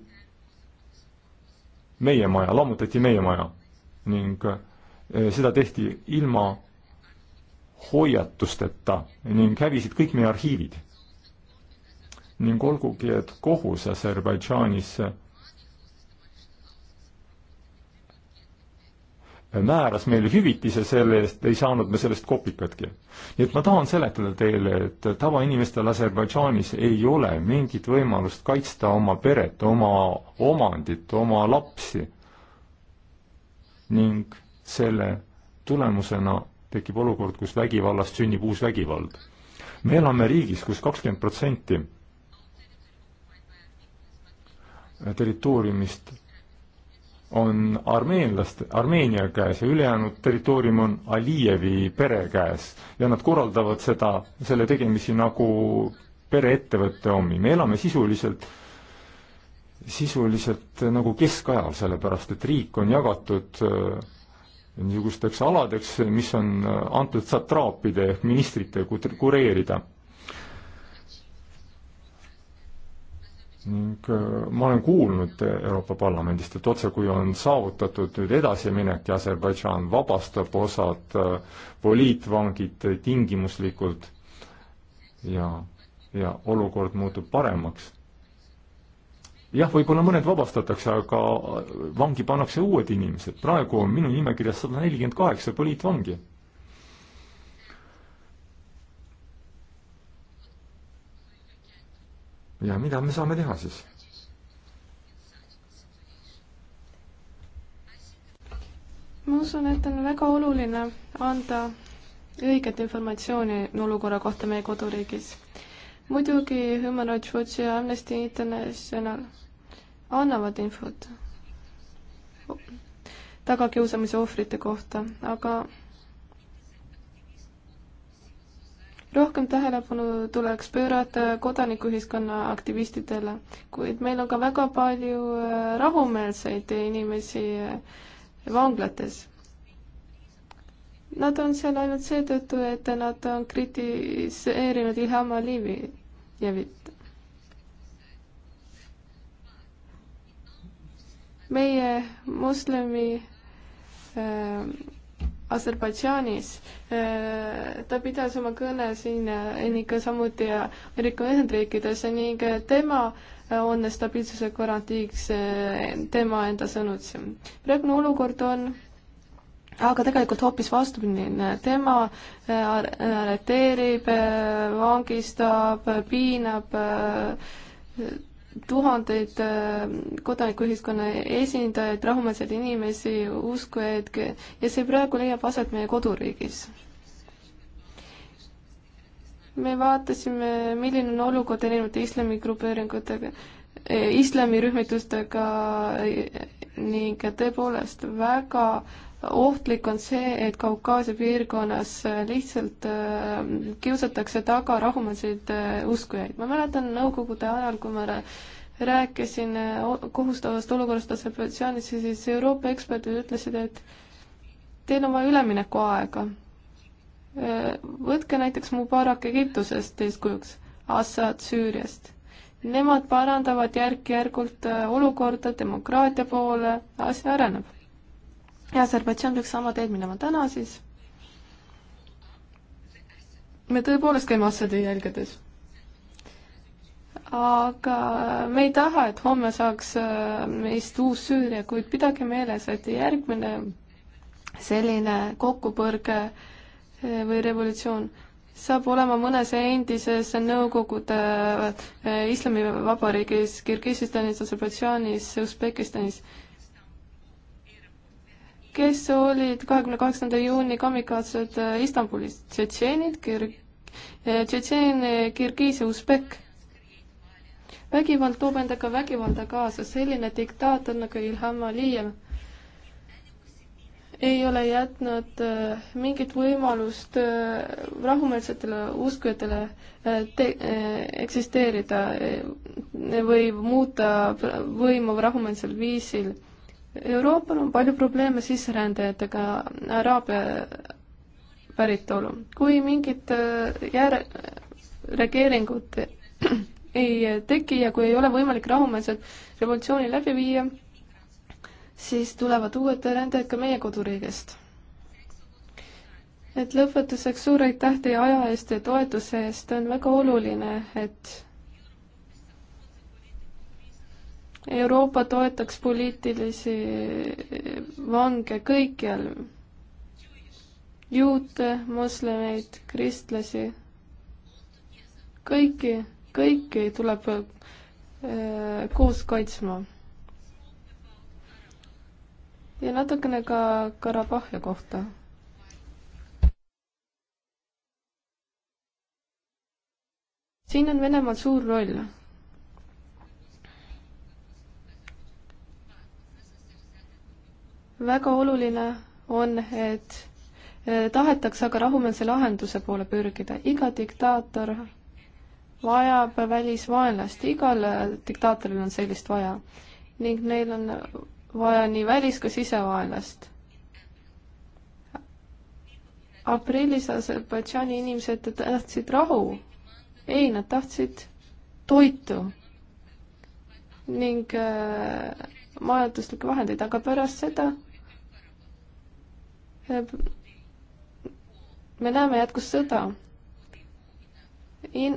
meie maja, lammutati meie maja ning eh, seda tehti ilma hoiatusteta ning hävisid kõik meie arhiivid. ning olgugi, et kohus Aserbaidžaanis eh, määras meile hüvitise selle eest, ei saanud me sellest kopikatki. nii et ma tahan seletada teile, et tavainimestel Aserbaidžaanis ei ole mingit võimalust kaitsta oma peret, oma omandit, oma lapsi. ning selle tulemusena tekib olukord, kus vägivallast sünnib uus vägivald. me elame riigis kus, kus kakskümmend protsenti territooriumist on armeenlaste, Armeenia käes ja ülejäänud territoorium on Alijevi pere käes ja nad korraldavad seda, selle tegemisi nagu pereettevõtte omi, me elame sisuliselt sisuliselt nagu keskajal, sellepärast et riik on jagatud äh, niisugusteks aladeks, mis on äh, antud satraapide ehk ministrite kureerida. ning äh, ma olen kuulnud Euroopa Parlamendist, et otse kui on saavutatud nüüd edasiminek ja Aserbaidžaan vabastab osad äh, poliitvangid tingimuslikult ja, ja olukord muutub paremaks. jah, võib-olla mõned vabastatakse, aga vangi pannakse uued inimesed, praegu on minu nimekirjas sada nelikümmend kaheksa poliitvangi ja mida me saame teha siis? ma usun, et on väga oluline anda õiget informatsiooni olukorra kohta meie koduriigis. muidugi Human Rights Watch ja Amnesty International annavad infot tagakiusamise ohvrite kohta, aga rohkem tähelepanu tuleks pöörata kodanikuühiskonna aktivistidele, kuid meil on ka väga palju äh, rahumeelseid inimesi äh, vanglates. Nad on seal ainult seetõttu, et nad on kritiseerinud Ilham Alijevit. meie moslemi äh, Aserbaidžaanis. Äh, ta pidas oma kõne siin äh, ning samuti Ameerika Ühendriikides ning äh, tema on stabiilsuse garantiiks tema enda sõnul. praegune olukord on aga tegelikult hoopis vastupidine, tema arreteerib, vangistab, piinab tuhandeid äh, kodanikuühiskonna esindajaid, rahumeelseid inimesi, uskujaid ja see praegu leiab aset meie koduriigis. me vaatasime, milline on olukord erinevate islamigrupeeringutega, äh, islamirühmitustega ning tõepoolest väga ohtlik on see, et Kaukaasia piirkonnas lihtsalt äh, kiusatakse taga rahumeelseid äh, uskujaid. ma mäletan nõukogude ajal, kui ma rääkisin äh, kohustavast olukorrast Aserbaidžaanis, siis Euroopa eksperdid ütlesid, et teil on vaja üleminekuaega. võtke näiteks Mubarak Egiptusest eeskujuks, Assad Süüriast nemad parandavad järk-järgult äh, olukorda demokraatia poole, asi areneb. ja Aserbaidžan peaks sama teed minema täna siis. me tõepoolest käime Assadi jälgedes. aga me ei taha, et homme saaks äh, meist uus Süüria, kuid pidage meeles, et järgmine selline kokkupõrge äh, või revolutsioon saab olema mõnes endises Nõukogude eh, Islamivabariigis, Kirgiisistanis, Aserbaidžaanis, Usbekistanis, kes olid kahekümne kaheksanda juuni kamikaatsed eh, Istanbulis, tšetšeenid, kir-, eh, tšetšeen, Kirgiis ja Usbek. vägivald toob endaga vägivalda kaasa, selline diktaator nagu Ilham Alijev ei ole jätnud äh, mingit võimalust äh, rahumeelsetele uskujatele äh, te-, eksisteerida või muuta võimu rahumeelsel viisil. Euroopal on palju probleeme sisserändajatega araabia päritolu. kui mingit jääre-, reageeringut ei teki ja kui ei ole võimalik rahumeelselt revolutsiooni läbi viia, siis tulevad uued rändajad ka meie koduriigist. et lõpetuseks suur aitäh teie aja eest ja toetuse eest, on väga oluline, et Euroopa toetaks poliitilisi vange kõikjal, juute, moslemeid, kristlasi, kõiki, kõiki tuleb öö, äh, koos kaitsma ja natukene ka Karabahhi kohta. siin on Venemaal suur roll. väga oluline on, et eh, tahetakse aga rahumeelse lahenduse poole pürgida. iga diktaator vajab välisvaenlast, igal eh, diktaatoril on sellist vaja ning neil on vaja nii välis- kui sisevaenlast. aprillis Aserbaidžaani inimesed tahtsid rahu. ei, nad tahtsid toitu ning äh, majanduslikke vahendeid, aga pärast seda äh, me näeme jätkus sõda.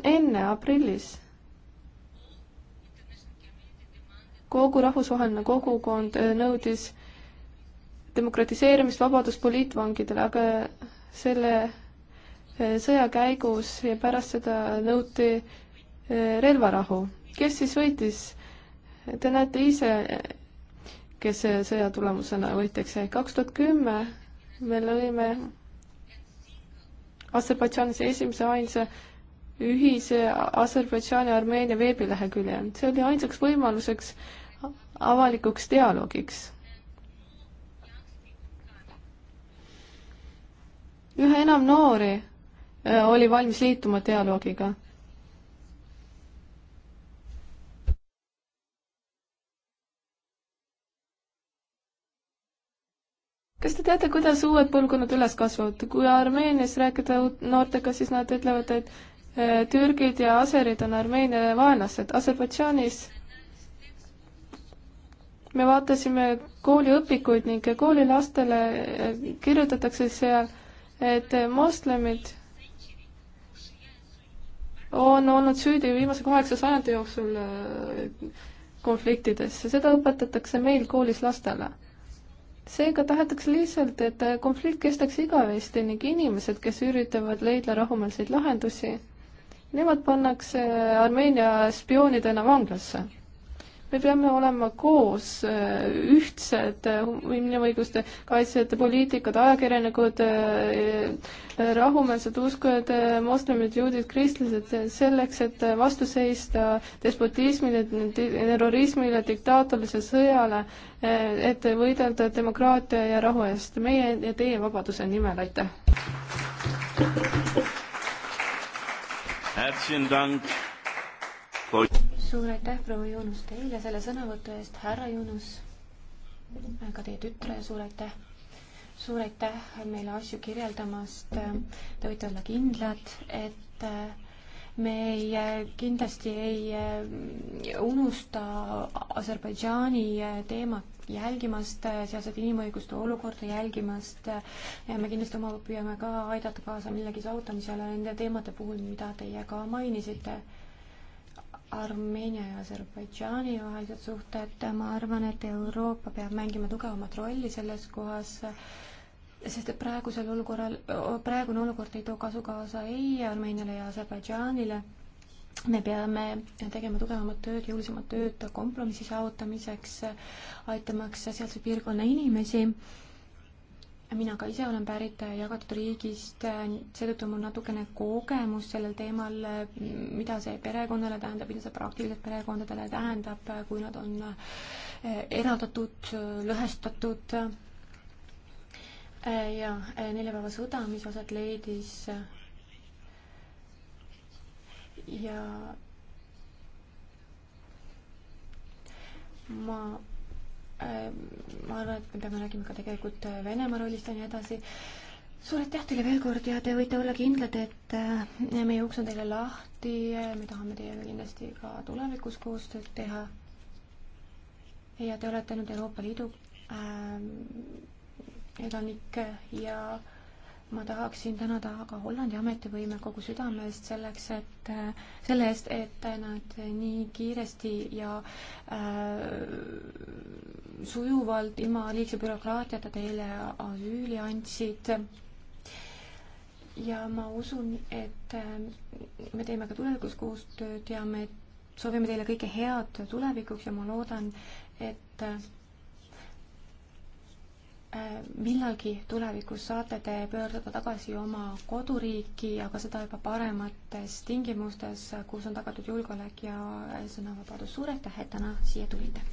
enne aprillis kogu rahvusvaheline kogukond äh, nõudis demokratiseerimist, vabadust poliitvangidele, aga selle äh, sõja käigus ja pärast seda nõuti äh, relvarahu. kes siis võitis? Te näete ise, kes sõja tulemusena võitjaks jäi. kaks tuhat kümme me lõime Aserbaidžaanis esimese ainsa ühise Aserbaidžaani Armeenia veebilehekülje. see oli ainsaks võimaluseks avalikuks dialoogiks. üha enam noori äh, oli valmis liituma dialoogiga kas te teate, kuidas uued põlvkonnad üles kasvavad, kui Armeenias rääkida noortega, siis nad ütlevad, et Äh, türgid ja aserid on Armeenia vaenlased. Aserbaidžaanis me vaatasime kooliõpikuid ning koolilastele äh, kirjutatakse seal, et moslemid on olnud süüdi viimase kaheksa sajandi jooksul äh, konfliktides ja seda õpetatakse meil koolis lastele. seega tahetakse lihtsalt, et konflikt kestaks igavesti ning inimesed, kes üritavad leida rahumeelseid lahendusi, Nemad pannakse Armeenia spioonidena vanglasse. me peame olema koos, äh, ühtsed äh, inimõiguste kaitsjad, poliitikud, ajakirjanikud, äh, rahumeelsed uskujad, moslemid, juudid, kristlased, selleks, et vastu seista despotismile, terrorismile, diktaatorluse sõjale, et võidelda demokraatia ja rahu eest meie ja teie vabaduse nimel, aitäh! suur aitäh, proua Joonus, teile selle sõnavõtu eest, härra Joonus, ka teie tütrele suur aitäh. suur aitäh meile asju kirjeldamast. Te võite olla kindlad, et äh, me ei, äh, kindlasti ei äh, unusta Aserbaidžaani äh, teemat jälgimast, sealset inimõiguste olukorda jälgimast ja me kindlasti oma püüame ka aidata kaasa millegi saavutamisele nende teemade puhul, mida teie ka mainisite. Armeenia ja Aserbaidžaani vahelised suhted, ma arvan, et Euroopa peab mängima tugevamat rolli selles kohas äh, sest et praegusel olukorral, praegune olukord ei too kasu kaasa ei Armeeniale ja Aserbaidžaanile. me peame tegema tugevamat tööd, jõulisemat tööd kompromissi saavutamiseks, aitamaks sealse piirkonna inimesi mina ka ise olen pärit jagatud riigist, seetõttu mul natukene kogemus sellel teemal, mida see perekonnale tähendab, mida see praktiliselt perekondadele tähendab, kui nad on eraldatud, lõhestatud Äh, ja äh, neljapäeva sõda, mis aset leidis. ja ma äh, ma arvan, et me peame rääkima ka tegelikult Venemaa rollist ja nii edasi. suur aitäh teile veel kord ja te võite olla kindlad, et meie uks on teile lahti, me tahame teiega kindlasti ka tulevikus koostööd teha. ja te olete nüüd Euroopa Liidu ähm, elanikke ja ma tahaksin tänada ka Hollandi ametivõime kogu südamest selleks, et selle eest, et nad nii kiiresti ja äh, sujuvalt ilma liigse bürokraatiata teile asüüli andsid. ja ma usun, et äh, me teeme ka tulevikus koostööd ja me soovime teile kõike head tulevikuks ja ma loodan, et äh, Äh, millalgi tulevikus saate te pöörduda tagasi oma koduriiki, aga seda juba paremates tingimustes, kus on tagatud julgeolek ja sõnavabadus. suur aitäh, et täna siia tulite!